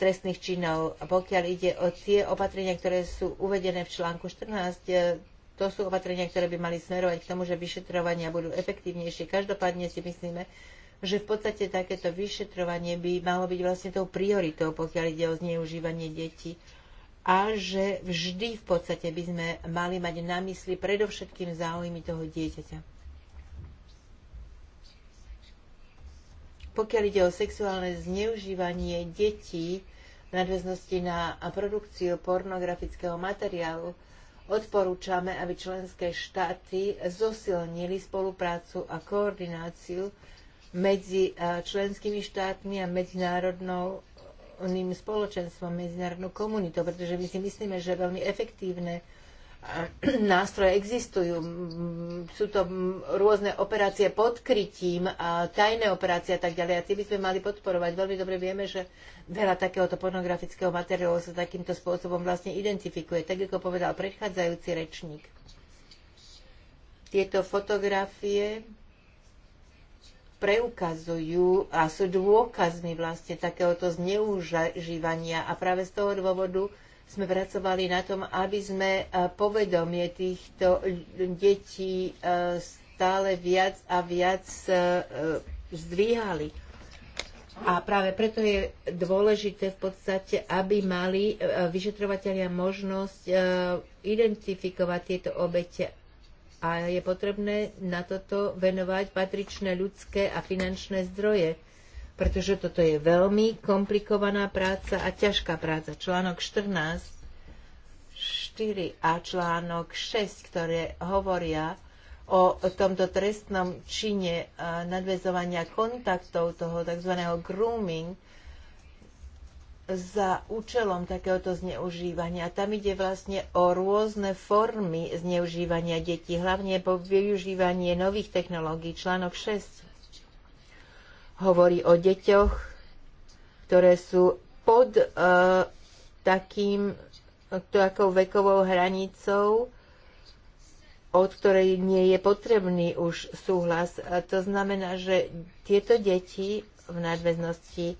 trestných činov. Pokiaľ ide o tie opatrenia, ktoré sú uvedené v článku 14 to sú opatrenia, ktoré by mali smerovať k tomu, že vyšetrovania budú efektívnejšie. Každopádne si myslíme, že v podstate takéto vyšetrovanie by malo byť vlastne tou prioritou, pokiaľ ide o zneužívanie detí a že vždy v podstate by sme mali mať na mysli predovšetkým záujmy toho dieťaťa. Pokiaľ ide o sexuálne zneužívanie detí v nadväznosti na produkciu pornografického materiálu, Odporúčame, aby členské štáty zosilnili spoluprácu a koordináciu medzi eh, členskými štátmi a medzinárodnou medzinárodným spoločenstvom, medzinárodnou komunitou, pretože my si myslíme, že veľmi efektívne [CLEARS THROAT] nástroje existujú. Sú to rôzne operácie pod krytím, a tajné operácie a tak ďalej. A tie by sme mali podporovať. Veľmi dobre vieme, že veľa takéhoto pornografického materiálu sa takýmto spôsobom vlastne identifikuje. Tak ako povedal predchádzajúci rečník. Tieto fotografie preukazujú a sú dôkazmi vlastne takéhoto zneužívania. A práve z toho dôvodu sme pracovali na tom, aby sme e, povedomie týchto detí e, stále viac a viac e, zdvíhali. A práve preto je dôležité v podstate, aby mali vyšetrovateľia možnosť identifikovať tieto obete a je potrebné na toto venovať patričné ľudské a finančné zdroje pretože toto je veľmi komplikovaná práca a ťažká práca. Článok 14, 4 a článok 6, ktoré hovoria o tomto trestnom čine e, nadvezovania kontaktov toho tzv. grooming za účelom takéhoto zneužívania. Tam ide vlastne o rôzne formy zneužívania detí, hlavne po využívanie nových technológií. Článok 6 hovorí o deťoch, ktoré sú pod uh, takým takou vekovou hranicou, od ktorej nie je potrebný už súhlas. A to znamená, že tieto deti v nadväznosti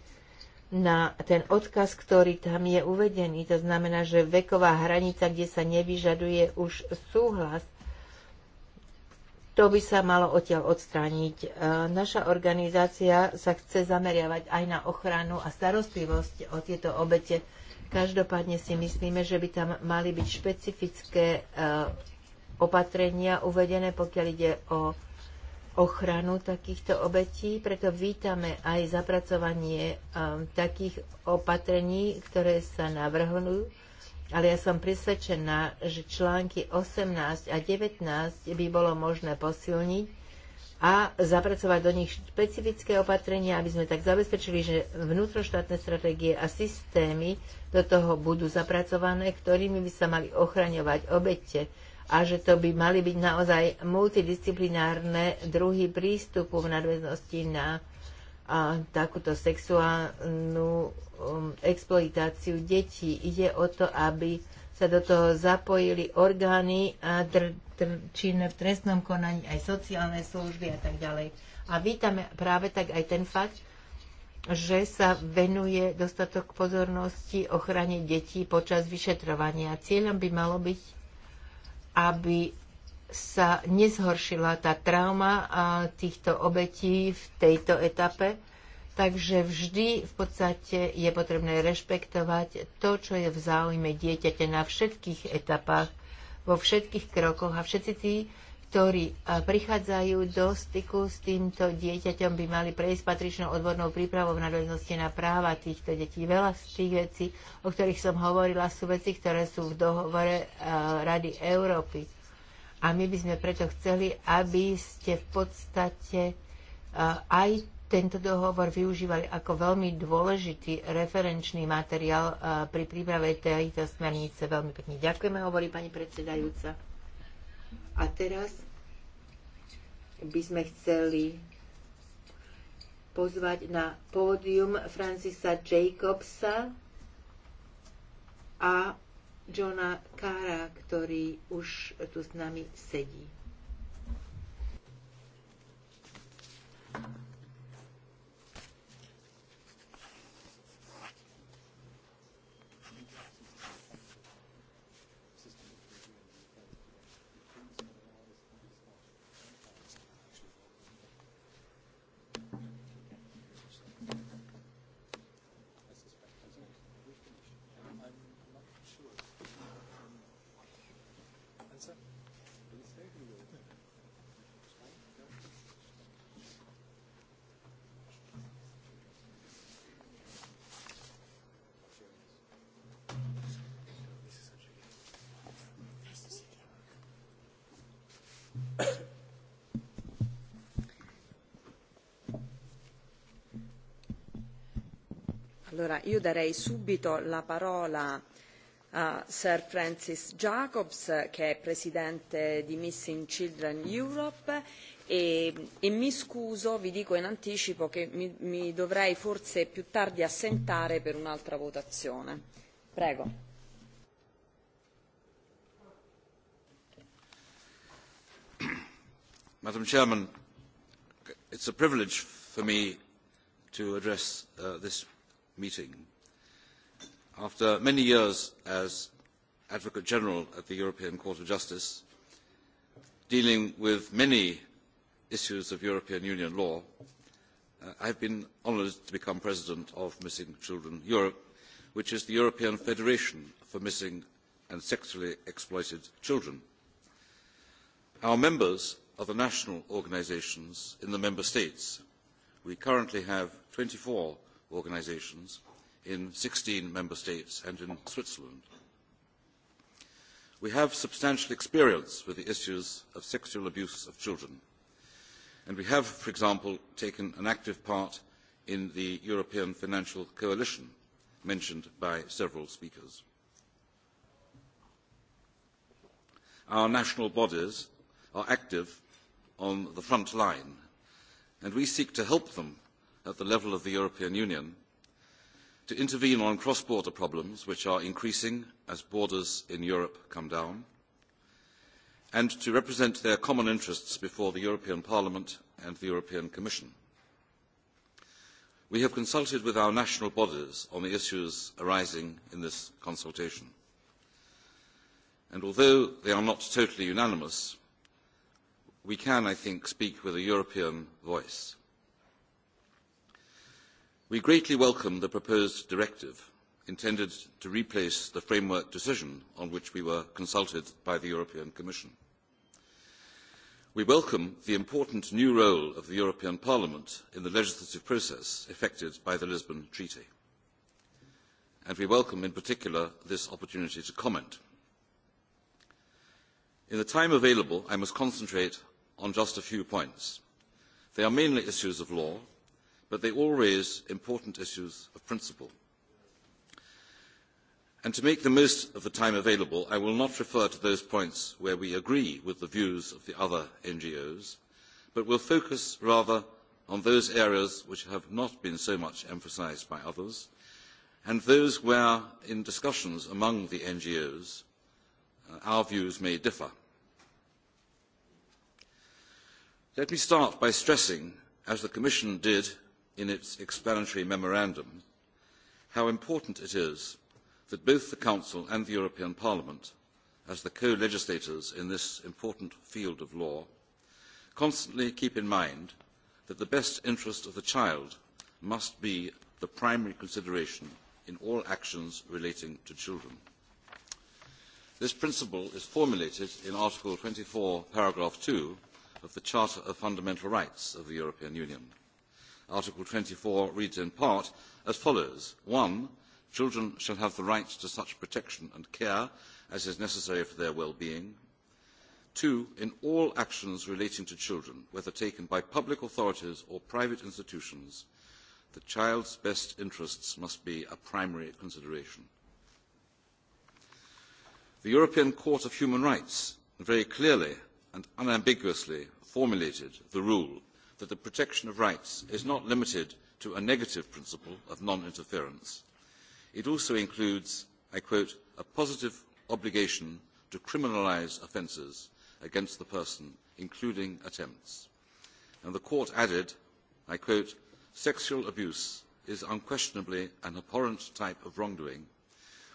na ten odkaz, ktorý tam je uvedený. To znamená, že veková hranica, kde sa nevyžaduje už súhlas, to by sa malo odtiaľ odstrániť. E, naša organizácia sa chce zameriavať aj na ochranu a starostlivosť o tieto obete. Každopádne si myslíme, že by tam mali byť špecifické e, opatrenia uvedené, pokiaľ ide o ochranu takýchto obetí, preto vítame aj zapracovanie e, takých opatrení, ktoré sa navrhnú ale ja som presvedčená, že články 18 a 19 by bolo možné posilniť a zapracovať do nich špecifické opatrenia, aby sme tak zabezpečili, že vnútroštátne stratégie a systémy do toho budú zapracované, ktorými by sa mali ochraňovať obete a že to by mali byť naozaj multidisciplinárne druhy prístupu v nadväznosti na a takúto sexuálnu um, exploitáciu detí. Ide o to, aby sa do toho zapojili orgány a dr, dr, činné v trestnom konaní, aj sociálne služby a tak ďalej. A vítame práve tak aj ten fakt, že sa venuje dostatok pozornosti ochrane detí počas vyšetrovania. Cieľom by malo byť, aby sa nezhoršila tá trauma a týchto obetí v tejto etape. Takže vždy v podstate je potrebné rešpektovať to, čo je v záujme dieťaťa na všetkých etapách, vo všetkých krokoch a všetci tí, ktorí prichádzajú do styku s týmto dieťaťom, by mali prejsť patričnou odbornou prípravou v nadväznosti na práva týchto detí. Veľa z tých vecí, o ktorých som hovorila, sú veci, ktoré sú v dohovore Rady Európy a my by sme preto chceli, aby ste v podstate e, aj tento dohovor využívali ako veľmi dôležitý referenčný materiál e, pri príprave tejto smernice. Veľmi pekne ďakujeme, hovorí pani predsedajúca. A teraz by sme chceli pozvať na pódium Francisa Jacobsa a Johna Kára, ktorý už tu s nami sedí. Allora, io darei subito la parola a Sir Francis Jacobs, che è presidente di Missing Children Europe, e, e mi scuso, vi dico in anticipo, che mi, mi dovrei forse più tardi assentare per un'altra votazione. Prego. madam president it a privilege for me to address uh, this meeting. After many years as Advocate General at the European Court of Justice, dealing with many issues of European Union law, uh, I have been honoured to become President of Missing Children Europe, which is the European Federation for Missing and Sexually Exploited Children. Our members are the national organisations in the Member States. We currently have twenty four organisations in sixteen member states and in Switzerland. We have substantial experience with the issues of sexual abuse of children, and we have, for example, taken an active part in the European Financial Coalition mentioned by several speakers. Our national bodies are active on the front line, and we seek to help them at the level of the European Union to intervene on cross-border problems which are increasing as borders in Europe come down, and to represent their common interests before the European Parliament and the European Commission. We have consulted with our national bodies on the issues arising in this consultation. And although they are not totally unanimous, we can, I think, speak with a European voice we greatly welcome the proposed directive intended to replace the framework decision on which we were consulted by the european commission. we welcome the important new role of the european parliament in the legislative process effected by the lisbon treaty and we welcome in particular this opportunity to comment. in the time available i must concentrate on just a few points. they are mainly issues of law but they all raise important issues of principle. And to make the most of the time available, I will not refer to those points where we agree with the views of the other NGOs, but will focus rather on those areas which have not been so much emphasised by others, and those where, in discussions among the NGOs, uh, our views may differ. Let me start by stressing, as the Commission did in its explanatory memorandum how important it is that both the Council and the European Parliament, as the co-legislators in this important field of law, constantly keep in mind that the best interest of the child must be the primary consideration in all actions relating to children. This principle is formulated in Article twenty four, paragraph two of the Charter of Fundamental Rights of the European Union. Article twenty four reads in part as follows. One, children shall have the right to such protection and care as is necessary for their well-being. Two, in all actions relating to children, whether taken by public authorities or private institutions, the child's best interests must be a primary consideration. The European Court of Human Rights very clearly and unambiguously formulated the rule that the protection of rights is not limited to a negative principle of non-interference. It also includes, I quote, a positive obligation to criminalise offences against the person, including attempts. And the court added, I quote, sexual abuse is unquestionably an abhorrent type of wrongdoing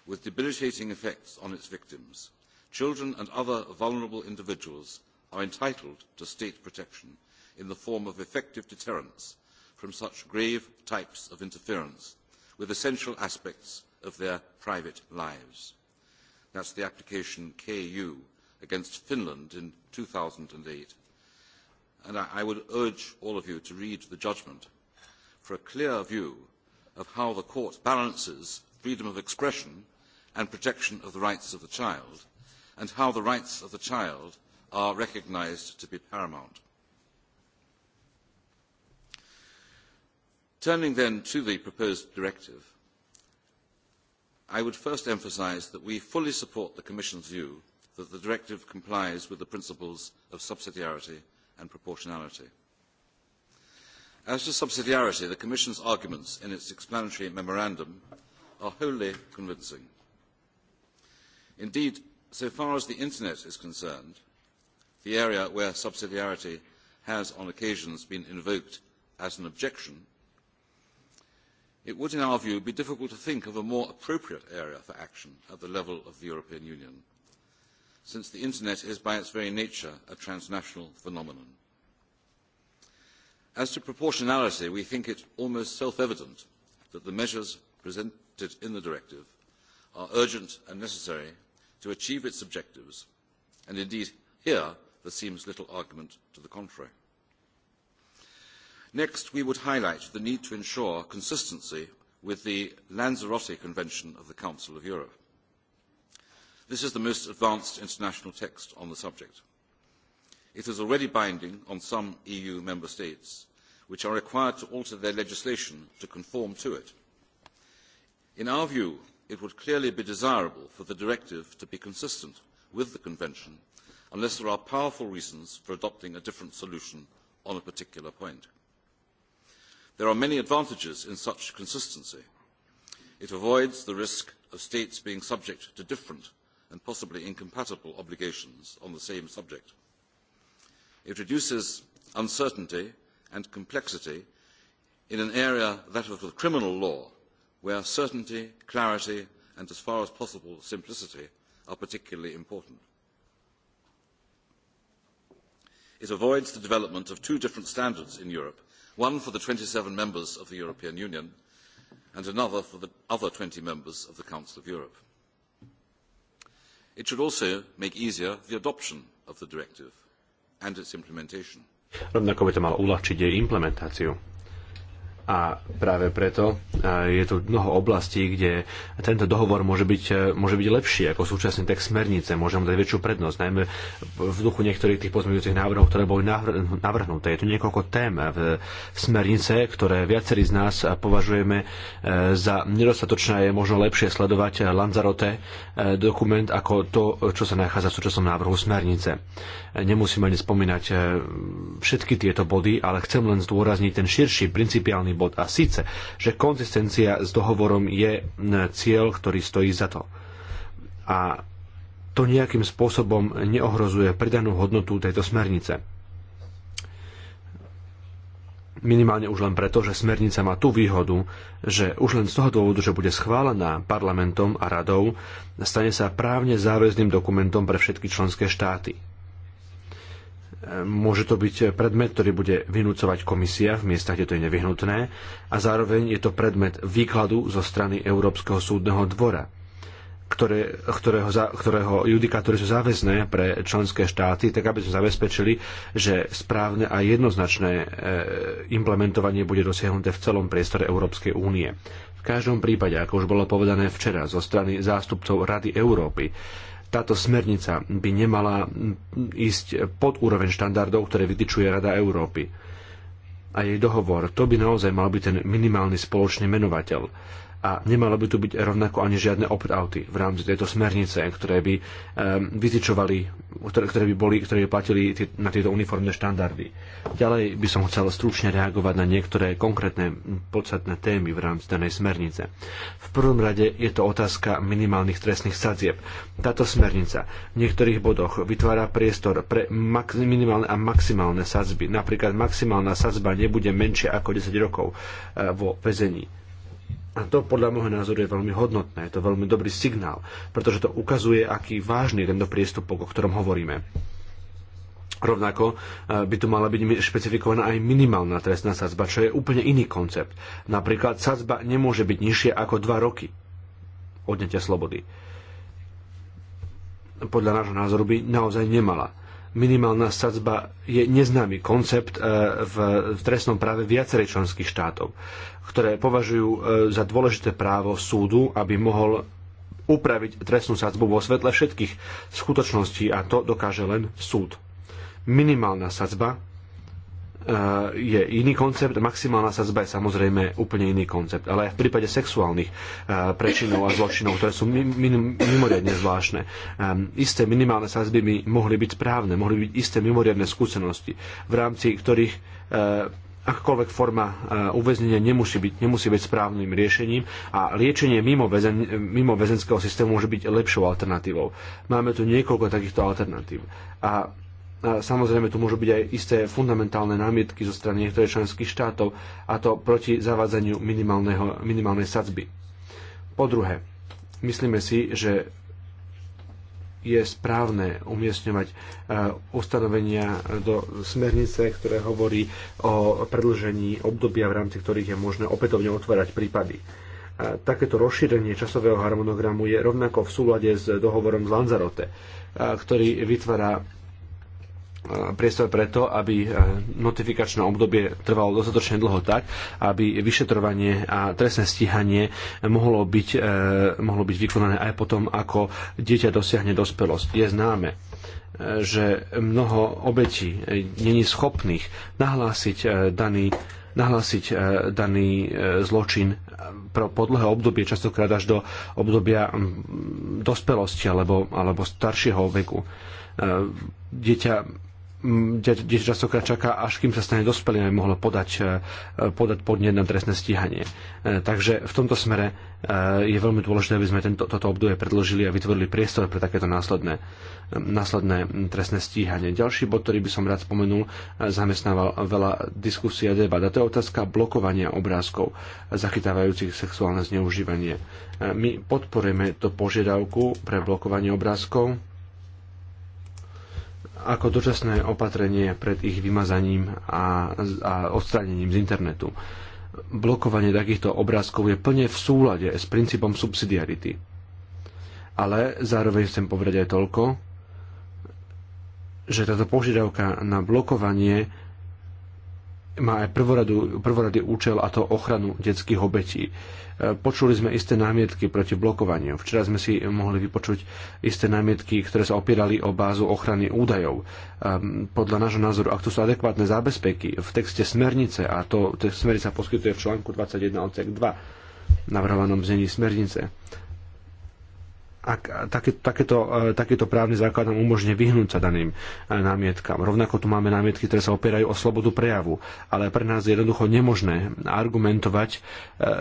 with debilitating effects on its victims. Children and other vulnerable individuals are entitled to state protection in the form of effective deterrence from such grave types of interference with essential aspects of their private lives. That is the application KU against Finland in two thousand eight. And I, I would urge all of you to read the judgment for a clear view of how the court balances freedom of expression and protection of the rights of the child, and how the rights of the child are recognised to be paramount. Turning then to the proposed directive, I would first emphasise that we fully support the Commission's view that the directive complies with the principles of subsidiarity and proportionality. As to subsidiarity, the Commission's arguments in its explanatory memorandum are wholly convincing. Indeed, so far as the Internet is concerned, the area where subsidiarity has on occasions been invoked as an objection it would, in our view, be difficult to think of a more appropriate area for action at the level of the European Union, since the Internet is by its very nature a transnational phenomenon. As to proportionality, we think it almost self-evident that the measures presented in the directive are urgent and necessary to achieve its objectives, and indeed here there seems little argument to the contrary. Next, we would highlight the need to ensure consistency with the Lanzarote Convention of the Council of Europe. This is the most advanced international text on the subject. It is already binding on some EU member states, which are required to alter their legislation to conform to it. In our view, it would clearly be desirable for the directive to be consistent with the Convention unless there are powerful reasons for adopting a different solution on a particular point. There are many advantages in such consistency. It avoids the risk of states being subject to different and possibly incompatible obligations on the same subject. It reduces uncertainty and complexity in an area, that of the criminal law, where certainty, clarity and, as far as possible, simplicity are particularly important. It avoids the development of two different standards in Europe one for the twenty seven members of the European Union and another for the other twenty members of the Council of Europe. It should also make easier the adoption of the directive and its implementation. Rovnako by to malo uľahčiť jej implementáciu. A práve preto je tu mnoho oblastí, kde tento dohovor môže byť, môže byť lepší ako súčasný text smernice. Môže mu dať väčšiu prednosť, najmä v duchu niektorých tých pozmeňujúcich návrhov, ktoré boli navrhnuté. Je tu niekoľko tém v smernice, ktoré viacerí z nás považujeme e, za nedostatočné. Je možno lepšie sledovať Lanzarote e, dokument ako to, čo sa nachádza v súčasnom návrhu smernice. Nemusím ani spomínať e, všetky tieto body, ale chcem len zdôrazniť ten širší principiálny bod a síce, že konzistencia s dohovorom je cieľ, ktorý stojí za to. A to nejakým spôsobom neohrozuje pridanú hodnotu tejto smernice. Minimálne už len preto, že smernica má tú výhodu, že už len z toho dôvodu, že bude schválená parlamentom a radou, stane sa právne záväzným dokumentom pre všetky členské štáty môže to byť predmet, ktorý bude vynúcovať komisia v miestach, kde to je nevyhnutné a zároveň je to predmet výkladu zo strany Európskeho súdneho dvora, ktoré, ktorého, ktorého judikátory sú záväzné pre členské štáty, tak aby sme zabezpečili, že správne a jednoznačné e, implementovanie bude dosiahnuté v celom priestore Európskej únie. V každom prípade, ako už bolo povedané včera zo strany zástupcov Rady Európy, táto smernica by nemala ísť pod úroveň štandardov, ktoré vytičuje Rada Európy a jej dohovor. To by naozaj mal byť ten minimálny spoločný menovateľ a nemalo by tu byť rovnako ani žiadne opt-outy v rámci tejto smernice, ktoré by um, vyzičovali, ktoré, ktoré, by boli, ktoré by platili na tieto uniformné štandardy. Ďalej by som chcel stručne reagovať na niektoré konkrétne hm, podstatné témy v rámci danej smernice. V prvom rade je to otázka minimálnych trestných sadzieb. Táto smernica v niektorých bodoch vytvára priestor pre max, minimálne a maximálne sadzby. Napríklad maximálna sadzba nebude menšia ako 10 rokov eh, vo väzení a to podľa môjho názoru je veľmi hodnotné, je to veľmi dobrý signál, pretože to ukazuje, aký vážny je tento priestupok, o ktorom hovoríme. Rovnako e, by tu mala byť špecifikovaná aj minimálna trestná sadzba, čo je úplne iný koncept. Napríklad sadzba nemôže byť nižšia ako 2 roky odňatia slobody. Podľa nášho názoru by naozaj nemala minimálna sadzba je neznámy koncept e, v, trestnom práve viacerých členských štátov, ktoré považujú e, za dôležité právo súdu, aby mohol upraviť trestnú sadzbu vo svetle všetkých skutočností a to dokáže len súd. Minimálna sadzba Eh, je iný koncept, maximálna sazba je samozrejme úplne iný koncept, ale aj v prípade sexuálnych eh, prečinov a zločinov, ktoré sú mimoriadne zvláštne. Eh, isté minimálne sazby by mohli byť správne, mohli byť isté mimoriadne skúsenosti, v rámci ktorých akkoľvek forma uväznenia nemusí byť, nemusí byť správnym riešením a liečenie mimo, väzen, mimo väzenského systému môže byť lepšou alternatívou. Máme tu niekoľko takýchto alternatív. A Samozrejme, tu môžu byť aj isté fundamentálne námietky zo strany niektorých členských štátov, a to proti zavádzaniu minimálnej sadzby. Po druhé, myslíme si, že je správne umiestňovať e, ustanovenia do smernice, ktoré hovorí o predlžení obdobia, v rámci ktorých je možné opätovne otvárať prípady. E, takéto rozšírenie časového harmonogramu je rovnako v súlade s dohovorom z Lanzarote, e, ktorý vytvára E, priestor preto, aby e, notifikačné obdobie trvalo dostatočne dlho tak, aby vyšetrovanie a trestné stíhanie mohlo byť, e, mohlo byť vykonané aj potom, ako dieťa dosiahne dospelosť. Je známe, že mnoho obetí není schopných nahlásiť daný nahlásiť daný zločin po dlhé obdobie, častokrát až do obdobia dospelosti alebo, alebo staršieho veku. Dieťa dieťa častokrát čaká, až kým sa stane dospelým, aby mohlo podať, e, podať podnet na trestné stíhanie. E, takže v tomto smere e, je veľmi dôležité, aby sme tento, toto obdobie predložili a vytvorili priestor pre takéto následné, následné trestné stíhanie. Ďalší bod, ktorý by som rád spomenul, zamestnával veľa diskusí a debat. A to je otázka blokovania obrázkov zachytávajúcich sexuálne zneužívanie. My podporujeme to požiadavku pre blokovanie obrázkov ako dočasné opatrenie pred ich vymazaním a, a odstránením z internetu. Blokovanie takýchto obrázkov je plne v súlade s princípom subsidiarity. Ale zároveň chcem povedať aj toľko, že táto požiadavka na blokovanie má aj prvoradu, prvoradý účel a to ochranu detských obetí. E, počuli sme isté námietky proti blokovaniu. Včera sme si mohli vypočuť isté námietky, ktoré sa opierali o bázu ochrany údajov. E, podľa nášho názoru, ak tu sú adekvátne zábezpeky v texte smernice, a to, to smernica poskytuje v článku 21 odsek 2, navrhovanom znení smernice ak taký, takéto, e, takýto právny základ nám umožňuje vyhnúť sa daným e, námietkam. Rovnako tu máme námietky, ktoré sa opierajú o slobodu prejavu, ale pre nás je jednoducho nemožné argumentovať, e,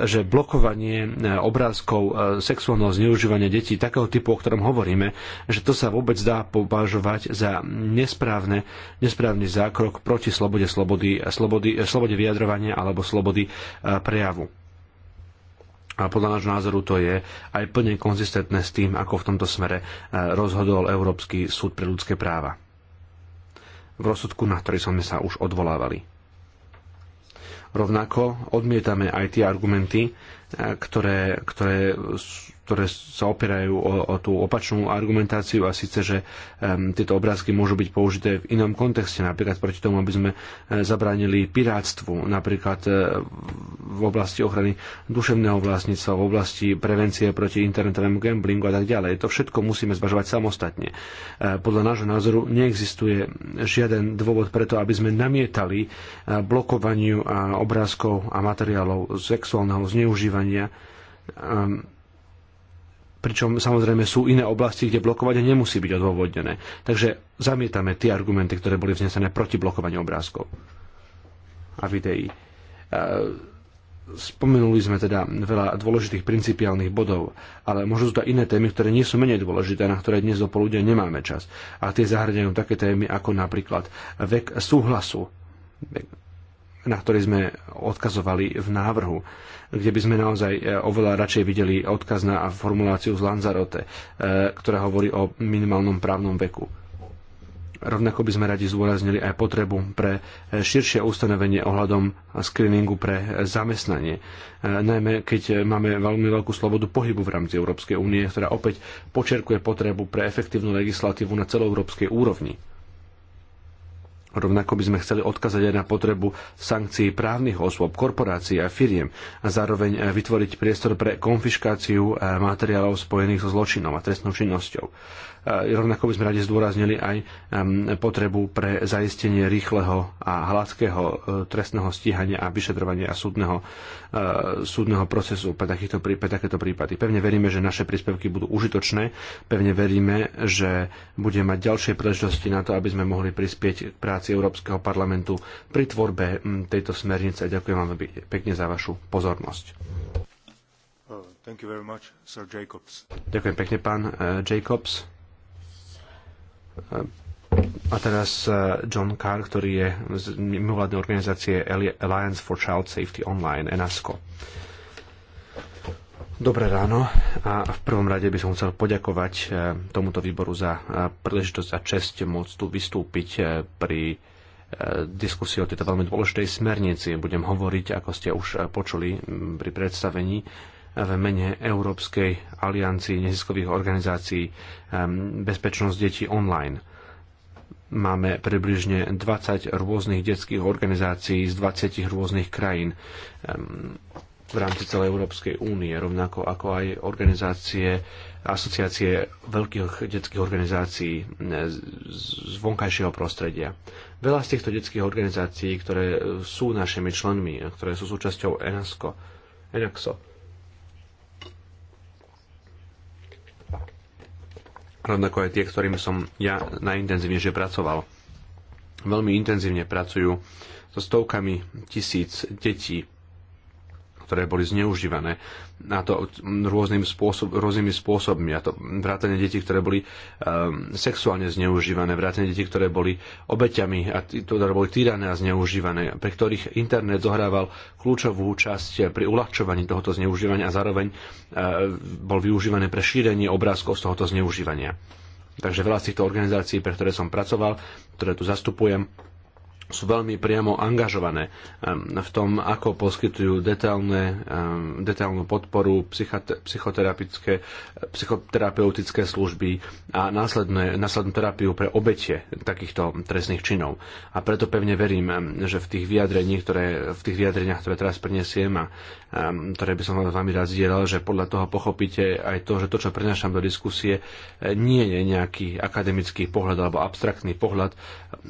že blokovanie obrázkov sexuálneho zneužívania detí takého typu, o ktorom hovoríme, že to sa vôbec dá považovať za nesprávne, nesprávny zákrok proti slobode, slobody, slobody, slobode vyjadrovania alebo slobody prejavu. A podľa nášho názoru to je aj plne konzistentné s tým, ako v tomto smere e, rozhodol Európsky súd pre ľudské práva. V rozsudku, na ktorý sme sa už odvolávali. Rovnako odmietame aj tie argumenty, e, ktoré, ktoré ktoré sa opierajú o, o tú opačnú argumentáciu a síce, že um, tieto obrázky môžu byť použité v inom kontexte, napríklad proti tomu, aby sme e, zabránili pirátstvu, napríklad e, v oblasti ochrany duševného vlastníctva, v oblasti prevencie proti internetovému gamblingu a tak ďalej. To všetko musíme zvažovať samostatne. E, podľa nášho názoru neexistuje žiaden dôvod preto, aby sme namietali blokovaniu obrázkov a materiálov sexuálneho zneužívania um, pričom samozrejme sú iné oblasti, kde blokovanie nemusí byť odôvodnené. Takže zamietame tie argumenty, ktoré boli vznesené proti blokovaniu obrázkov a videí. E, spomenuli sme teda veľa dôležitých principiálnych bodov, ale možno sú to iné témy, ktoré nie sú menej dôležité, na ktoré dnes do poludne nemáme čas. A tie zahrňajú také témy ako napríklad vek súhlasu, na ktorý sme odkazovali v návrhu, kde by sme naozaj e, oveľa radšej videli odkaz na formuláciu z Lanzarote, e, ktorá hovorí o minimálnom právnom veku. Rovnako by sme radi zdôraznili aj potrebu pre e, širšie ustanovenie ohľadom screeningu pre zamestnanie. Najmä keď máme veľmi veľkú slobodu pohybu v rámci Európskej únie, ktorá opäť počerkuje potrebu pre efektívnu legislatívu na celoeurópskej úrovni. Rovnako by sme chceli odkazať aj na potrebu sankcií právnych osôb, korporácií a firiem a zároveň eh, vytvoriť priestor pre konfiškáciu eh, materiálov spojených so zločinom a trestnou činnosťou. Rovnako by sme radi zdôraznili aj potrebu pre zaistenie rýchleho a hladkého e, trestného stíhania a vyšetrovania a súdneho, e, súdneho procesu pre, takýchto, pre takéto prípady. Pevne veríme, že naše príspevky budú užitočné. Pevne veríme, že budeme mať ďalšie príležitosti na to, aby sme mohli prispieť k práci Európskeho parlamentu pri tvorbe tejto smernice. Ďakujem vám pekne za vašu pozornosť. Oh, much, Ďakujem pekne, pán e, Jacobs. A teraz eh, John Carr, ktorý je z mimovládnej organizácie Alliance for Child Safety Online, NASCO. Dobré ráno a v prvom rade by som chcel poďakovať eh, tomuto výboru za eh, príležitosť a čest môcť tu vystúpiť pri diskusii o tejto veľmi dôležitej smernici. Budem hovoriť, ako ste už počuli pri predstavení, v mene Európskej aliancii neziskových organizácií ehm, Bezpečnosť detí online. Máme približne 20 rôznych detských organizácií z 20 rôznych krajín ehm, v rámci celej Európskej únie, rovnako ako aj organizácie, asociácie veľkých detských organizácií ehm, z vonkajšieho prostredia. Veľa z týchto detských organizácií, ktoré sú našimi členmi, ktoré sú súčasťou ENASCO, ENAXO, rovnako aj tie, ktorými som ja najintenzívnejšie pracoval. Veľmi intenzívne pracujú so stovkami tisíc detí ktoré boli zneužívané na to rôznym spôsob, rôznymi spôsobmi, a to vrátanie detí, ktoré boli um, sexuálne zneužívané, vrátanie detí, ktoré boli obeťami a ktoré boli týrané a zneužívané, pre ktorých internet zohrával kľúčovú časť pri uľahčovaní tohoto zneužívania a zároveň uh, bol využívaný pre šírenie obrázkov z tohoto zneužívania. Takže veľa z týchto organizácií, pre ktoré som pracoval, ktoré tu zastupujem, sú veľmi priamo angažované v tom, ako poskytujú detailné, detailnú podporu, psychoterapické, psychoterapeutické služby a následné, následnú terapiu pre obetie takýchto trestných činov. A preto pevne verím, že v tých, vyjadrení, ktoré, v tých vyjadreniach, ktoré teraz prinesiem a ktoré by som vám veľmi rád zdieľal, že podľa toho pochopíte aj to, že to, čo prenášam do diskusie, nie je nejaký akademický pohľad alebo abstraktný pohľad,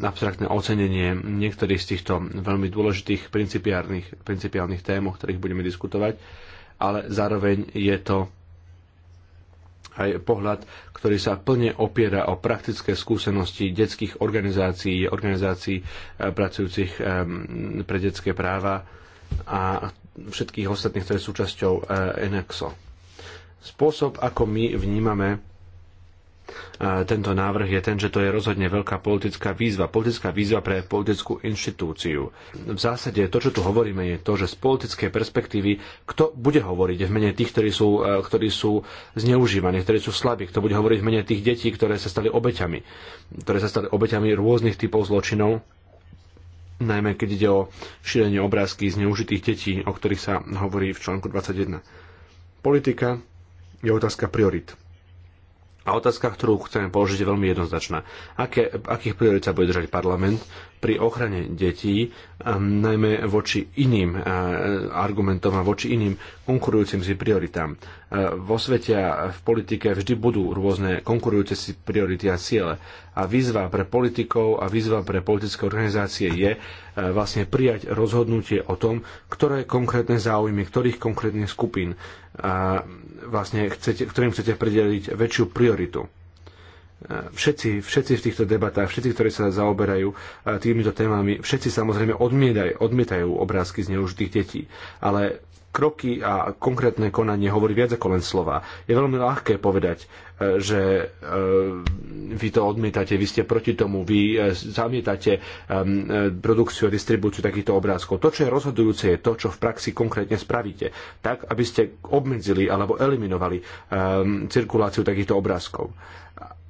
abstraktné ocenenie niektorých z týchto veľmi dôležitých principiálnych, principiálnych tém, o ktorých budeme diskutovať, ale zároveň je to aj pohľad, ktorý sa plne opiera o praktické skúsenosti detských organizácií, organizácií e, pracujúcich e, pre detské práva a všetkých ostatných, ktoré sú súčasťou e, ENEXO. Spôsob, ako my vnímame tento návrh je ten, že to je rozhodne veľká politická výzva. Politická výzva pre politickú inštitúciu. V zásade to, čo tu hovoríme, je to, že z politickej perspektívy, kto bude hovoriť v mene tých, ktorí sú, e, ktorí sú zneužívaní, ktorí sú slabí, kto bude hovoriť v mene tých detí, ktoré sa stali obeťami, ktoré sa stali obeťami rôznych typov zločinov, najmä keď ide o šírenie obrázky zneužitých detí, o ktorých sa hovorí v článku 21. Politika je otázka priorit. A otázka, ktorú chceme položiť, je veľmi jednoznačná. Aké, akých priorít sa bude držať parlament pri ochrane detí, ehm, najmä voči iným eh, argumentom a voči iným konkurujúcim si prioritám. Eh, vo svete a v politike vždy budú rôzne konkurujúce si priority a ciele. A výzva pre politikov a výzva pre politické organizácie je eh, vlastne prijať rozhodnutie o tom, ktoré konkrétne záujmy, ktorých konkrétnych skupín vlastne chcete, ktorým chcete prideliť väčšiu prioritu všetci, všetci v týchto debatách, všetci, ktorí sa zaoberajú e, týmito témami, všetci samozrejme odmietajú, odmietajú obrázky z neužitých detí. Ale kroky a konkrétne konanie hovorí viac ako len slova. Je veľmi ľahké povedať, e, že e, vy to odmietate, vy ste proti tomu, vy zamietate produkciu a distribúciu takýchto obrázkov. To, čo je rozhodujúce, je to, čo v praxi konkrétne spravíte. Tak, aby ste obmedzili alebo eliminovali cirkuláciu takýchto obrázkov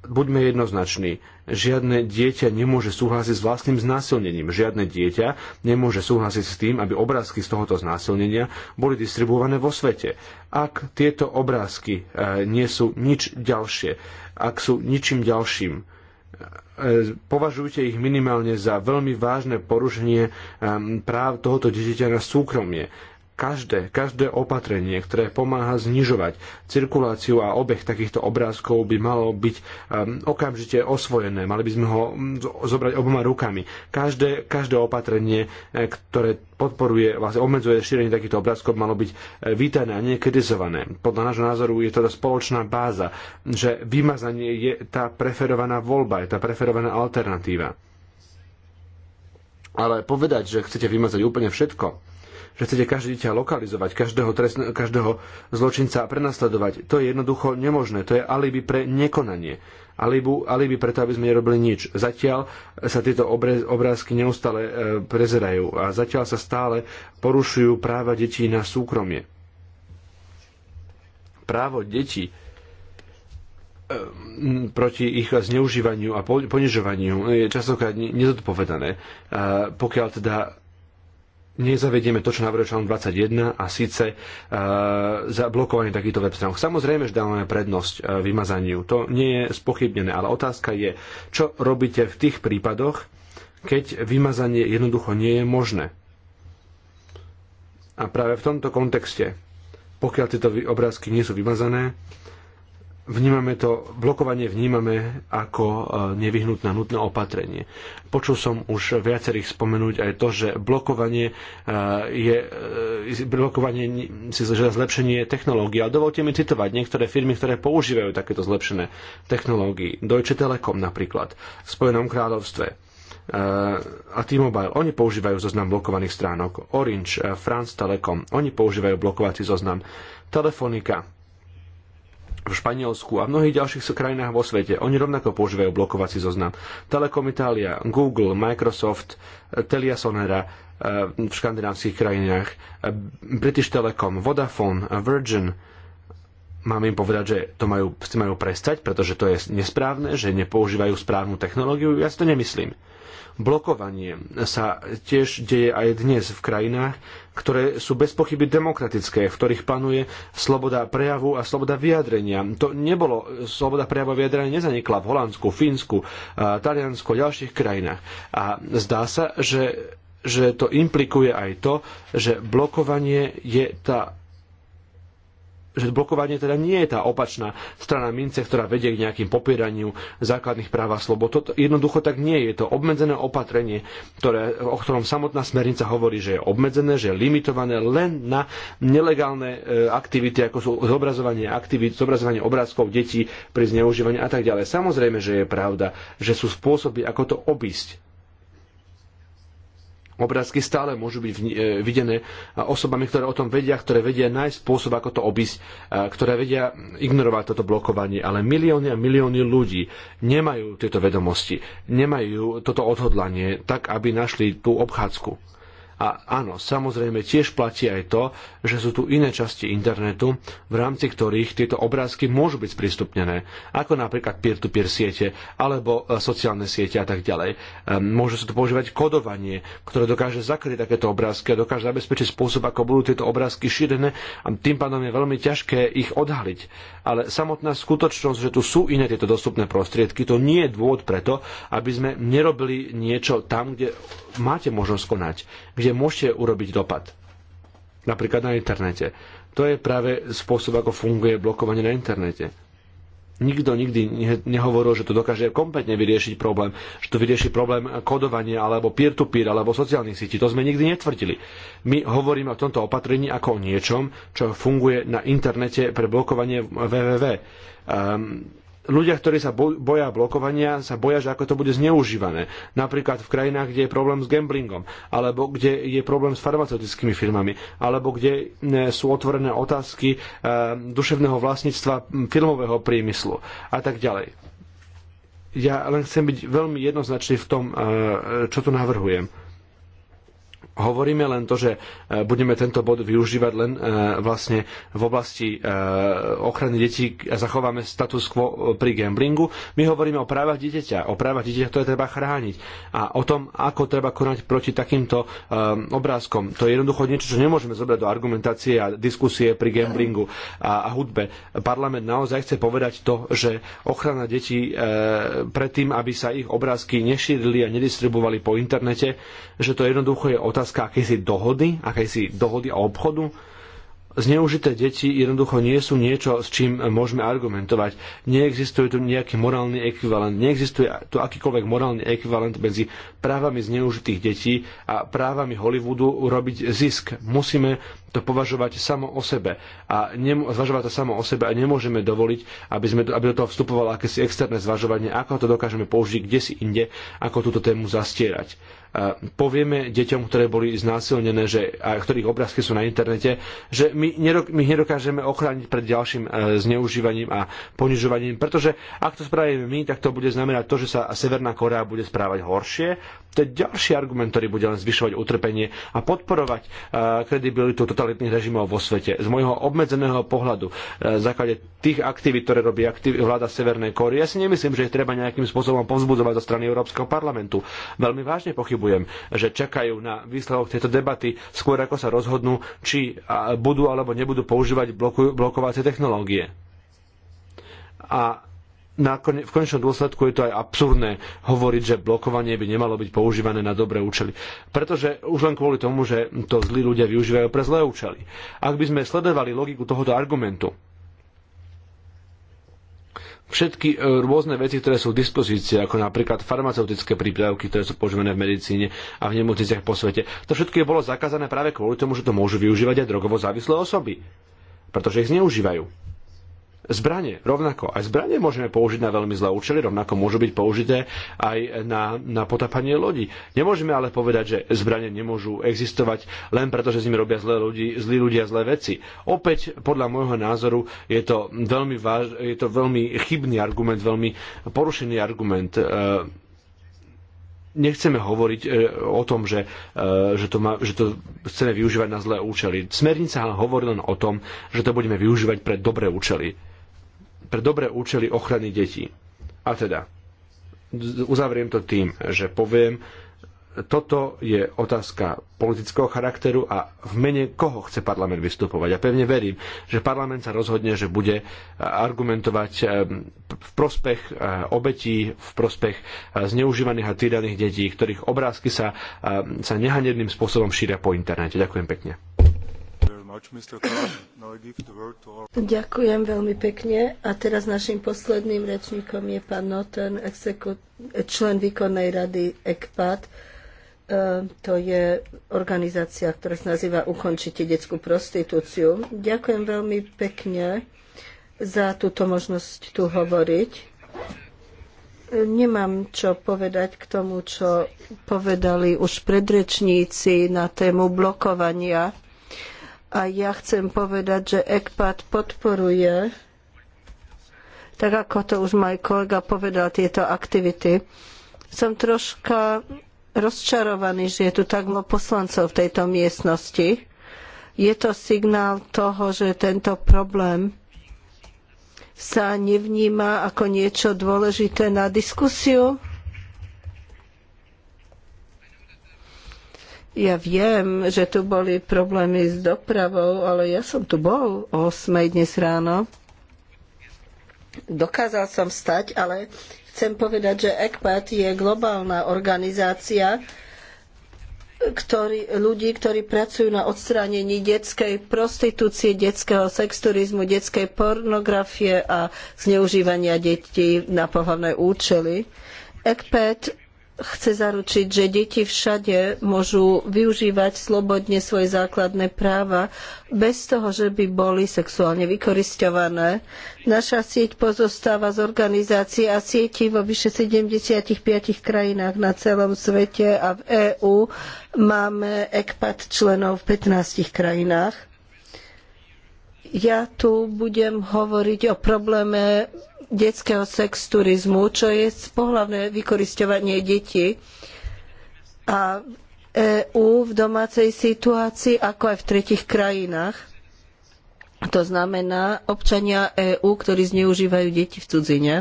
buďme jednoznační. Žiadne dieťa nemôže súhlasiť s vlastným znásilnením. Žiadne dieťa nemôže súhlasiť s tým, aby obrázky z tohoto znásilnenia boli distribuované vo svete. Ak tieto obrázky eh, nie sú nič ďalšie, ak sú ničím ďalším, eh, považujte ich minimálne za veľmi vážne porušenie ehm, práv tohoto dieťaťa na súkromie každé, každé opatrenie, ktoré pomáha znižovať cirkuláciu a obeh takýchto obrázkov by malo byť um, okamžite osvojené. Mali by sme ho um, zobrať oboma rukami. Každé, každé opatrenie, e, ktoré podporuje, vlastne obmedzuje šírenie takýchto obrázkov, malo byť e, vítané a nie kritizované. Podľa nášho názoru je to teda spoločná báza, že vymazanie je tá preferovaná voľba, je tá preferovaná alternatíva. Ale povedať, že chcete vymazať úplne všetko, že chcete každé dieťa lokalizovať, každého, trestne, každého zločinca prenasledovať. To je jednoducho nemožné. To je alibi pre nekonanie. Alibu, alibi preto, aby sme nerobili nič. Zatiaľ sa tieto obrázky neustále e, prezerajú a zatiaľ sa stále porušujú práva detí na súkromie. Právo detí e, proti ich zneužívaniu a ponižovaniu je častokrát nezodpovedané, pokiaľ teda nezavedieme to, čo navrhuje článok 21 a síce e, zablokovanie takýchto web stránok. Samozrejme, že dávame prednosť e, vymazaniu. To nie je spochybnené, ale otázka je, čo robíte v tých prípadoch, keď vymazanie jednoducho nie je možné. A práve v tomto kontexte, pokiaľ tieto obrázky nie sú vymazané, vnímame to, blokovanie vnímame ako e, nevyhnutné nutné opatrenie. Počul som už viacerých spomenúť aj to, že blokovanie e, je e, blokovanie si zlepšenie technológií. Ale dovolte mi citovať niektoré firmy, ktoré používajú takéto zlepšené technológie. Deutsche Telekom napríklad v Spojenom kráľovstve a T-Mobile, oni používajú zoznam blokovaných stránok. Orange, France Telecom, oni používajú blokovací zoznam. Telefonika, v Španielsku a v mnohých ďalších krajinách vo svete. Oni rovnako používajú blokovací zoznam. Telekom Italia, Google, Microsoft, eh, Telia Sonera eh, v škandinávských krajinách, eh, British Telecom, Vodafone, Virgin, mám im povedať, že to majú, majú prestať, pretože to je nesprávne, že nepoužívajú správnu technológiu, ja si to nemyslím. Blokovanie sa tiež deje aj dnes v krajinách, ktoré sú bez pochyby demokratické, v ktorých panuje sloboda prejavu a sloboda vyjadrenia. To nebolo, sloboda prejavu a vyjadrenia nezanikla v Holandsku, Fínsku, Taliansku a ďalších krajinách. A zdá sa, že že to implikuje aj to, že blokovanie je tá že blokovanie teda nie je tá opačná strana mince, ktorá vedie k nejakým popieraniu základných práv a slobod. Toto jednoducho tak nie je. to obmedzené opatrenie, ktoré, o ktorom samotná smernica hovorí, že je obmedzené, že je limitované len na nelegálne e, aktivity, ako sú zobrazovanie aktivít, zobrazovanie obrázkov detí pri zneužívaní a tak ďalej. Samozrejme, že je pravda, že sú spôsoby, ako to obísť obrázky stále môžu byť e, videné osobami, ktoré o tom vedia, ktoré vedia nájsť spôsob, ako to obísť, ktoré vedia ignorovať toto blokovanie. Ale milióny a milióny ľudí nemajú tieto vedomosti, nemajú toto odhodlanie tak, aby našli tú obchádzku. A áno, samozrejme tiež platí aj to, že sú tu iné časti internetu, v rámci ktorých tieto obrázky môžu byť sprístupnené, ako napríklad peer-to-peer -peer siete alebo e, sociálne siete a tak ďalej. Ehm, môže sa tu používať kodovanie, ktoré dokáže zakryť takéto obrázky a dokáže zabezpečiť spôsob, ako budú tieto obrázky šírené a tým pádom je veľmi ťažké ich odhaliť. Ale samotná skutočnosť, že tu sú iné tieto dostupné prostriedky, to nie je dôvod preto, aby sme nerobili niečo tam, kde máte možnosť konať, kde môžete urobiť dopad. Napríklad na internete. To je práve spôsob, ako funguje blokovanie na internete. Nikto nikdy nehovoril, že to dokáže kompletne vyriešiť problém, že to vyrieši problém kodovania alebo peer-to-peer -peer, alebo sociálnych sítí. To sme nikdy netvrdili. My hovoríme o tomto opatrení ako o niečom, čo funguje na internete pre blokovanie www. Um, ľudia, ktorí sa boja blokovania, sa boja, že ako to bude zneužívané. Napríklad v krajinách, kde je problém s gamblingom, alebo kde je problém s farmaceutickými firmami, alebo kde e, sú otvorené otázky e, duševného vlastníctva filmového priemyslu a tak ďalej. Ja len chcem byť veľmi jednoznačný v tom, e, čo tu navrhujem hovoríme len to, že e, budeme tento bod využívať len e, vlastne v oblasti e, ochrany detí a zachováme status quo pri gamblingu. My hovoríme o právach dieťaťa, o právach dieťaťa, ktoré treba chrániť a o tom, ako treba konať proti takýmto obrázkom. To je jednoducho niečo, čo nemôžeme zobrať do argumentácie a diskusie pri gamblingu a, hudbe. Parlament naozaj chce povedať to, že ochrana detí pred tým, aby sa ich obrázky nešírili a nedistribuovali po internete, že to jednoducho je otázka otázka akejsi dohody, akejsi dohody o obchodu. Zneužité deti jednoducho nie sú niečo, s čím môžeme argumentovať. Neexistuje tu nejaký morálny ekvivalent, neexistuje tu akýkoľvek morálny ekvivalent medzi právami zneužitých detí a právami Hollywoodu urobiť zisk. Musíme to považovať samo o sebe a nem, zvažovať to samo o sebe a nemôžeme dovoliť, aby, sme, aby do toho vstupovalo akési externé zvažovanie, ako to dokážeme použiť kde si inde, ako túto tému zastierať. E, povieme deťom, ktoré boli znásilnené že, a ktorých obrázky sú na internete, že my, nerok, my nedokážeme ochrániť pred ďalším e, zneužívaním a ponižovaním, pretože ak to spravíme my, tak to bude znamenať to, že sa Severná Korea bude správať horšie. To je ďalší argument, ktorý bude len zvyšovať utrpenie a podporovať e, kredibilitu totalitných režimov vo svete. Z môjho obmedzeného pohľadu, v e, základe tých aktivít, ktoré robí aktiv- vláda Severnej Kóry, ja si nemyslím, že ich treba nejakým spôsobom povzbudzovať zo strany Európskeho parlamentu. Veľmi vážne pochybujem, že čakajú na výsledok tejto debaty skôr ako sa rozhodnú, či budú alebo nebudú používať blokovacie technológie. A v konečnom dôsledku je to aj absurdné hovoriť, že blokovanie by nemalo byť používané na dobré účely. Pretože už len kvôli tomu, že to zlí ľudia využívajú pre zlé účely. Ak by sme sledovali logiku tohoto argumentu, všetky e, rôzne veci, ktoré sú v dispozícii, ako napríklad farmaceutické prípravky, ktoré sú používané v medicíne a v nemocniciach po svete. To všetko je bolo zakázané práve kvôli tomu, že to môžu využívať aj drogovo závislé osoby, pretože ich zneužívajú. Zbranie, rovnako. Aj zbranie môžeme použiť na veľmi zlé účely, rovnako môžu byť použité aj na, na potapanie lodí. Nemôžeme ale povedať, že zbranie nemôžu existovať len preto, že s nimi robia zlé ľudí, zlí ľudia zlé veci. Opäť, podľa môjho názoru, je to veľmi, váž, je to veľmi chybný argument, veľmi porušený argument. E, nechceme hovoriť e, o tom, že, e, že, to má, že to chceme využívať na zlé účely. Smernica hovorí len o tom, že to budeme využívať pre dobré účely pre dobré účely ochrany detí. A teda, uzavriem to tým, že poviem, toto je otázka politického charakteru a v mene koho chce parlament vystupovať. A ja pevne verím, že parlament sa rozhodne, že bude e, argumentovať e, v prospech e, obetí, v prospech zneužívaných a týraných detí, ktorých obrázky sa, sa nehanebným spôsobom šíria po internete. Ďakujem pekne. Ďakujem veľmi pekne. A teraz našim posledným rečníkom je pán Noten, člen výkonnej rady ECPAT. E, to je organizácia, ktorá sa nazýva Ukončite detskú prostitúciu. Ďakujem veľmi pekne za túto možnosť tu hovoriť. Nemám čo povedať k tomu, čo povedali už predrečníci na tému blokovania a ja chcem povedať, že ECPAT podporuje, tak ako to už môj kolega povedal, tieto aktivity. Som troška rozčarovaný, že je tu tak mnoho poslancov v tejto miestnosti. Je to signál toho, že tento problém sa nevníma ako niečo dôležité na diskusiu Ja viem, že tu boli problémy s dopravou, ale ja som tu bol o 8 dnes ráno. Dokázal som stať, ale chcem povedať, že ECPAT je globálna organizácia ktorý, ľudí, ktorí pracujú na odstránení detskej prostitúcie, detského sexturizmu, detskej pornografie a zneužívania detí na pohľadné účely. ECPAT chce zaručiť, že deti všade môžu využívať slobodne svoje základné práva bez toho, že by boli sexuálne vykorisťované. Naša sieť pozostáva z organizácií a sietí vo vyše 75 krajinách na celom svete a v EÚ máme ECPAT členov v 15 krajinách. Ja tu budem hovoriť o probléme detského sexturizmu, čo je pohlavné vykorisťovanie detí. A EÚ v domácej situácii, ako aj v tretich krajinách. To znamená občania EÚ, ktorí zneužívajú deti v cudzine.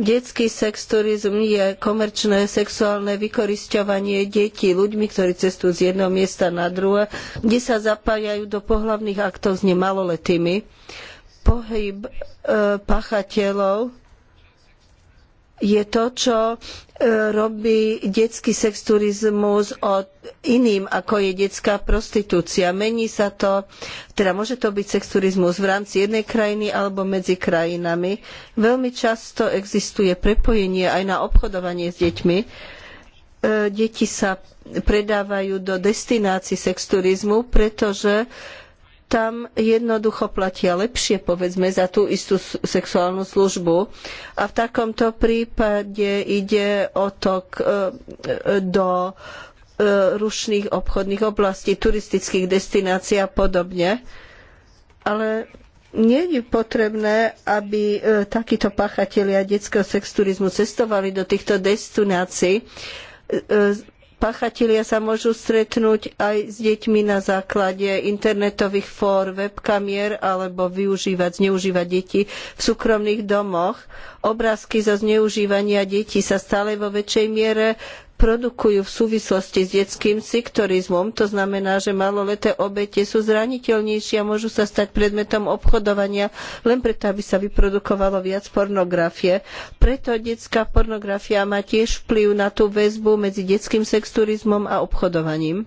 Detský sexturizm je komerčné sexuálne vykorisťovanie detí ľuďmi, ktorí cestujú z jedného miesta na druhé, kde sa zapájajú do pohlavných aktov s nemaloletými pohyb e, páchateľov je to, čo e, robí detský sex turizmus od iným, ako je detská prostitúcia. Mení sa to, teda môže to byť sex turizmus v rámci jednej krajiny alebo medzi krajinami. Veľmi často existuje prepojenie aj na obchodovanie s deťmi. E, deti sa predávajú do destinácií sex turizmu, pretože tam jednoducho platia lepšie, povedzme, za tú istú sexuálnu službu. A v takomto prípade ide o tok e, e, do e, rušných obchodných oblastí, turistických destinácií a podobne. Ale nie je potrebné, aby takíto páchatelia detského sexturizmu cestovali do týchto destinácií Pachatelia sa môžu stretnúť aj s deťmi na základe internetových fór, webkamier alebo využívať, zneužívať deti v súkromných domoch. Obrázky zo zneužívania detí sa stále vo väčšej miere produkujú v súvislosti s detským sektorizmom. To znamená, že maloleté obete sú zraniteľnejšie a môžu sa stať predmetom obchodovania len preto, aby sa vyprodukovalo viac pornografie. Preto detská pornografia má tiež vplyv na tú väzbu medzi detským sexturizmom a obchodovaním.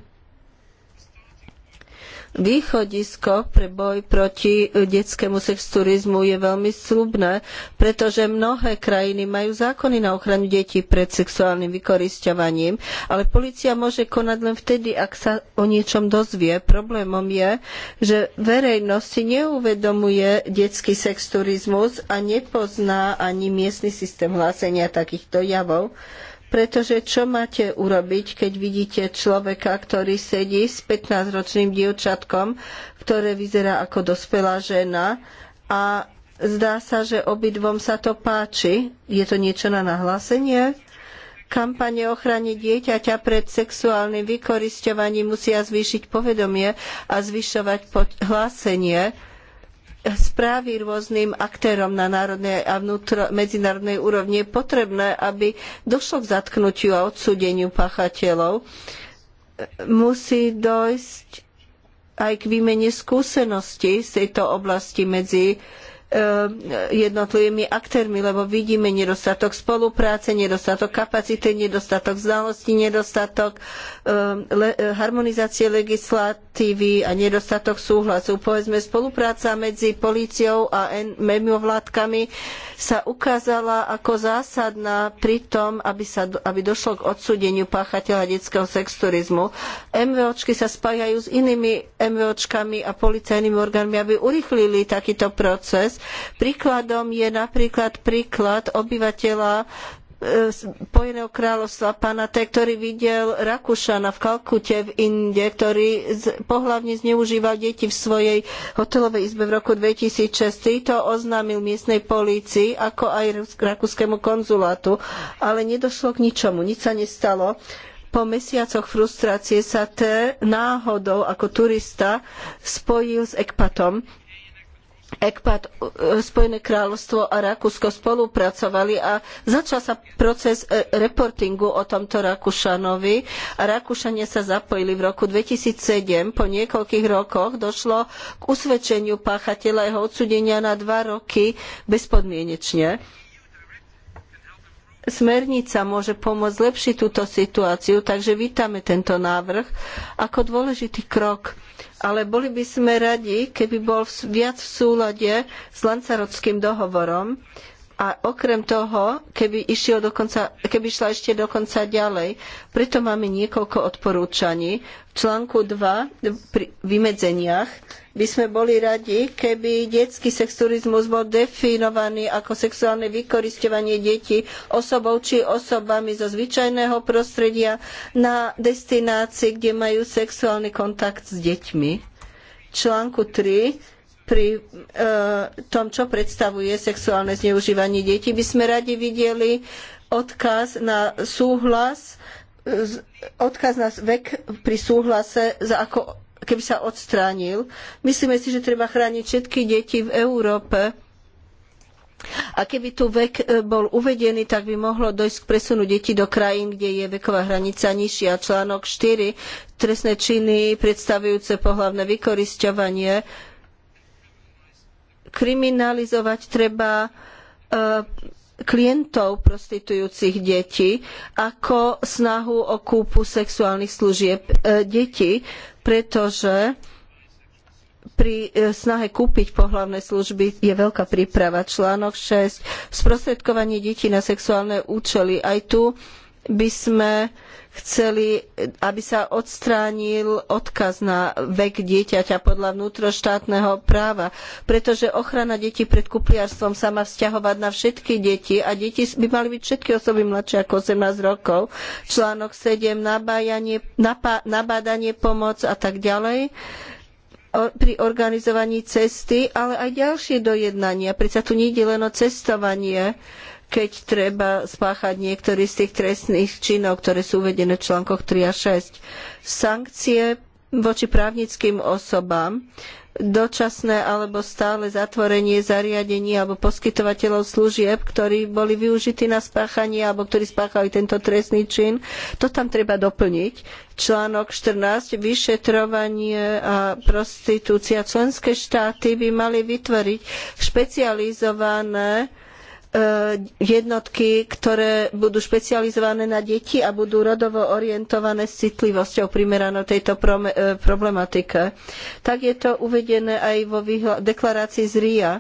Východisko pre boj proti eh, detskému sexturizmu je veľmi slubné, pretože mnohé krajiny majú zákony na ochranu detí pred sexuálnym vykorisťovaním, ale polícia môže konať len vtedy, ak sa o niečom dozvie. Problémom je, že verejnosť si neuvedomuje detský sexturizmus a nepozná ani miestny systém hlásenia takýchto javov. Pretože čo máte urobiť, keď vidíte človeka, ktorý sedí s 15-ročným dievčatkom, ktoré vyzerá ako dospelá žena a zdá sa, že obidvom sa to páči? Je to niečo na nahlásenie? Kampane ochrany dieťaťa pred sexuálnym vykorisťovaním musia zvýšiť povedomie a zvyšovať hlásenie správy rôznym aktérom na národnej a vnútro, medzinárodnej úrovni je potrebné, aby došlo k zatknutiu a odsúdeniu páchateľov. Musí dojsť aj k výmene skúseností z tejto oblasti medzi e, jednotlivými aktérmi, lebo vidíme nedostatok spolupráce, nedostatok kapacity, nedostatok znalostí, nedostatok Ehm, eh, harmonizácie legislatívy a nedostatok súhlasu. Povedzme, spolupráca medzi políciou a mimovládkami sa ukázala ako zásadná pri tom, aby, sa, aby došlo k odsúdeniu páchateľa detského sexturizmu. MVOčky sa spájajú s inými MVOčkami a policajnými orgánmi, aby urýchlili takýto proces. Príkladom je napríklad príklad obyvateľa E, Spojeného kráľovstva pána T, ktorý videl Rakúšana v Kalkute v Inde, ktorý pohlavne zneužíval deti v svojej hotelovej izbe v roku 2006. Týto oznámil miestnej polícii, ako aj rakúskému konzulátu, ale nedošlo k ničomu, nič sa nestalo. Po mesiacoch frustrácie sa T náhodou ako turista spojil s Ekpatom, ECPAT, e, Spojené kráľovstvo a Rakúsko spolupracovali a začal sa proces e, reportingu o tomto Rakúšanovi a Rakúšania sa zapojili v roku seven Po niekoľkých rokoch došlo k usvedčeniu páchateľa jeho odsudenia na dva roky bezpodmienečne smernica môže pomôcť zlepšiť túto situáciu, takže vítame tento návrh ako dôležitý krok. Ale boli by sme radi, keby bol viac v súlade s Lancarotským dohovorom, a okrem toho, keby, išiel dokonca, keby išla ešte dokonca ďalej, preto máme niekoľko odporúčaní. V článku 2 pri vymedzeniach by sme boli radi, keby detský sexturizmus bol definovaný ako sexuálne vykorisťovanie detí osobou či osobami zo zvyčajného prostredia na destinácii, kde majú sexuálny kontakt s deťmi. V článku 3 pri e, tom, čo predstavuje sexuálne zneužívanie detí, by sme radi videli odkaz na súhlas, odkaz na vek pri súhlase, ako, keby sa odstránil. Myslíme si, že treba chrániť všetky deti v Európe. A keby tu vek e, bol uvedený, tak by mohlo dojsť k presunu detí do krajín, kde je veková hranica nižšia. Článok 4. Trestné činy predstavujúce pohlavné vykorisťovanie kriminalizovať treba eh, klientov prostitujúcich detí ako snahu o kúpu sexuálnych služieb eh, detí, pretože pri eh, snahe kúpiť pohlavné služby je veľká príprava. Článok 6. Sprostredkovanie detí na sexuálne účely. Aj tu by sme chceli, aby sa odstránil odkaz na vek dieťaťa podľa vnútroštátneho práva, pretože ochrana detí pred kupliarstvom sa má vzťahovať na všetky deti a deti by mali byť všetky osoby mladšie ako 18 rokov. Článok 7, nabájanie, nabádanie, pomoc a tak ďalej pri organizovaní cesty, ale aj ďalšie dojednania. Predsa tu nie je len o cestovanie keď treba spáchať niektorý z tých trestných činov, ktoré sú uvedené v článkoch 3 a 6. Sankcie voči právnickým osobám, dočasné alebo stále zatvorenie zariadení alebo poskytovateľov služieb, ktorí boli využití na spáchanie alebo ktorí spáchali tento trestný čin. To tam treba doplniť. Článok 14. Vyšetrovanie a prostitúcia. Členské štáty by mali vytvoriť špecializované E, jednotky, ktoré budú špecializované na deti a budú rodovo orientované s citlivosťou primeranou tejto e, problematike. Tak je to uvedené aj vo deklarácii z RIA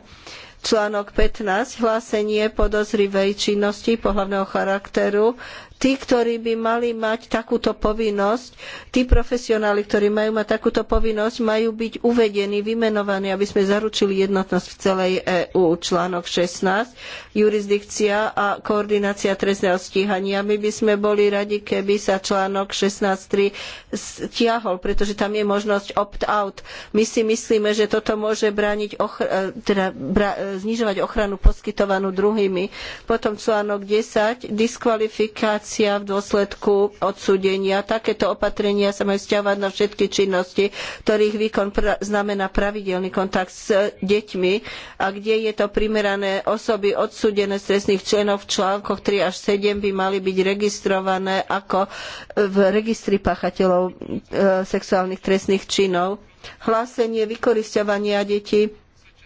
článok 15, hlásenie podozrivej činnosti pohlavného charakteru tí, ktorí by mali mať takúto povinnosť, tí profesionáli, ktorí majú mať takúto povinnosť, majú byť uvedení, vymenovaní, aby sme zaručili jednotnosť v celej EÚ. Článok 16, jurisdikcia a koordinácia trestného stíhania. My by sme boli radi, keby sa článok 16.3 stiahol, pretože tam je možnosť opt-out. My si myslíme, že toto môže brániť ochr- e, teda bra- e, znižovať ochranu poskytovanú druhými. Potom článok 10, diskvalifikácia likvidácia v dôsledku odsúdenia. Takéto opatrenia sa majú vzťahovať na všetky činnosti, ktorých výkon znamená pravidelný kontakt s deťmi a kde je to primerané osoby odsúdené z trestných členov v článkoch 3 až 7 by mali byť registrované ako v registri páchateľov e, sexuálnych trestných činov. Hlásenie vykorisťovania detí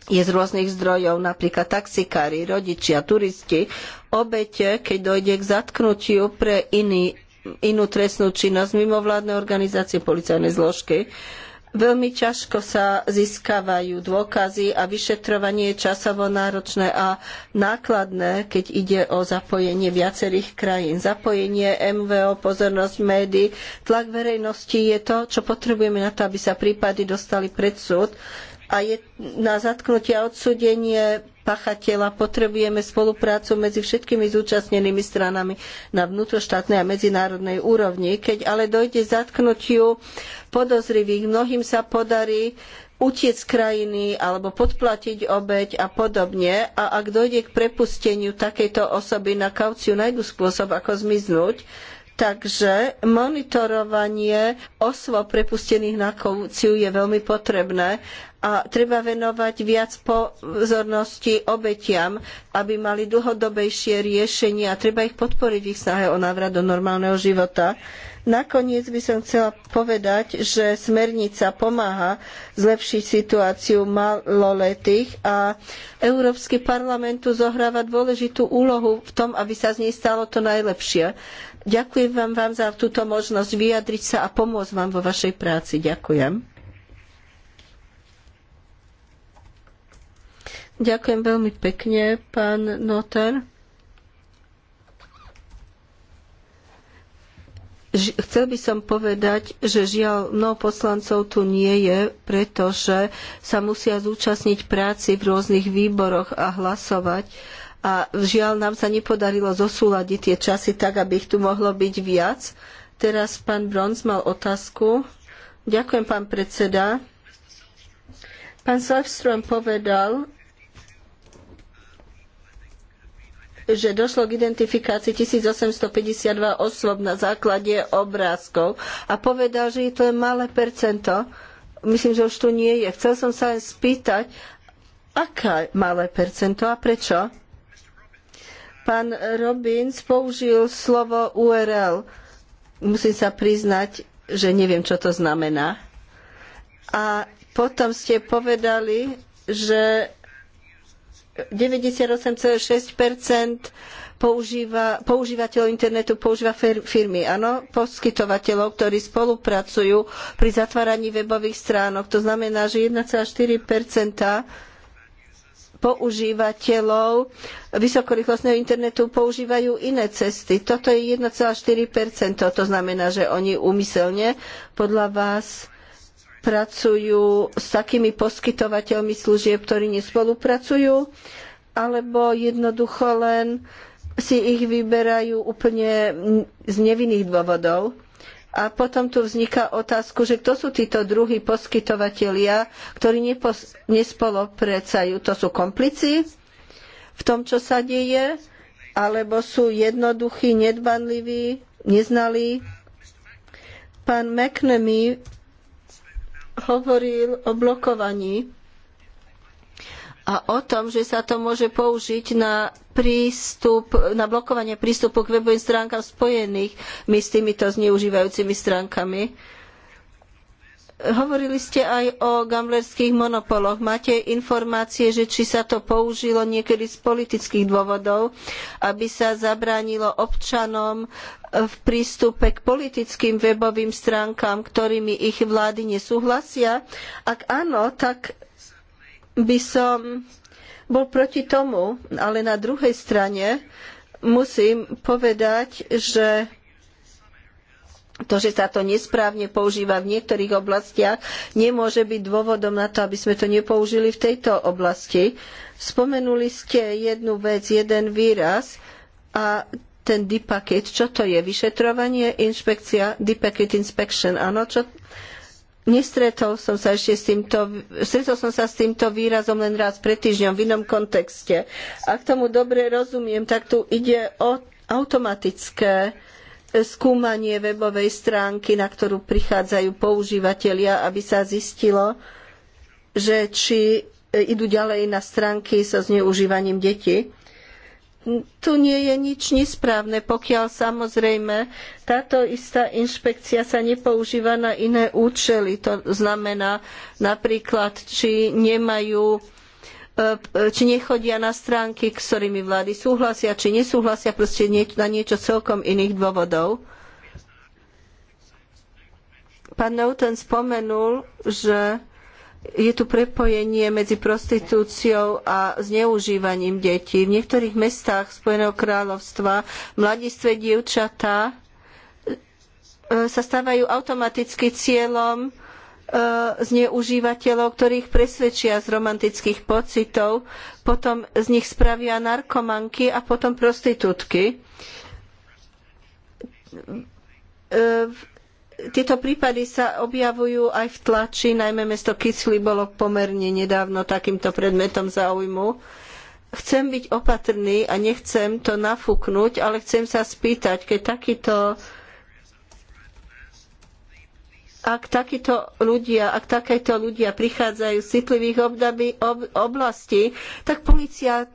je z rôznych zdrojov, napríklad taxikári, rodičia, turisti obete, keď dojde k zatknutiu pre iný, inú trestnú činnosť mimovládne organizácie policajnej zložky. Veľmi ťažko sa získavajú dôkazy a vyšetrovanie je časovo náročné a nákladné, keď ide o zapojenie viacerých krajín. Zapojenie MVO, pozornosť médií, tlak verejnosti je to, čo potrebujeme na to, aby sa prípady dostali pred súd a je na zatknutie a odsúdenie pachateľa potrebujeme spoluprácu medzi všetkými zúčastnenými stranami na vnútroštátnej a medzinárodnej úrovni. Keď ale dojde zatknutiu podozrivých, mnohým sa podarí utiec z krajiny alebo podplatiť obeť a podobne. A ak dojde k prepusteniu takejto osoby na kauciu, nájdu spôsob, ako zmiznúť. Takže monitorovanie osôb prepustených na kauciu je veľmi potrebné a treba venovať viac pozornosti obetiam, aby mali dlhodobejšie riešenie a treba ich podporiť v ich snahe o návrat do normálneho života. Nakoniec by som chcela povedať, že smernica pomáha zlepšiť situáciu maloletých a Európsky parlament tu zohráva dôležitú úlohu v tom, aby sa z nej stalo to najlepšie. Ďakujem vám, vám za túto možnosť vyjadriť sa a pomôcť vám vo vašej práci. Ďakujem. Ďakujem veľmi pekne, pán Notar. Chcel by som povedať, že žiaľ mnoho poslancov tu nie je, pretože sa musia zúčastniť práci v rôznych výboroch a hlasovať. A žiaľ nám sa nepodarilo zosúľadiť tie časy tak, aby ich tu mohlo byť viac. Teraz pán Bronz mal otázku. Ďakujem, pán predseda. Pán Selfström povedal, že došlo k identifikácii 1852 osôb na základe obrázkov a povedal, že je to len malé percento. Myslím, že už tu nie je. Chcel som sa len spýtať, aká malé percento a prečo? Pán Robbins použil slovo URL. Musím sa priznať, že neviem, čo to znamená. A potom ste povedali, že 98,6 používa, používateľov internetu používa firmy, áno, poskytovateľov, ktorí spolupracujú pri zatváraní webových stránok. To znamená, že 1,4 používateľov vysokorýchlostného internetu používajú iné cesty. Toto je 1,4 To znamená, že oni úmyselne podľa vás pracujú s takými poskytovateľmi služieb, ktorí nespolupracujú, alebo jednoducho len si ich vyberajú úplne z nevinných dôvodov. A potom tu vzniká otázku, že kto sú títo druhí poskytovatelia, ktorí nepos- nespoloprecajú. To sú komplici v tom, čo sa deje, alebo sú jednoduchí, nedbanliví, neznalí. Pán McNamee hovoril o blokovaní a o tom, že sa to môže použiť na prístup, na blokovanie prístupu k webovým stránkam spojených s týmito zneužívajúcimi stránkami. Uh, Hovorili ste aj o gamblerských monopoloch. Máte informácie, že či sa to použilo niekedy z politických dôvodov, aby sa zabránilo občanom e, v prístupe k politickým webovým stránkam, ktorými ich vlády nesúhlasia? Ak áno, tak by som bol proti tomu, ale na druhej strane musím povedať, že to, že sa to nesprávne používa v niektorých oblastiach, nemôže byť dôvodom na to, aby sme to nepoužili v tejto oblasti. Spomenuli ste jednu vec, jeden výraz a ten DIPAKIT, čo to je? Vyšetrovanie, inšpekcia, DIPAKIT inspection, áno, čo... Nestretol som sa ešte s týmto, stretol som sa s týmto výrazom len raz pred týždňom v inom kontexte. Ak tomu dobre rozumiem, tak tu ide o automatické uh, skúmanie webovej stránky, na ktorú prichádzajú používatelia, aby sa zistilo, že či e, idú ďalej na stránky so zneužívaním detí. Tu nie je nič nesprávne, pokiaľ samozrejme táto istá inšpekcia sa nepoužíva na iné účely. To znamená napríklad, či nemajú E, e, či nechodia na stránky, s ktorými vlády súhlasia, či nesúhlasia, proste na niečo celkom iných dôvodov. Pán Newton spomenul, že je tu prepojenie medzi prostitúciou a zneužívaním detí. V niektorých mestách Spojeného kráľovstva mladistvé dievčatá e, sa stávajú automaticky cieľom E, zneužívateľov, ktorých presvedčia z romantických pocitov, potom z nich spravia narkomanky a potom prostitútky. E, tieto prípady sa objavujú aj v tlači, najmä mesto Kisli bolo pomerne nedávno takýmto predmetom záujmu. Chcem byť opatrný a nechcem to nafúknuť, ale chcem sa spýtať, keď takýto ak takíto ľudia, ak takéto ľudia prichádzajú z citlivých ob, oblastí, tak polícia e,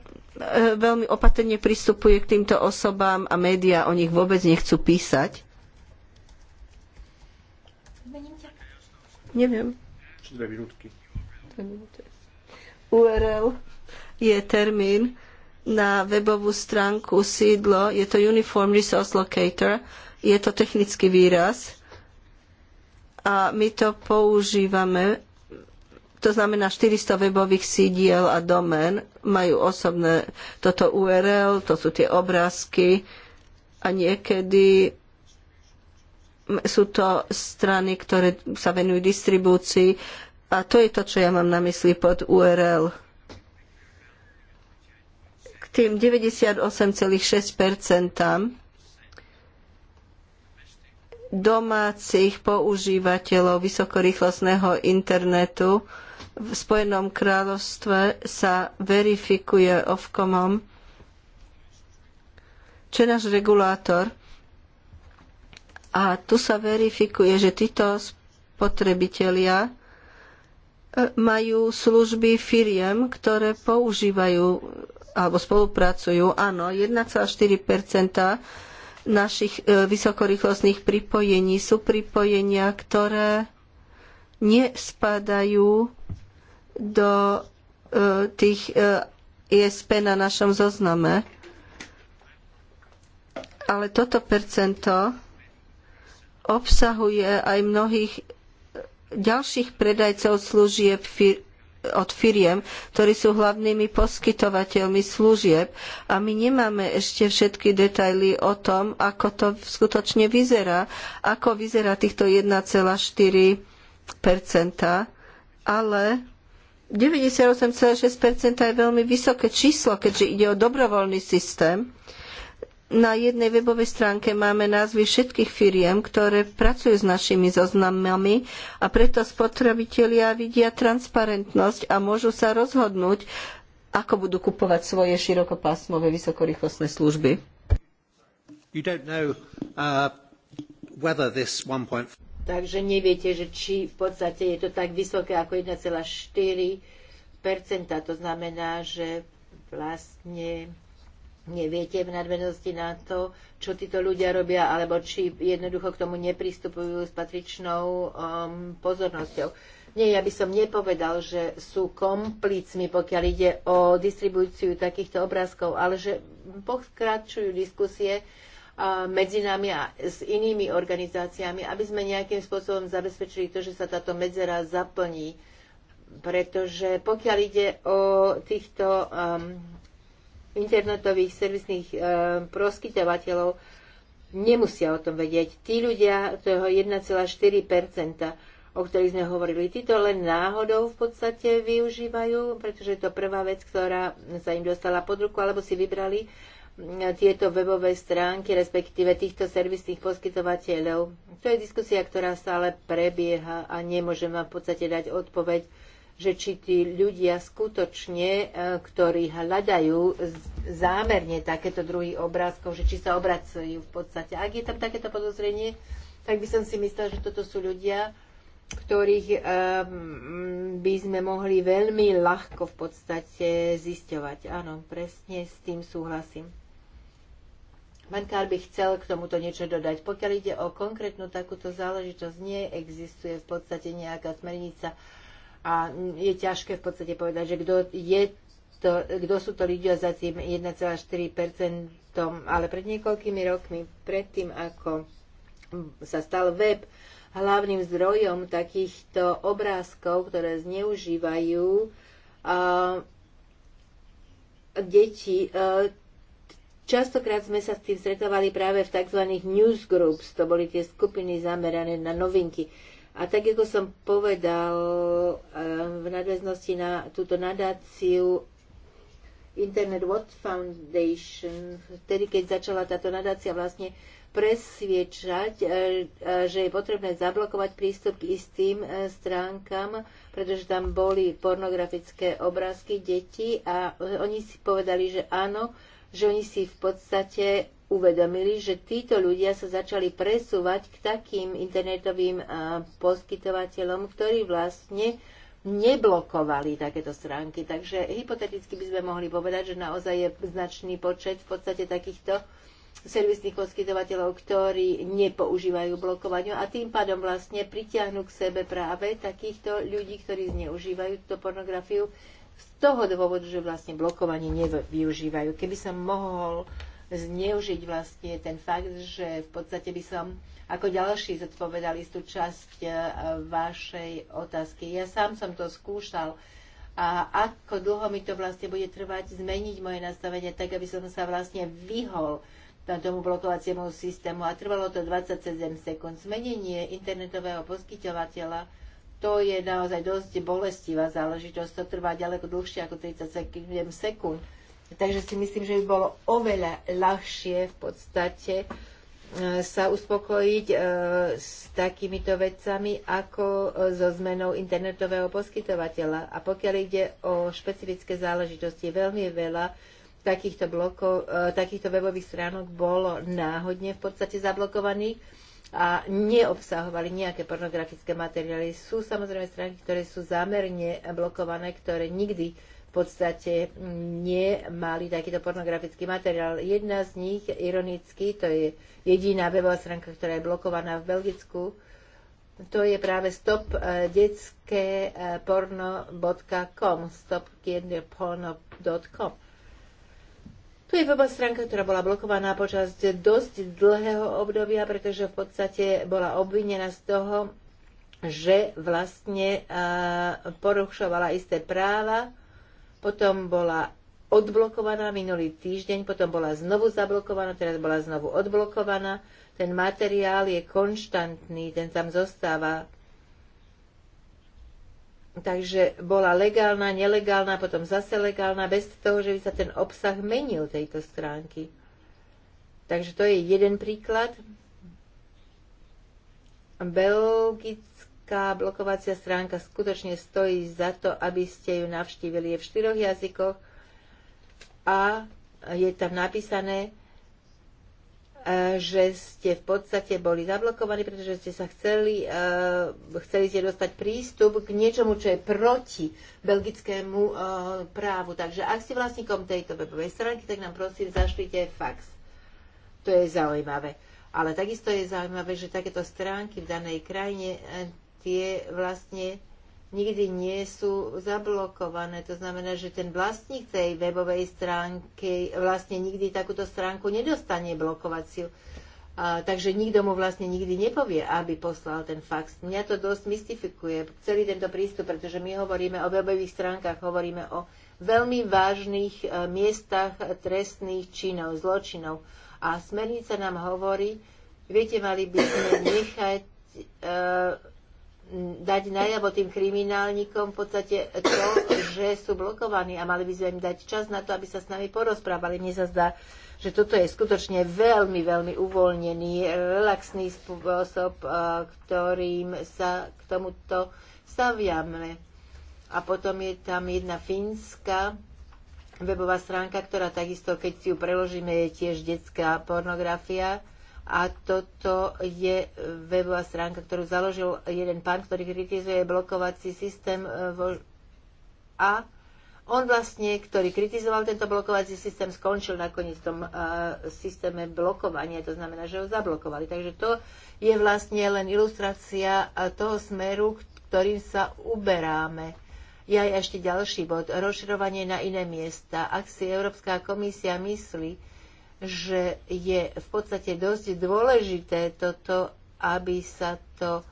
veľmi opatrne pristupuje k týmto osobám a médiá o nich vôbec nechcú písať? Neviem. Dve minútky. URL je termín na webovú stránku sídlo, je to Uniform Resource Locator, je to technický výraz a my to používame to znamená 400 webových sídiel a domén majú osobné toto URL, to sú tie obrázky a niekedy sú to strany, ktoré sa venujú distribúcii a to je to, čo ja mám na mysli pod URL. K tým 98,6% domácich používateľov vysokorýchlostného internetu v Spojenom kráľovstve sa verifikuje ovkomom. čo je náš regulátor. A tu sa verifikuje, že títo spotrebitelia e, majú služby firiem, ktoré používajú alebo spolupracujú. Áno, 1,4 našich e, vysokorýchlostných pripojení. Sú pripojenia, ktoré nespadajú do e, tých e, ISP na našom zozname. Ale toto percento obsahuje aj mnohých ďalších predajcov služieb od firiem, ktorí sú hlavnými poskytovateľmi služieb a my nemáme ešte všetky detaily o tom, ako to skutočne vyzerá, ako vyzerá týchto 1,4 ale 98,6 je veľmi vysoké číslo, keďže ide o dobrovoľný systém na jednej webovej stránke máme názvy všetkých firiem, ktoré pracujú s našimi zoznamami a preto spotrebitelia vidia transparentnosť a môžu sa rozhodnúť, ako budú kupovať svoje širokopásmové vysokorýchlostné služby. Know, uh, Takže neviete, že či v podstate je to tak vysoké ako 1,4 to znamená, že vlastne neviete v nadmenosti na to, čo títo ľudia robia, alebo či jednoducho k tomu nepristupujú s patričnou um, pozornosťou. Nie, ja by som nepovedal, že sú komplicmi, pokiaľ ide o distribúciu takýchto obrázkov, ale že pokračujú diskusie uh, medzi nami a s inými organizáciami, aby sme nejakým spôsobom zabezpečili to, že sa táto medzera zaplní. Pretože pokiaľ ide o týchto um, internetových servisných e, eh, proskytovateľov nemusia o tom vedieť. Tí ľudia, to je 1,4%, o ktorých sme hovorili, tí len náhodou v podstate využívajú, pretože je to prvá vec, ktorá sa im dostala pod ruku, alebo si vybrali eh, tieto webové stránky, respektíve týchto servisných poskytovateľov. To je diskusia, ktorá stále prebieha a nemôžem vám v podstate dať odpoveď že či tí ľudia skutočne, e, ktorí hľadajú zámerne takéto druhy obrázkov, že či sa obracujú v podstate. Ak je tam takéto podozrenie, tak by som si myslela, že toto sú ľudia, ktorých e, by sme mohli veľmi ľahko v podstate zisťovať. Áno, presne s tým súhlasím. Bankár by chcel k tomuto niečo dodať. Pokiaľ ide o konkrétnu takúto záležitosť, neexistuje v podstate nejaká smernica a je ťažké v podstate povedať, že kto je to, kto sú to ľudia za tým 1,4%, ale pred niekoľkými rokmi, predtým ako sa stal web hlavným zdrojom takýchto obrázkov, ktoré zneužívajú uh, deti, uh, Častokrát sme sa s tým stretovali práve v tzv. newsgroups, to boli tie skupiny zamerané na novinky. A tak, ako som povedal eh, v nadväznosti na túto nadáciu Internet Watch Foundation, vtedy, keď začala táto nadácia vlastne presviečať, eh, eh, že je potrebné zablokovať prístup k istým stránkam, pretože tam boli pornografické obrázky detí a oni si povedali, že áno, že oni si v podstate uvedomili, že títo ľudia sa začali presúvať k takým internetovým poskytovateľom, ktorí vlastne neblokovali takéto stránky. Takže hypoteticky by sme mohli povedať, že naozaj je značný počet v podstate takýchto servisných poskytovateľov, ktorí nepoužívajú blokovaniu a tým pádom vlastne pritiahnu k sebe práve takýchto ľudí, ktorí zneužívajú túto pornografiu z toho dôvodu, že vlastne blokovanie nevyužívajú. Keby som mohol uh, zneužiť vlastne ten fakt, že v podstate by som ako ďalší zodpovedal istú časť e, vašej otázky. Ja sám som to skúšal a ako dlho mi to vlastne bude trvať zmeniť moje nastavenie tak, aby som sa vlastne vyhol tomu blokovaciemu systému a trvalo to 27 sekúnd. Zmenenie internetového poskytovateľa to je naozaj dosť bolestivá záležitosť, to trvá ďaleko dlhšie ako 37 sekúnd. Takže si myslím, že by bolo oveľa ľahšie v podstate e, sa uspokojiť e, s takýmito vecami ako e, so zmenou internetového poskytovateľa. A pokiaľ ide o špecifické záležitosti, veľmi veľa takýchto, blokov, takýchto webových stránok bolo náhodne v podstate zablokovaných a neobsahovali nejaké pornografické materiály. Sú samozrejme stránky, ktoré sú zámerne blokované, ktoré nikdy podstate mm, nemali takýto pornografický materiál. Jedna z nich, ironicky, to je jediná webová stránka, ktorá je blokovaná v Belgicku, to je práve stop detské Tu je webová stránka, ktorá bola blokovaná počas dosť dlhého obdobia, pretože v podstate bola obvinená z toho, že vlastne porušovala isté práva potom bola odblokovaná minulý týždeň, potom bola znovu zablokovaná, teraz bola znovu odblokovaná. Ten materiál je konštantný, ten tam zostáva. Takže bola legálna, nelegálna, potom zase legálna, bez toho, že by sa ten obsah menil tejto stránky. Takže to je jeden príklad. Belgic Slovenská blokovacia stránka skutočne stojí za to, aby ste ju navštívili. Je v štyroch jazykoch a je tam napísané, e, že ste v podstate boli zablokovaní, pretože ste sa chceli, e, chceli ste dostať prístup k niečomu, čo je proti belgickému e, právu. Takže ak ste vlastníkom tejto webovej stránky, tak nám prosím zašlite fax. To je zaujímavé. Ale takisto je zaujímavé, že takéto stránky v danej krajine tie vlastne nikdy nie sú zablokované. To znamená, že ten vlastník tej webovej stránky vlastne nikdy takúto stránku nedostane blokovaciu. A, takže nikto mu vlastne nikdy nepovie, aby poslal ten fax. Mňa to dosť mystifikuje, celý tento prístup, pretože my hovoríme o webových stránkach, hovoríme o veľmi vážnych e, miestach trestných činov, zločinov. A smernica nám hovorí, viete, mali by sme nechať e, dať najavo tým kriminálnikom v podstate to, že sú blokovaní a mali by sme im dať čas na to, aby sa s nami porozprávali. Mne sa zdá, že toto je skutočne veľmi, veľmi uvoľnený, relaxný spôsob, e, ktorým sa k tomuto staviame. A potom je tam jedna fínska webová stránka, ktorá takisto, keď si ju preložíme, je tiež detská pornografia a toto je webová stránka, ktorú založil jeden pán, ktorý kritizuje blokovací systém e, vo... a on vlastne, ktorý kritizoval tento blokovací systém, skončil nakoniec v tom uh, systéme blokovania, to znamená, že ho zablokovali. Takže to je vlastne len ilustrácia e, toho smeru, ktorým sa uberáme. Je aj ešte ďalší bod, rozširovanie na iné miesta. Ak si Európska komisia myslí, že je v podstate dosť dôležité toto, aby sa to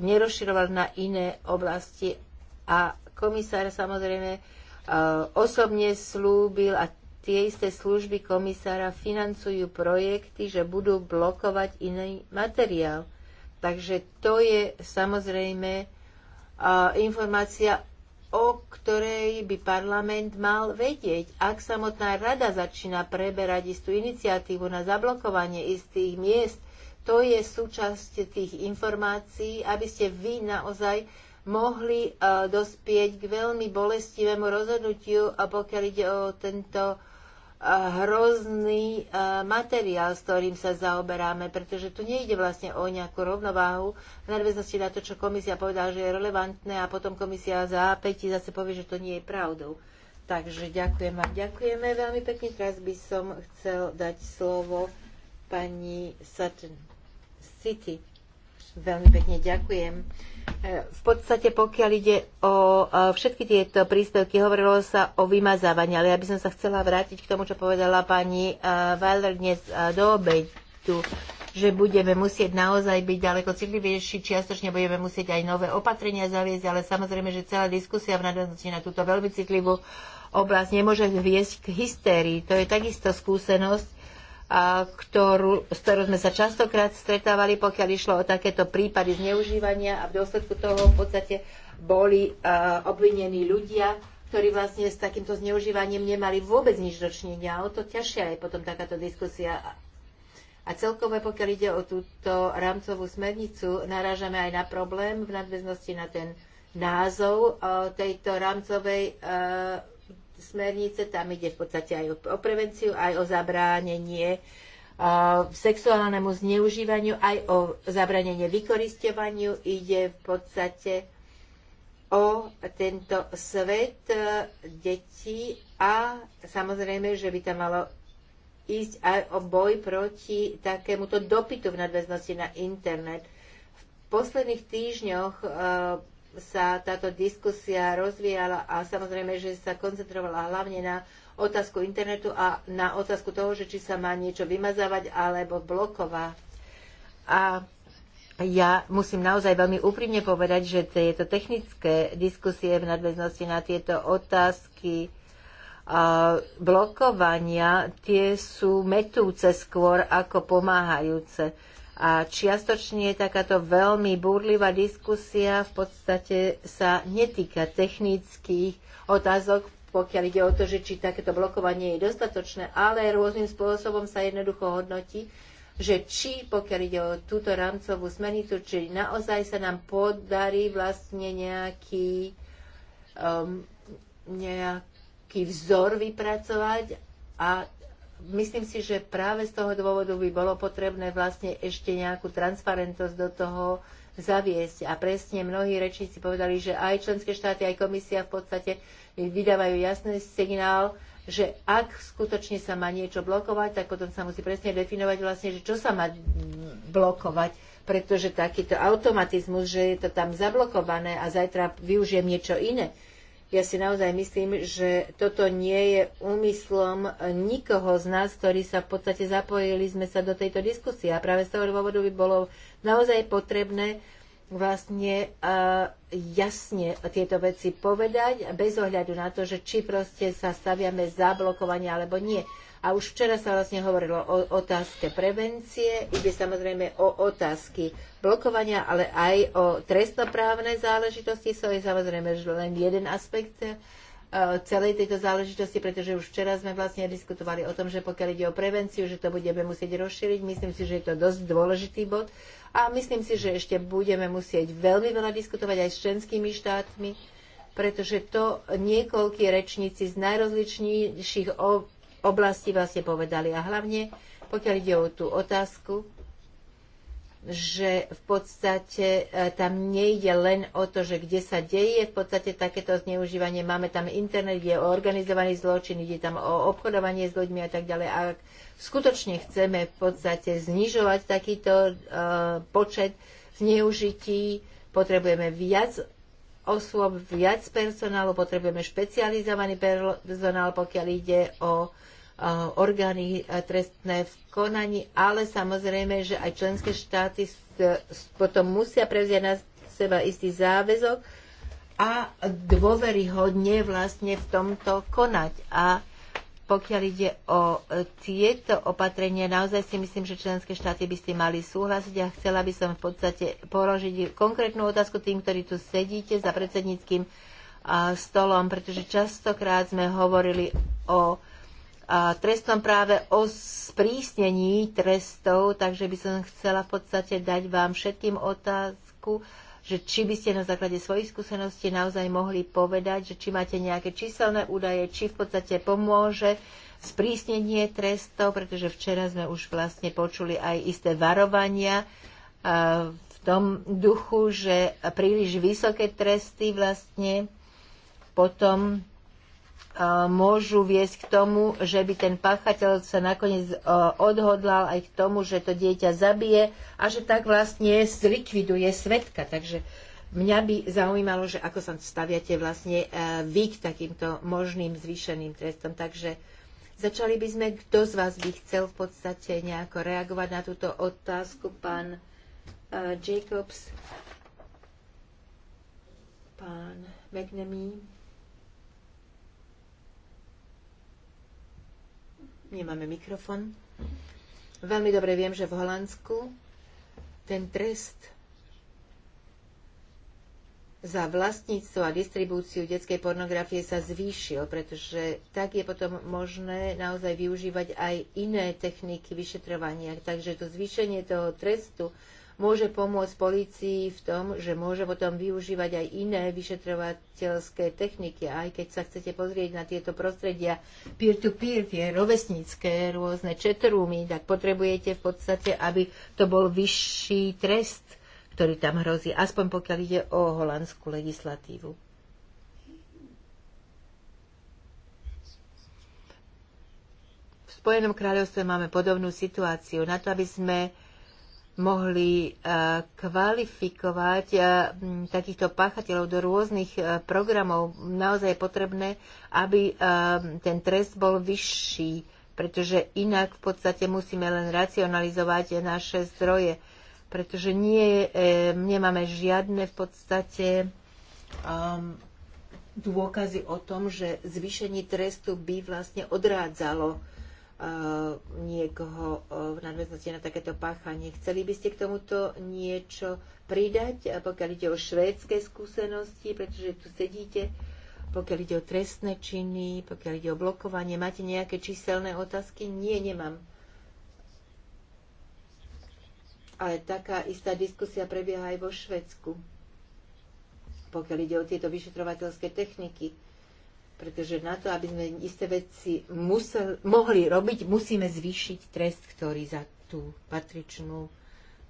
nerozširovalo na iné oblasti. A komisár samozrejme e, osobne slúbil a tie isté služby komisára financujú projekty, že budú blokovať iný materiál. Takže to je samozrejme e, informácia o ktorej by parlament mal vedieť. Ak samotná rada začína preberať istú iniciatívu na zablokovanie istých miest, to je súčasť tých informácií, aby ste vy naozaj mohli eh, dospieť k veľmi bolestivému rozhodnutiu, eh, pokiaľ ide o tento hrozný eh, materiál, s ktorým sa zaoberáme, pretože tu nejde vlastne o nejakú rovnováhu v nadväznosti na to, čo komisia povedala, že je relevantné a potom komisia za päti zase povie, že to nie je pravdou. Takže ďakujem vám. Ďakujeme veľmi pekne. Teraz by som chcel dať slovo pani Sutton City. Veľmi pekne ďakujem. V podstate, pokiaľ ide o všetky tieto príspevky, hovorilo sa o vymazávaní, ale ja by som sa chcela vrátiť k tomu, čo povedala pani Weiler dnes do obejtu, že budeme musieť naozaj byť ďaleko citlivejší, čiastočne budeme musieť aj nové opatrenia zaviesť, ale samozrejme, že celá diskusia v nadväznosti na túto veľmi citlivú oblasť nemôže viesť k hystérii. To je takisto skúsenosť, ktorú, s ktorou sme sa častokrát stretávali, pokiaľ išlo o takéto prípady zneužívania a v dôsledku toho v podstate boli uh, obvinení ľudia, ktorí vlastne s takýmto zneužívaním nemali vôbec nič dočinenia. O to ťažšia je potom takáto diskusia. A celkové, pokiaľ ide o túto rámcovú smernicu, narážame aj na problém v nadväznosti na ten názov uh, tejto rámcovej uh, smernice, tam ide v podstate aj o, prevenciu, aj o zabránenie sexuálnemu zneužívaniu, aj o zabranenie vykoristovaniu. Ide v podstate o tento svet e, detí a samozrejme, že by tam malo ísť aj o boj proti takémuto dopytu v nadväznosti na internet. V posledných týždňoch e, sa táto diskusia rozvíjala a samozrejme, že sa koncentrovala hlavne na otázku internetu a na otázku toho, že či sa má niečo vymazávať alebo blokovať. A ja musím naozaj veľmi úprimne povedať, že tieto technické diskusie v nadväznosti na tieto otázky blokovania, tie sú metúce skôr ako pomáhajúce. A čiastočne takáto veľmi búrlivá diskusia v podstate sa netýka technických otázok, pokiaľ ide o to, že či takéto blokovanie je dostatočné, ale rôznym spôsobom sa jednoducho hodnotí, že či pokiaľ ide o túto rámcovú smernicu, či naozaj sa nám podarí vlastne nejaký, um, nejaký vzor vypracovať a myslím si, že práve z toho dôvodu by bolo potrebné vlastne ešte nejakú transparentnosť do toho zaviesť. A presne mnohí rečníci povedali, že aj členské štáty, aj komisia v podstate vydávajú jasný signál, že ak skutočne sa má niečo blokovať, tak potom sa musí presne definovať vlastne, že čo sa má blokovať, pretože takýto automatizmus, že je to tam zablokované a zajtra využijem niečo iné, ja si naozaj myslím, že toto nie je úmyslom nikoho z nás, ktorí sa v podstate zapojili sme sa do tejto diskusie. A práve z toho dôvodu by bolo naozaj potrebné vlastne jasne tieto veci povedať, bez ohľadu na to, že či proste sa staviame za blokovanie alebo nie. A už včera sa vlastne hovorilo o otázke prevencie, ide samozrejme o otázky blokovania, ale aj o trestnoprávne záležitosti. To je samozrejme len jeden aspekt eh, celej tejto záležitosti, pretože už včera sme vlastne diskutovali o tom, že pokiaľ ide o prevenciu, že to budeme musieť rozšíriť. Myslím si, že je to dosť dôležitý bod a myslím si, že ešte budeme musieť veľmi veľa diskutovať aj s členskými štátmi, pretože to niekoľkí rečníci z najrozličnejších oblasti vlastne povedali. A hlavne, pokiaľ ide o tú otázku, že v podstate e, tam nejde len o to, že kde sa deje v podstate takéto zneužívanie. Máme tam internet, ide o organizovaný zločin, ide tam o obchodovanie s ľuďmi a tak ďalej. A ak skutočne chceme v podstate znižovať takýto uh, počet zneužití, potrebujeme viac osôb, viac personálu, potrebujeme špecializovaný personál, pokiaľ ide o orgány trestné v konaní, ale samozrejme, že aj členské štáty potom musia prevziať na seba istý záväzok a dôveryhodne vlastne v tomto konať. A pokiaľ ide o e, tieto opatrenia, naozaj si myslím, že členské štáty by ste mali súhlasiť a chcela by som v podstate položiť konkrétnu otázku tým, ktorí tu sedíte za predsedníckým stolom, pretože častokrát sme hovorili o trestnom práve o sprísnení trestov, takže by som chcela v podstate dať vám všetkým otázku, že či by ste na základe svojich skúseností naozaj mohli povedať, že či máte nejaké číselné údaje, či v podstate pomôže sprísnenie trestov, pretože včera sme už vlastne počuli aj isté varovania v tom duchu, že príliš vysoké tresty vlastne potom môžu viesť k tomu, že by ten páchateľ sa nakoniec e, odhodlal aj k tomu, že to dieťa zabije a že tak vlastne zlikviduje svetka. Takže mňa by zaujímalo, že ako sa staviate vlastne e, vy k takýmto možným zvýšeným trestom. Takže začali by sme, kto z vás by chcel v podstate nejako reagovať na túto otázku, pán e, Jacobs, pán McNamee. Nemáme mikrofon. Veľmi dobre viem, že v Holandsku ten trest za vlastníctvo a distribúciu detskej pornografie sa zvýšil, pretože tak je potom možné naozaj využívať aj iné techniky vyšetrovania. Takže to zvýšenie toho trestu môže pomôcť policii v tom, že môže potom využívať aj iné vyšetrovateľské techniky. Aj keď sa chcete pozrieť na tieto prostredia peer-to-peer, -peer, tie rovesnícke rôzne četrúmy, tak potrebujete v podstate, aby to bol vyšší trest, ktorý tam hrozí, aspoň pokiaľ ide o holandskú legislatívu. V Spojenom kráľovstve máme podobnú situáciu. Na to, aby sme mohli eh, kvalifikovať eh, takýchto páchateľov do rôznych eh, programov, naozaj je potrebné, aby ten trest bol vyšší, pretože inak v podstate musíme len racionalizovať naše zdroje, pretože nie, nemáme žiadne v podstate ehm, dôkazy o tom, že zvýšenie trestu by vlastne odrádzalo E, niekoho e, v nadväznosti na takéto páchanie. Chceli by ste k tomuto niečo pridať, e, pokiaľ ide o švédske skúsenosti, pretože tu sedíte, pokiaľ ide o trestné činy, pokiaľ ide o blokovanie. Máte nejaké číselné otázky? Nie, nemám. Ale taká istá diskusia prebieha aj vo Švedsku, pokiaľ ide o tieto vyšetrovateľské techniky pretože na to, aby sme isté veci musel, mohli robiť, musíme zvýšiť trest, ktorý za tú patričnú,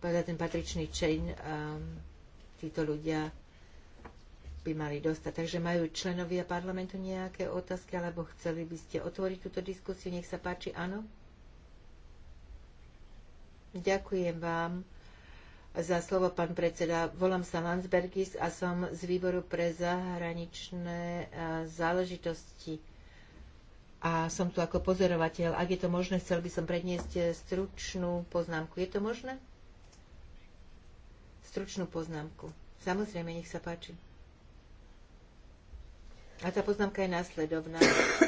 za ten patričný čeň um, títo ľudia by mali dostať. Takže majú členovia parlamentu nejaké otázky, alebo chceli by ste otvoriť túto diskusiu? Nech sa páči, áno? Ďakujem vám za slovo, pán predseda. Volám sa Landsbergis a som z výboru pre zahraničné e, záležitosti. A som tu ako pozorovateľ. Ak je to možné, chcel by som predniesť stručnú poznámku. Je to možné? Stručnú poznámku. Samozrejme, nech sa páči. A tá poznámka je následovná.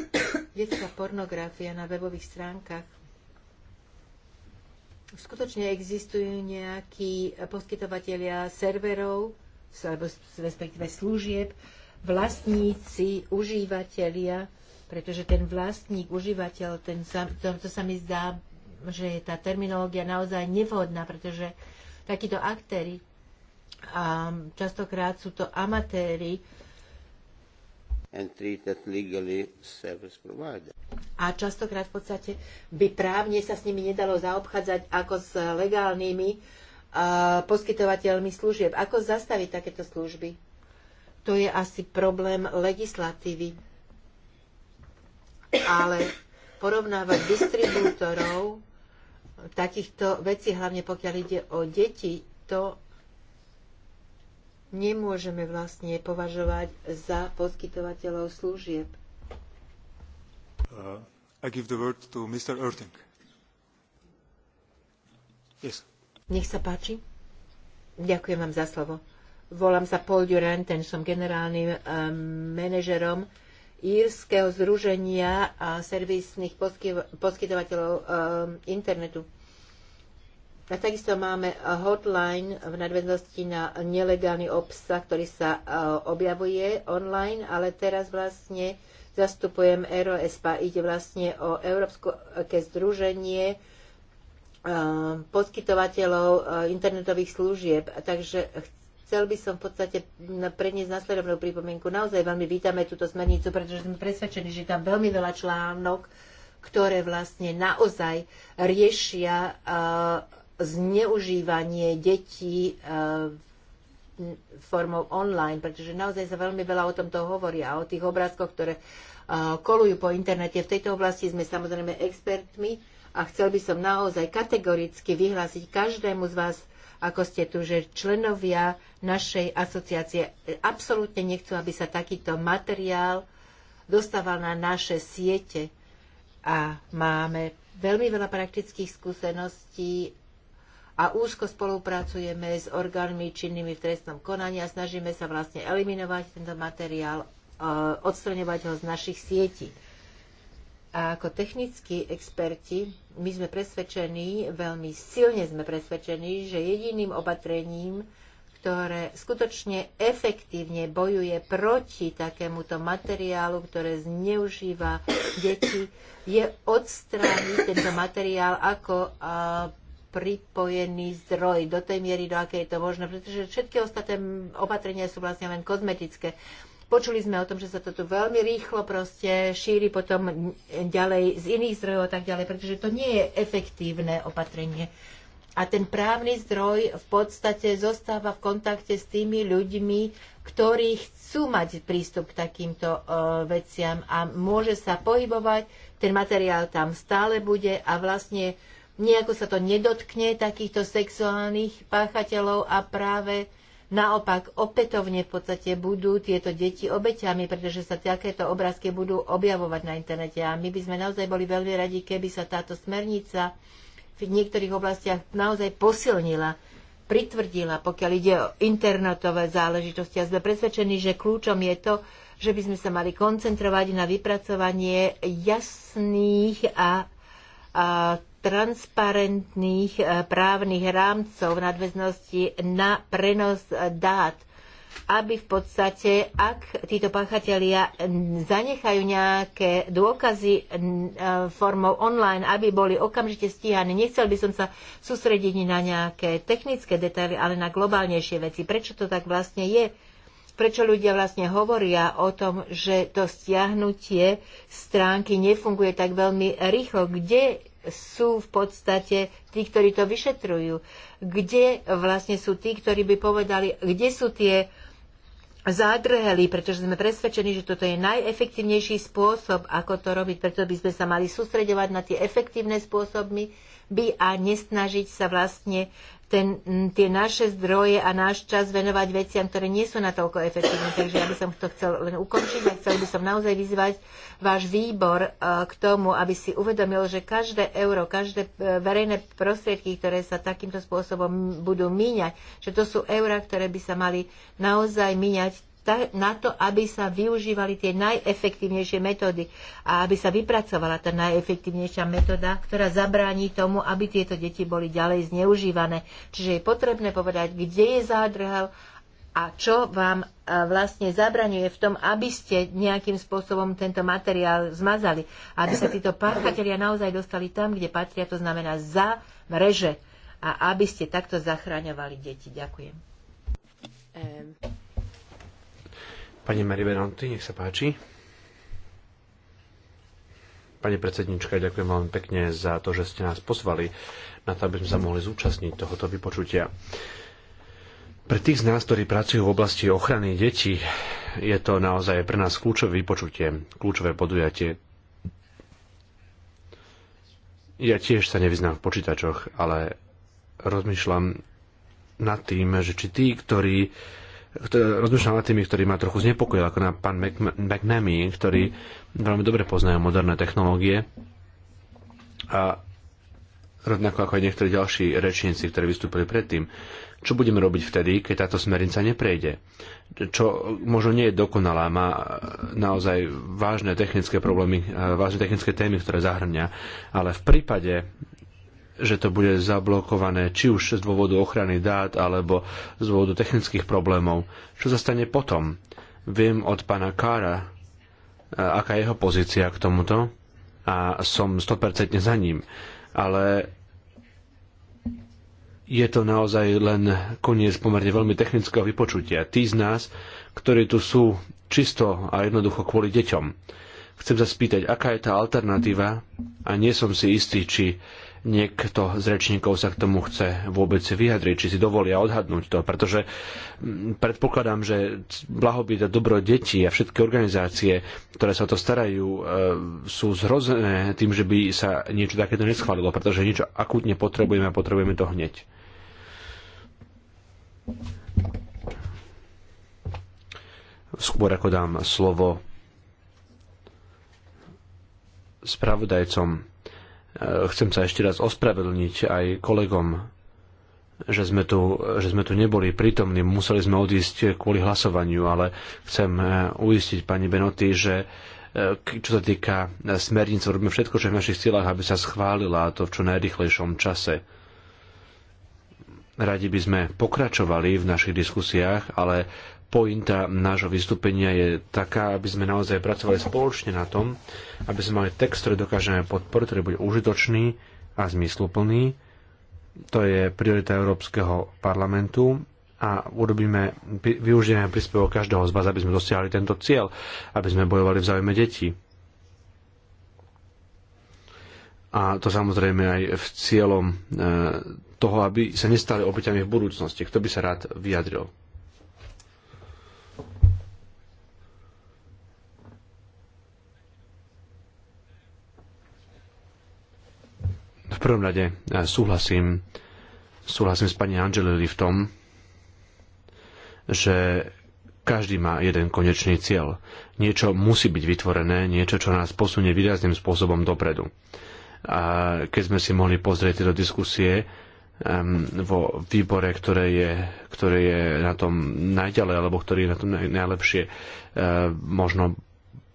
[COUGHS] Detská pornografia na webových stránkach skutočne existujú nejakí poskytovateľia serverov, alebo respektíve služieb, vlastníci, užívateľia, pretože ten vlastník, užívateľ, ten sa, to, to sa mi zdá, že je tá terminológia naozaj nevhodná, pretože takíto aktéry a častokrát sú to amatéri, and treated legally service provider. A častokrát v podstate by právne sa s nimi nedalo zaobchádzať ako s legálnymi uh, poskytovateľmi služieb. Ako zastaviť takéto služby? To je asi problém legislatívy. Ale porovnávať distribútorov takýchto vecí, hlavne pokiaľ ide o deti, to nemôžeme vlastne považovať za poskytovateľov služieb. Uh, I give the word to Mr. Erting. Yes. Nech sa páči. Ďakujem vám za slovo. Volám sa Paul Durant, ten som generálnym um, manažerom Írskeho združenia a eh, servisných poskytovateľov um, internetu. A takisto máme eh, hotline v nadväznosti na nelegálny obsah, ktorý sa eh, objavuje online, ale teraz vlastne zastupujem EROSPA. Ide vlastne o Európske združenie eh, poskytovateľov internetových služieb. Takže chcel by som v podstate predniesť nasledovnú pripomienku. Naozaj veľmi vítame túto smernicu, pretože sme presvedčení, že tam veľmi veľa článok, ktoré vlastne naozaj riešia zneužívanie detí e, formou online, pretože naozaj sa veľmi veľa o tomto hovorí a o tých obrázkoch, ktoré e, kolujú po internete. V tejto oblasti sme samozrejme expertmi a chcel by som naozaj kategoricky vyhlásiť každému z vás, ako ste tu, že členovia našej asociácie absolútne nechcú, aby sa takýto materiál dostával na naše siete. A máme veľmi veľa praktických skúseností a úzko spolupracujeme s orgánmi činnými v trestnom konaní a snažíme sa vlastne eliminovať tento materiál, e, odstraňovať ho z našich sietí. A ako technickí experti, my sme presvedčení, veľmi silne sme presvedčení, že jediným opatrením, ktoré skutočne efektívne bojuje proti takémuto materiálu, ktoré zneužíva deti, je odstrániť tento materiál ako pripojený zdroj do tej miery, do akej je to možné, pretože všetky ostatné opatrenia sú vlastne len kozmetické. Počuli sme o tom, že sa to tu veľmi rýchlo proste šíri potom ďalej z iných zdrojov a tak ďalej, pretože to nie je efektívne opatrenie. A ten právny zdroj v podstate zostáva v kontakte s tými ľuďmi, ktorí chcú mať prístup k takýmto e, veciam a môže sa pohybovať, ten materiál tam stále bude a vlastne nejako sa to nedotkne takýchto sexuálnych páchateľov a práve naopak opätovne v podstate budú tieto deti obeťami, pretože sa takéto obrázky budú objavovať na internete. A my by sme naozaj boli veľmi radi, keby sa táto smernica v niektorých oblastiach naozaj posilnila, pritvrdila, pokiaľ ide o internetové záležitosti. A sme presvedčení, že kľúčom je to, že by sme sa mali koncentrovať na vypracovanie jasných a, a transparentných eh, právnych rámcov v nadväznosti na prenos dát aby v podstate, ak títo páchatelia zanechajú nejaké dôkazy eh, formou online, aby boli okamžite stíhané. Nechcel by som sa sústrediť na nejaké technické detaily, ale na globálnejšie veci. Prečo to tak vlastne je? Prečo ľudia vlastne hovoria o tom, že to stiahnutie stránky nefunguje tak veľmi rýchlo? Kde sú v podstate tí, ktorí to vyšetrujú. Kde vlastne sú tí, ktorí by povedali, kde sú tie zádrheli, pretože sme presvedčení, že toto je najefektívnejší spôsob, ako to robiť, preto by sme sa mali sústredovať na tie efektívne spôsoby by a nesnažiť sa vlastne ten, tie naše zdroje a náš čas venovať veciam, ktoré nie sú natoľko efektívne. Takže ja by som to chcel len ukončiť a chcel by som naozaj vyzvať váš výbor e, k tomu, aby si uvedomil, že každé euro, každé e, verejné prostriedky, ktoré sa takýmto spôsobom budú míňať, že to sú eurá, ktoré by sa mali naozaj míňať na to, aby sa využívali tie najefektívnejšie metódy a aby sa vypracovala tá najefektívnejšia metóda, ktorá zabráni tomu, aby tieto deti boli ďalej zneužívané. Čiže je potrebné povedať, kde je zádrhel a čo vám e, vlastne zabraňuje v tom, aby ste nejakým spôsobom tento materiál zmazali, aby sa títo páchatelia naozaj dostali tam, kde patria, to znamená za mreže a aby ste takto zachraňovali deti. Ďakujem. Pani Marie Benanty, nech sa páči. Pani predsednička, ďakujem vám pekne za to, že ste nás pozvali na to, aby sme sa mohli zúčastniť tohoto vypočutia. Pre tých z nás, ktorí pracujú v oblasti ochrany detí, je to naozaj pre nás kľúčové vypočutie, kľúčové podujatie. Ja tiež sa nevyznám v počítačoch, ale rozmýšľam nad tým, že či tí, ktorí rozmýšľam nad tými, ktorí ma trochu znepokojil, ako na pán McNamee, ktorý veľmi dobre poznajú moderné technológie a rovnako ako aj niektorí ďalší rečníci, ktorí vystúpili predtým. Čo budeme robiť vtedy, keď táto smernica neprejde? Čo možno nie je dokonalá, má naozaj vážne technické problémy, e, vážne technické témy, ktoré zahrňa, ale v prípade že to bude zablokované či už z dôvodu ochrany dát alebo z dôvodu technických problémov. Čo sa stane potom? Viem od pána Kára, e, aká je jeho pozícia k tomuto a som 100% za ním. Ale je to naozaj len koniec pomerne veľmi technického vypočutia. Tí z nás, ktorí tu sú čisto a jednoducho kvôli deťom. Chcem sa spýtať, aká je tá alternatíva a nie som si istý, či niekto z rečníkov sa k tomu chce vôbec vyjadriť, či si dovolia odhadnúť to, pretože mm, predpokladám, že blahobyt a dobro detí a všetky organizácie, ktoré sa o to starajú, e, sú zhrozené tým, že by sa niečo takéto neschválilo, pretože niečo akútne potrebujeme a potrebujeme to hneď. Skôr ako dám slovo spravodajcom, eh, chcem sa ešte raz ospravedlniť aj kolegom, že sme tu, že sme tu neboli prítomní, museli sme odísť kvôli hlasovaniu, ale chcem eh, uistiť pani Benoty, že eh, čo sa týka smernic, robíme všetko, čo je v našich silách, aby sa schválila a to v čo najrychlejšom čase. Radi by sme pokračovali v našich diskusiách, ale pointa nášho vystúpenia je taká, aby sme naozaj pracovali spoločne na tom, aby sme mali text, ktorý dokážeme podporiť, ktorý bude užitočný a zmysluplný. To je priorita Európskeho parlamentu a urobíme, využijeme príspevok každého z vás, aby sme dosiahli tento cieľ, aby sme bojovali v záujme detí. a to samozrejme aj v cieľom e, toho, aby sa nestali obeťami v budúcnosti. Kto by sa rád vyjadril? V prvom rade e, súhlasím, súhlasím s pani Angelili v tom, že každý má jeden konečný cieľ. Niečo musí byť vytvorené, niečo, čo nás posunie výrazným spôsobom dopredu keď sme si mohli pozrieť tieto diskusie vo výbore, ktoré je, ktoré je na tom najďalej, alebo ktorý je na tom najlepšie eh, možno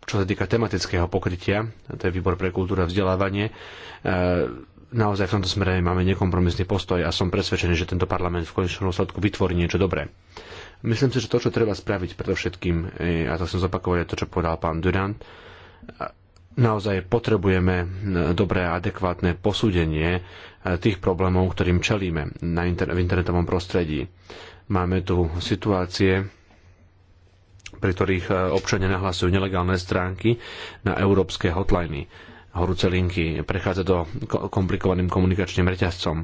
čo sa týka tematického pokrytia, to je výbor pre kultúru a vzdelávanie, eh, naozaj v tomto smere máme nekompromisný postoj a som presvedčený, že tento parlament v konečnom dôsledku vytvorí niečo dobré. Myslím si, že to, čo treba spraviť predovšetkým, eh, a to som zopakovať to, čo povedal pán Durant, naozaj potrebujeme e, dobré a adekvátne posúdenie e, tých problémov, ktorým čelíme na inter- v internetovom prostredí. Máme tu situácie, pri ktorých e, občania nahlasujú nelegálne stránky na európske hotliny, horúce linky, prechádza do komplikovaným komunikačným reťazcom.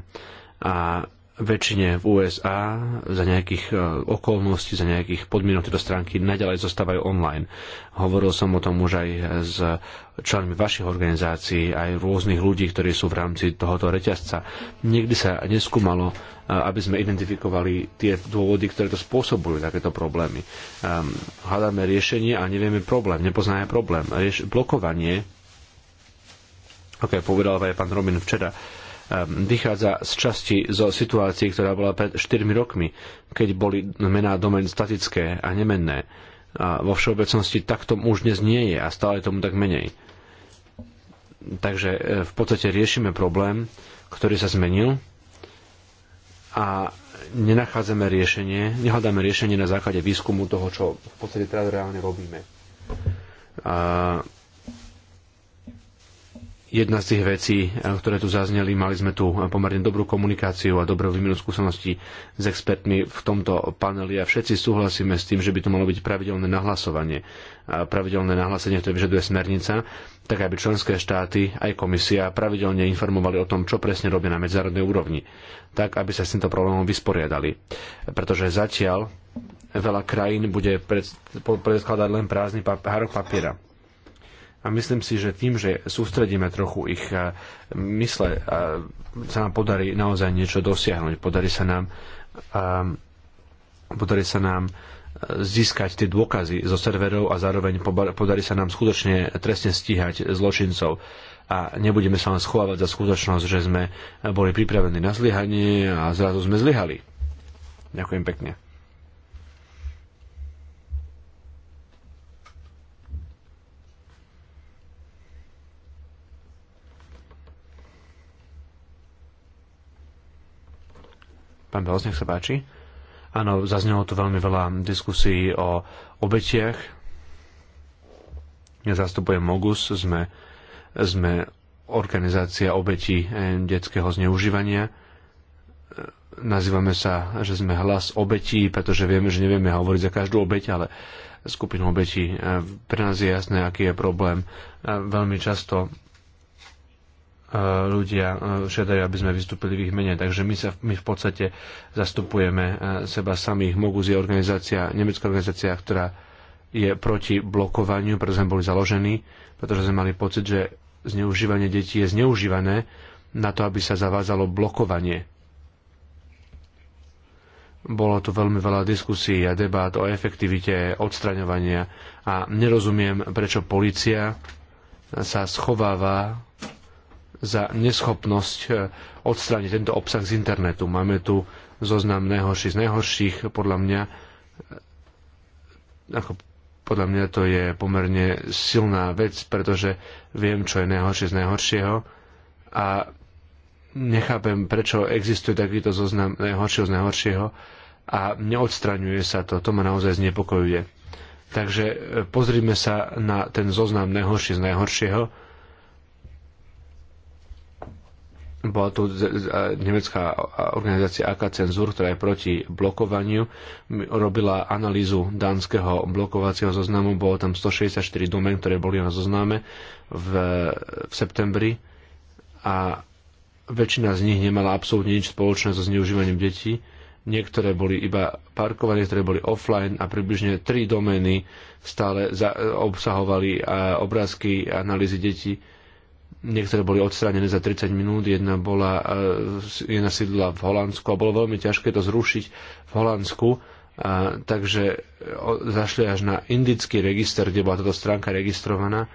A väčšine v USA za nejakých e, okolností, za nejakých podmienok tieto stránky naďalej zostávajú online. Hovoril som o tom už aj s členmi vašich organizácií, aj rôznych ľudí, ktorí sú v rámci tohoto reťazca. Nikdy sa neskúmalo, e, aby sme identifikovali tie dôvody, ktoré to spôsobujú, takéto problémy. Ehm, hľadáme riešenie a nevieme problém, nepoznáme problém. Rieš- blokovanie, ako okay, povedal aj pán Robin včera, Ehm, vychádza z časti zo situácií, ktorá bola pred 4 rokmi, keď boli mená domen statické a nemenné. A vo všeobecnosti takto už dnes nie je a stále tomu tak menej. Takže e, v podstate riešime problém, ktorý sa zmenil a nenachádzame riešenie, nehľadáme riešenie na základe výskumu toho, čo v podstate teraz reálne robíme. A jedna z tých vecí, eh, ktoré tu zazneli, mali sme tu pomerne dobrú komunikáciu a dobrú výmenu skúseností s expertmi v tomto paneli a všetci súhlasíme s tým, že by to malo byť pravidelné nahlasovanie. A pravidelné nahlasenie, ktoré vyžaduje smernica, tak aby členské štáty aj komisia pravidelne informovali o tom, čo presne robia na medzárodnej úrovni, tak aby sa s týmto problémom vysporiadali. Pretože zatiaľ veľa krajín bude predkladať len prázdny hárok papiera a myslím si, že tým, že sústredíme trochu ich eh, mysle, eh, sa nám podarí naozaj niečo dosiahnuť. Podarí sa nám, eh, podarí sa nám získať tie dôkazy zo serverov a zároveň podarí sa nám skutočne trestne stíhať zločincov a nebudeme sa len schovávať za skutočnosť, že sme boli pripravení na zlyhanie a zrazu sme zlyhali. Ďakujem pekne. Pán Belos, nech sa páči. Áno, zaznelo tu veľmi veľa diskusí o obetiach. Ja zastupujem Mogus, sme, sme organizácia obetí eh, detského zneužívania eh, nazývame sa, že sme hlas obetí, pretože vieme, že nevieme hovoriť za každú obeť, ale skupinu obetí. Eh, pre nás je jasné, aký je problém. Veľmi často E, ľudia e, žiadajú, aby sme vystúpili v ich mene. Takže my, sa, my v podstate zastupujeme e, seba samých. Mogus je organizácia, nemecká organizácia, ktorá je proti blokovaniu, pretože sme boli založení, pretože sme mali pocit, že zneužívanie detí je zneužívané na to, aby sa zavázalo blokovanie. Bolo tu veľmi veľa diskusí a debát o efektivite odstraňovania a nerozumiem, prečo policia sa schováva za neschopnosť e, odstrániť tento obsah z internetu. Máme tu zoznam najhorších z najhorších. Podľa mňa, e, ako podľa mňa to je pomerne silná vec, pretože viem, čo je najhoršie z najhoršieho a nechápem, prečo existuje takýto zoznam najhoršieho z najhoršieho a neodstraňuje sa to. To ma naozaj znepokojuje. Takže e, pozrime sa na ten zoznam najhoršie z najhoršieho bola tu nemecká organizácia AK Cenzur, ktorá je proti blokovaniu, robila analýzu dánskeho blokovacieho zoznamu, bolo tam 164 domen, ktoré boli na zozname v, v septembri a väčšina z nich nemala absolútne nič spoločné so zneužívaním detí. Niektoré boli iba parkované, ktoré boli offline a približne tri domény stále obsahovali obrázky a analýzy detí Niektoré boli odstránené za 30 minút, jedna, bola, e, jedna sídla v Holandsku a bolo veľmi ťažké to zrušiť v Holandsku. A, takže o, zašli až na indický register, kde bola táto stránka registrovaná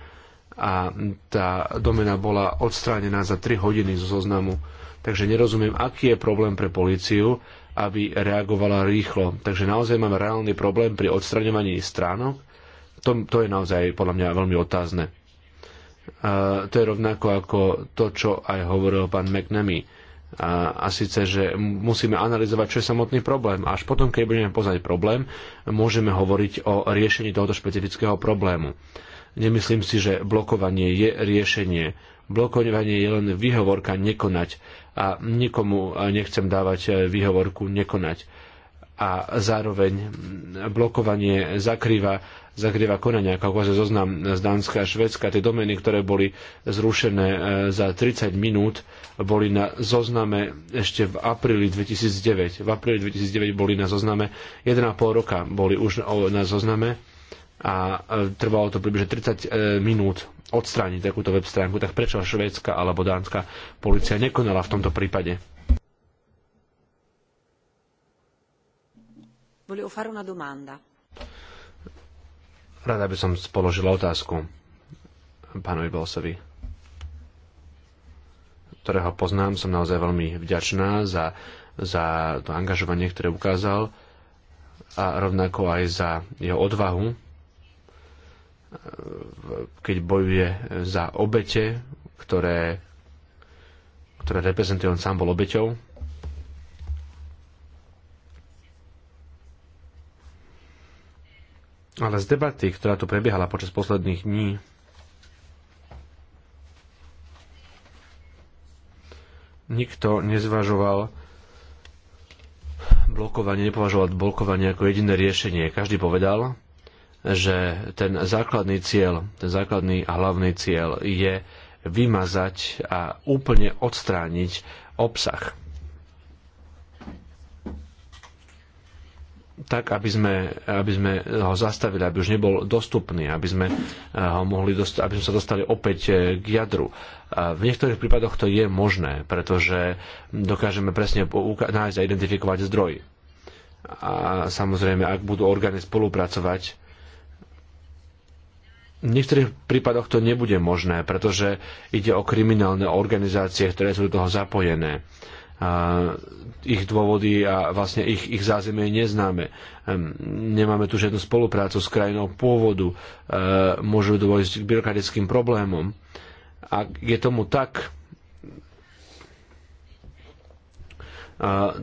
a tá domena bola odstránená za 3 hodiny zo zoznamu. Takže nerozumiem, aký je problém pre políciu, aby reagovala rýchlo. Takže naozaj máme reálny problém pri odstraňovaní stránok. To, to je naozaj podľa mňa veľmi otázne to je rovnako ako to, čo aj hovoril pán McNamee. A, a síce, že musíme analyzovať, čo je samotný problém. Až potom, keď budeme poznať problém, môžeme hovoriť o riešení tohoto špecifického problému. Nemyslím si, že blokovanie je riešenie. Blokovanie je len výhovorka nekonať a nikomu nechcem dávať e, výhovorku nekonať a zároveň blokovanie zakrýva, zakrýva konania, ako sa zoznam z Dánska a Švedska. Tie domény, ktoré boli zrušené e, za 30 minút, boli na zozname ešte v apríli 2009. V apríli 2009 boli na zozname, 1,5 roka boli už na zozname a e, trvalo to približne 30 e, minút odstrániť takúto web stránku. Tak prečo Švédska alebo Dánska policia nekonala v tomto prípade? Volevo fare una domanda. Rada by som položila otázku pánovi Bolsovi, ktorého poznám. Som naozaj veľmi vďačná za, za to angažovanie, ktoré ukázal a rovnako aj za jeho odvahu, keď bojuje za obete, ktoré, ktoré reprezentuje on sám bol obeťou Ale z debaty, ktorá tu prebiehala počas posledných dní, nikto nezvažoval blokovanie, nepovažoval blokovanie ako jediné riešenie. Každý povedal, že ten základný cieľ, ten základný a hlavný cieľ je vymazať a úplne odstrániť obsah tak, aby sme, aby sme ho zastavili, aby už nebol dostupný, aby sme, eh, ho mohli dost- aby sme sa dostali opäť eh, k jadru. A v niektorých prípadoch to je možné, pretože dokážeme presne nájsť a identifikovať zdroj. A samozrejme, ak budú orgány spolupracovať, v niektorých prípadoch to nebude možné, pretože ide o kriminálne organizácie, ktoré sú do toho zapojené ich dôvody a vlastne ich, ich zázemie neznáme. Nemáme tu žiadnu spoluprácu s krajinou pôvodu, e, môžu dôjsť k byrokratickým problémom. Ak je tomu tak,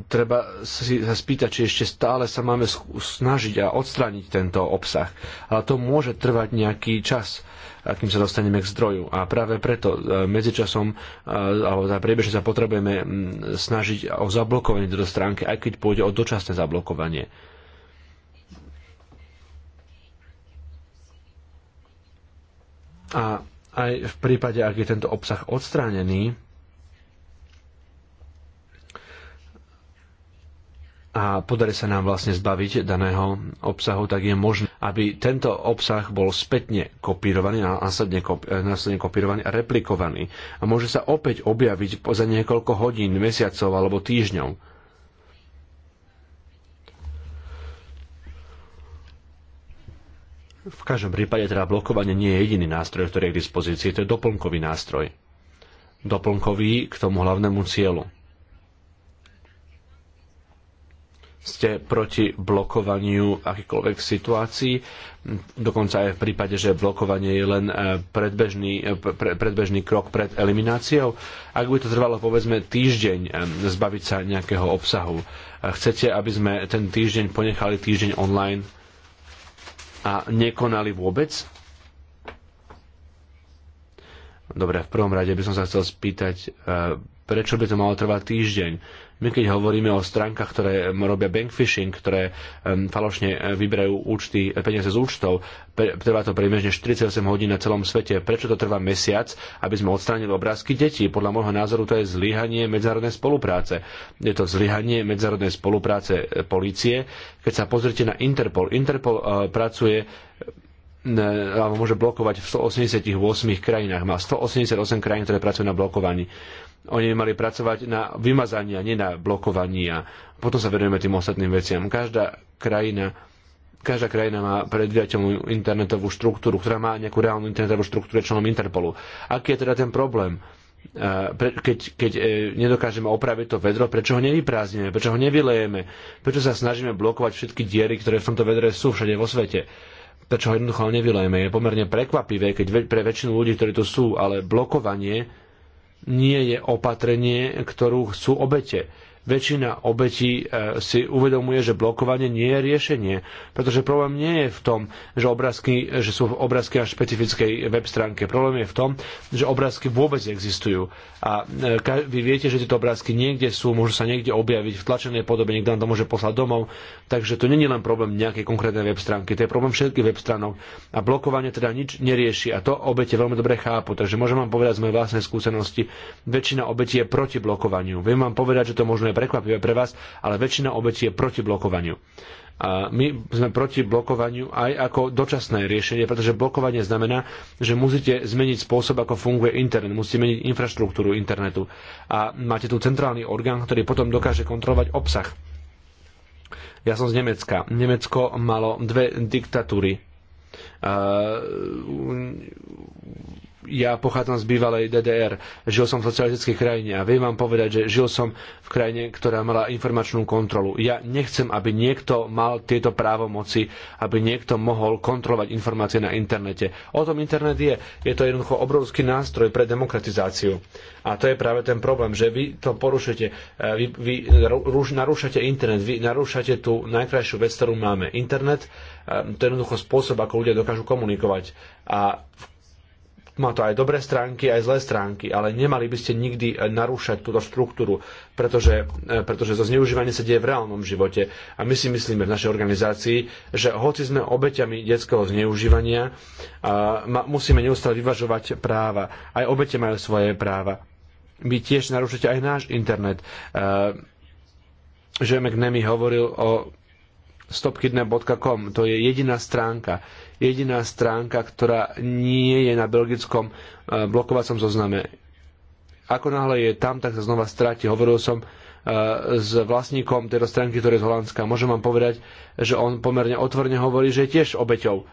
treba si sa spýtať, či ešte stále sa máme snažiť a odstrániť tento obsah. Ale to môže trvať nejaký čas akým sa dostaneme k zdroju. A práve preto e, medzičasom e, alebo za teda priebežne sa potrebujeme snažiť o zablokovanie tejto stránky, aj keď pôjde o dočasné zablokovanie. A aj v prípade, ak je tento obsah odstránený, a podarí sa nám vlastne zbaviť daného obsahu, tak je možné, aby tento obsah bol spätne kopírovaný a následne, kop- e, následne kopírovaný a replikovaný. A môže sa opäť objaviť za niekoľko hodín, mesiacov alebo týždňov. V každom prípade teda blokovanie nie je jediný nástroj, ktorý je k dispozícii, to je doplnkový nástroj. Doplnkový k tomu hlavnému cieľu. ste proti blokovaniu akýkoľvek situácií, dokonca aj v prípade, že blokovanie je len e, predbežný, e, pre, predbežný krok pred elimináciou. Ak by to trvalo povedzme týždeň e, zbaviť sa nejakého obsahu, chcete, aby sme ten týždeň ponechali týždeň online a nekonali vôbec? Dobre, v prvom rade by som sa chcel spýtať, prečo by to malo trvať týždeň? My keď hovoríme o stránkach, ktoré robia bank phishing, ktoré falošne eh, vyberajú účty, eh, peniaze z účtov, trvá to približne 48 hodín na celom svete. Prečo to trvá mesiac, aby sme odstránili obrázky detí? Podľa môjho názoru to je zlyhanie medzárodnej spolupráce. Je to zlyhanie medzárodnej spolupráce eh, polície. Keď sa pozrite na Interpol, Interpol pracuje alebo môže blokovať v 188 krajinách. Má 188 krajín, ktoré pracujú na blokovaní. Oni mali pracovať na vymazania, nie na blokovania. Potom sa venujeme tým ostatným veciam. Každá krajina každá krajina má predviateľnú internetovú štruktúru, ktorá má nejakú reálnu internetovú štruktúru členom Interpolu. Aký je teda ten problém? E, keď, keď e, nedokážeme opraviť to vedro, prečo ho nevyprázdneme, prečo ho nevylejeme, prečo sa snažíme blokovať všetky diery, ktoré v tomto vedre sú všade vo svete. Prečo ho jednoducho nevylejeme? Je pomerne prekvapivé, keď pre väčšinu ľudí, ktorí tu sú, ale blokovanie nie je opatrenie, ktorú chcú obete väčšina obetí e, si uvedomuje, že blokovanie nie je riešenie. Pretože problém nie je v tom, že, obrázky, že sú obrázky na špecifickej web stránke. Problém je v tom, že obrázky vôbec existujú. A e, vy viete, že tieto obrázky niekde sú, môžu sa niekde objaviť v tlačenej podobe, niekto nám to môže poslať domov. Takže to nie je len problém nejakej konkrétnej web stránky, to je problém všetkých web stránok. A blokovanie teda nič nerieši a to obete veľmi dobre chápu. Takže môžem vám povedať z mojej vlastnej skúsenosti, väčšina obetí je proti blokovaniu. Viem vám povedať, že to možno je prekvapivé pre vás, ale väčšina obetí je proti blokovaniu. A my sme proti blokovaniu aj ako dočasné riešenie, pretože blokovanie znamená, že musíte zmeniť spôsob, ako funguje internet, musíte meniť infraštruktúru internetu a máte tu centrálny orgán, ktorý potom dokáže kontrolovať obsah. Ja som z Nemecka. Nemecko malo dve diktatúry. Uh, ja pochádzam z bývalej DDR, žil som v socialistickej krajine a viem vám povedať, že žil som v krajine, ktorá mala informačnú kontrolu. Ja nechcem, aby niekto mal tieto právomoci, aby niekto mohol kontrolovať informácie na internete. O tom internet je. Je to jednoducho obrovský nástroj pre demokratizáciu. A to je práve ten problém, že vy to porušujete, e, vy, vy narúšate internet, vy narúšate tú najkrajšiu vec, ktorú máme. Internet, e, to je jednoducho spôsob, ako ľudia dokážu komunikovať. A v má to aj dobré stránky, aj zlé stránky, ale nemali by ste nikdy e, narúšať túto štruktúru, pretože, e, pretože to zneužívanie sa deje v reálnom živote. A my si myslíme v našej organizácii, že hoci sme obeťami detského zneužívania, musíme neustále vyvažovať práva. Aj obete majú svoje práva. Vy tiež narúšate aj náš internet. E, že McNamee hovoril o stopkidnap.com. To je jediná stránka, jediná stránka, ktorá nie je na belgickom e, blokovacom zozname. Ako náhle je tam, tak sa znova stráti. Hovoril som e, s vlastníkom tejto stránky, ktorý je z Holandska. Môžem vám povedať, že on pomerne otvorene hovorí, že je tiež obeťou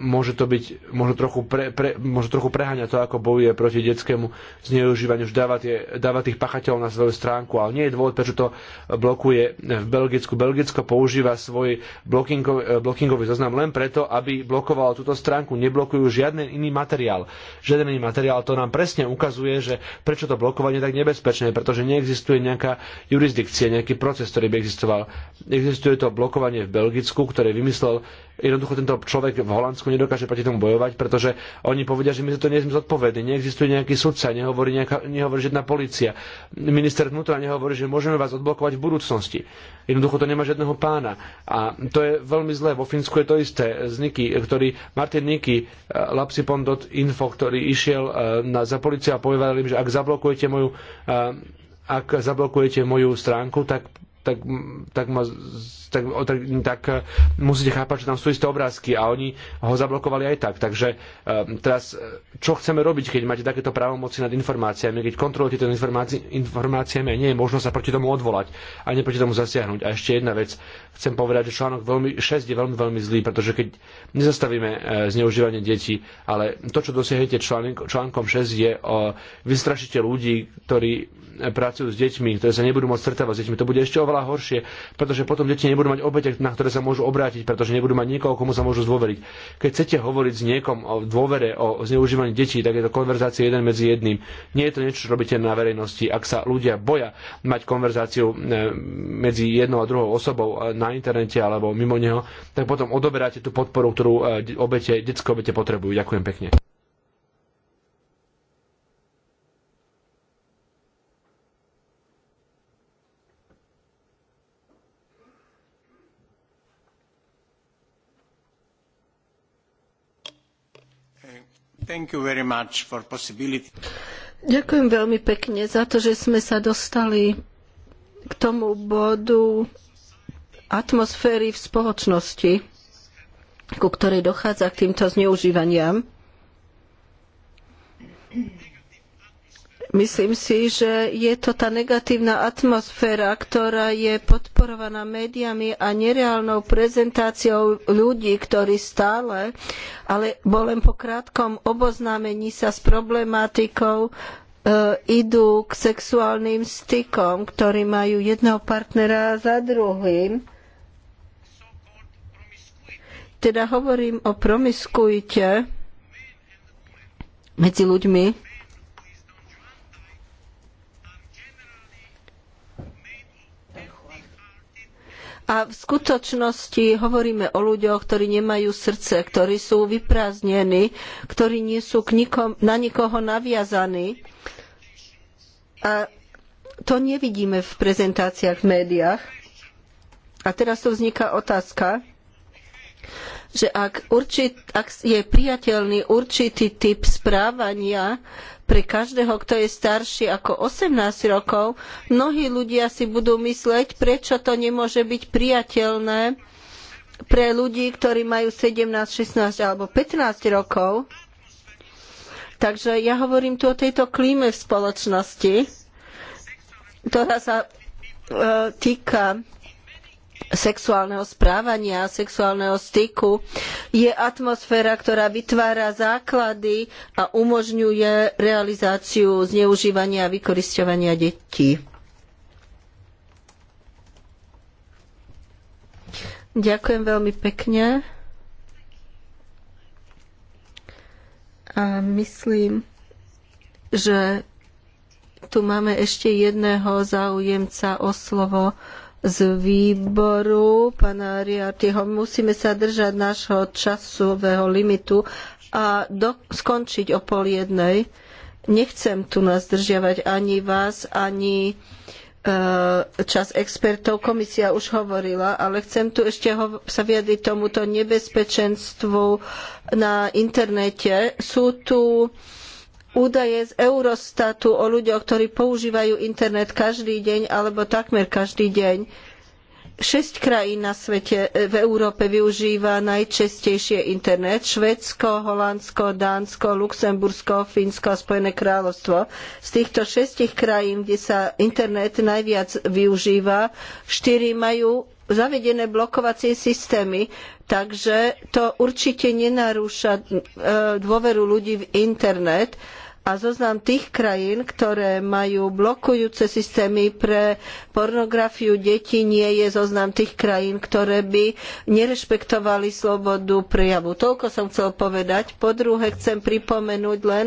môže to byť, môže trochu, pre, pre, môže trochu preháňať to, ako bojuje proti detskému zneužívaniu, už dáva, tie, dáva tých pachateľov na svoju stránku, ale nie je dôvod, prečo to blokuje v Belgicku. Belgicko používa svoj blockingový, e, blockingový zoznam len preto, aby blokovalo túto stránku. Neblokujú žiadny iný materiál. Žiaden iný materiál to nám presne ukazuje, že prečo to blokovanie je tak nebezpečné, pretože neexistuje nejaká jurisdikcia, nejaký proces, ktorý by existoval. Existuje to blokovanie v Belgicku, ktoré vymyslel jednoducho tento človek v Holandsku nedokáže proti tomu bojovať, pretože oni povedia, že my za to nie sme zodpovední, neexistuje nejaký sudca, nehovorí, nejaká, nehovorí žiadna policia. Minister vnútra nehovorí, že môžeme vás odblokovať v budúcnosti. Jednoducho to nemá žiadneho pána. A to je veľmi zlé. Vo Fínsku je to isté. Z Niky, ktorý, Martin Niky, eh, lapsipon.info, ktorý išiel eh, na, za policiu a povedal im, že ak zablokujete moju, eh, ak zablokujete moju stránku, tak tak, tak ma tak, tak, tak eh, musíte chápať, že tam sú isté obrázky a oni ho zablokovali aj tak. Takže eh, teraz, eh, čo chceme robiť, keď máte takéto právomoci nad informáciami, keď kontrolujete tie informáci- informáciami a nie je možno sa proti tomu odvolať a nie proti tomu zasiahnuť. A ešte jedna vec, chcem povedať, že článok veľmi, 6 je veľmi, veľmi zlý, pretože keď nezastavíme zneužívanie detí, ale to, čo dosiahnete článk, článkom 6 je o vystrašite ľudí, ktorí pracujú s deťmi, ktoré sa nebudú môcť stretávať s deťmi. To bude ešte oveľa horšie, pretože potom deti nebudú nebudú mať obete, na ktoré sa môžu obrátiť, pretože nebudú mať nikoho, komu sa môžu zdôveriť. Keď chcete hovoriť s niekom o dôvere, o zneužívaní detí, tak je to konverzácia jeden medzi jedným. Nie je to niečo, čo robíte na verejnosti. Ak sa ľudia boja mať konverzáciu e, medzi jednou a druhou osobou e, na internete alebo mimo neho, tak potom odoberáte tú podporu, ktorú e, obete, detské obete potrebujú. Ďakujem pekne. Ďakujem veľmi pekne za to, že sme sa dostali k tomu bodu atmosféry v spoločnosti, ku ktorej dochádza k týmto zneužívaniam. Myslím si, že je to tá negatívna atmosféra, ktorá je podporovaná médiami a nereálnou prezentáciou ľudí, ktorí stále, ale len po krátkom oboznámení sa s problematikou e, idú k sexuálnym stykom, ktorí majú jedného partnera za druhým. Teda hovorím o promiskuite medzi ľuďmi, A v skutočnosti hovoríme o ľuďoch, ktorí nemajú srdce, ktorí sú vyprázdnení, ktorí nie sú nikom, na nikoho naviazaní. A to nevidíme v prezentáciách v médiách. A teraz tu vzniká otázka, že ak, určit, ak je prijateľný určitý typ správania, pre každého, kto je starší ako 18 rokov, mnohí ľudia si budú myslieť, prečo to nemôže byť prijateľné pre ľudí, ktorí majú 17, 16 alebo 15 rokov. Takže ja hovorím tu o tejto klíme v spoločnosti, ktorá sa e, týka sexuálneho správania a sexuálneho styku je atmosféra, ktorá vytvára základy a umožňuje realizáciu zneužívania a vykorisťovania detí. Ďakujem veľmi pekne. A myslím, že tu máme ešte jedného záujemca o slovo z výboru pana Riartyho. Musíme sa držať nášho časového limitu a do, skončiť o pol jednej. Nechcem tu nás zdržiavať ani vás, ani e, čas expertov. Komisia už hovorila, ale chcem tu ešte sa vyjadriť tomuto nebezpečenstvu na internete. Sú tu údaje z Eurostatu o ľuďoch, ktorí používajú internet každý deň alebo takmer každý deň. Šesť krajín na svete e, v Európe využíva najčastejšie internet. Švédsko, Holandsko, Dánsko, Luxembursko, Fínsko a Spojené kráľovstvo. Z týchto šestich krajín, kde sa internet najviac využíva, štyri majú zavedené blokovacie systémy, takže to určite nenarúša e, dôveru ľudí v internet a zoznam tých krajín, ktoré majú blokujúce systémy pre pornografiu detí, nie je zoznam tých krajín, ktoré by nerešpektovali slobodu prejavu. Toľko som chcel povedať. Po druhé, chcem pripomenúť len,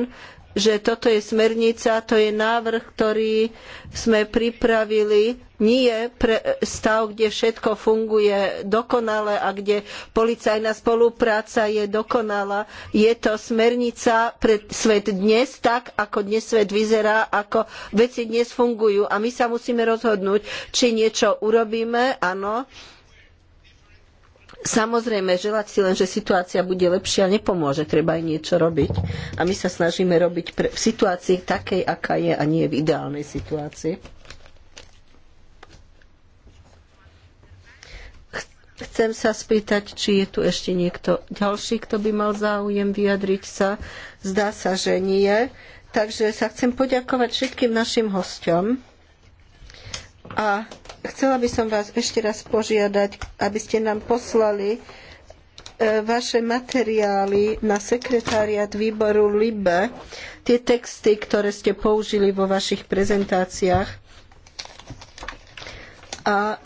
že toto je smernica, to je návrh, ktorý sme pripravili nie pre stav, kde všetko funguje dokonale a kde policajná spolupráca je dokonalá. Je to smernica pre svet dnes, tak ako dnes svet vyzerá, ako veci dnes fungujú. A my sa musíme rozhodnúť, či niečo urobíme, áno, Samozrejme, želať si len, že situácia bude lepšia, nepomôže. Treba aj niečo robiť. A my sa snažíme robiť pre, v situácii takej, aká je a nie v ideálnej situácii. Chcem sa spýtať, či je tu ešte niekto ďalší, kto by mal záujem vyjadriť sa. Zdá sa, že nie. Takže sa chcem poďakovať všetkým našim hosťom. A chcela by som vás ešte raz požiadať, aby ste nám poslali e, vaše materiály na sekretariat výboru LIBE, tie texty, ktoré ste použili vo vašich prezentáciách. A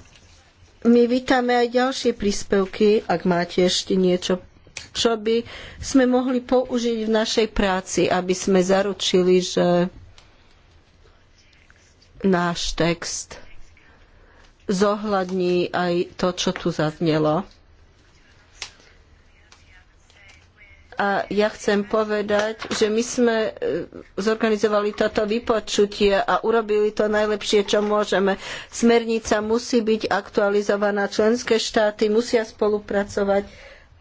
my vítame aj ďalšie príspevky, ak máte ešte niečo, čo by sme mohli použiť v našej práci, aby sme zaručili, že náš text zohľadní aj to, čo tu zaznelo. A ja chcem povedať, že my sme e, zorganizovali toto vypočutie a urobili to najlepšie, čo môžeme. Smernica musí byť aktualizovaná, členské štáty musia spolupracovať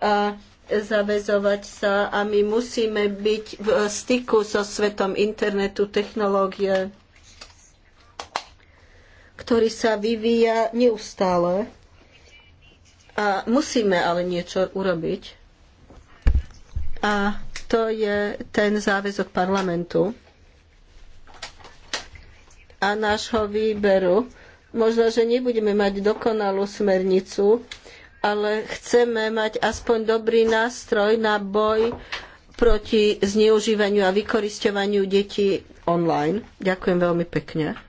a zavezovať sa a my musíme byť v e, styku so svetom internetu, technológie ktorý sa vyvíja neustále. A musíme ale niečo urobiť. A to je ten záväzok parlamentu a nášho výberu. Možno, že nebudeme mať dokonalú smernicu, ale chceme mať aspoň dobrý nástroj na boj proti zneužívaniu a vykorisťovaniu detí online. Ďakujem veľmi pekne.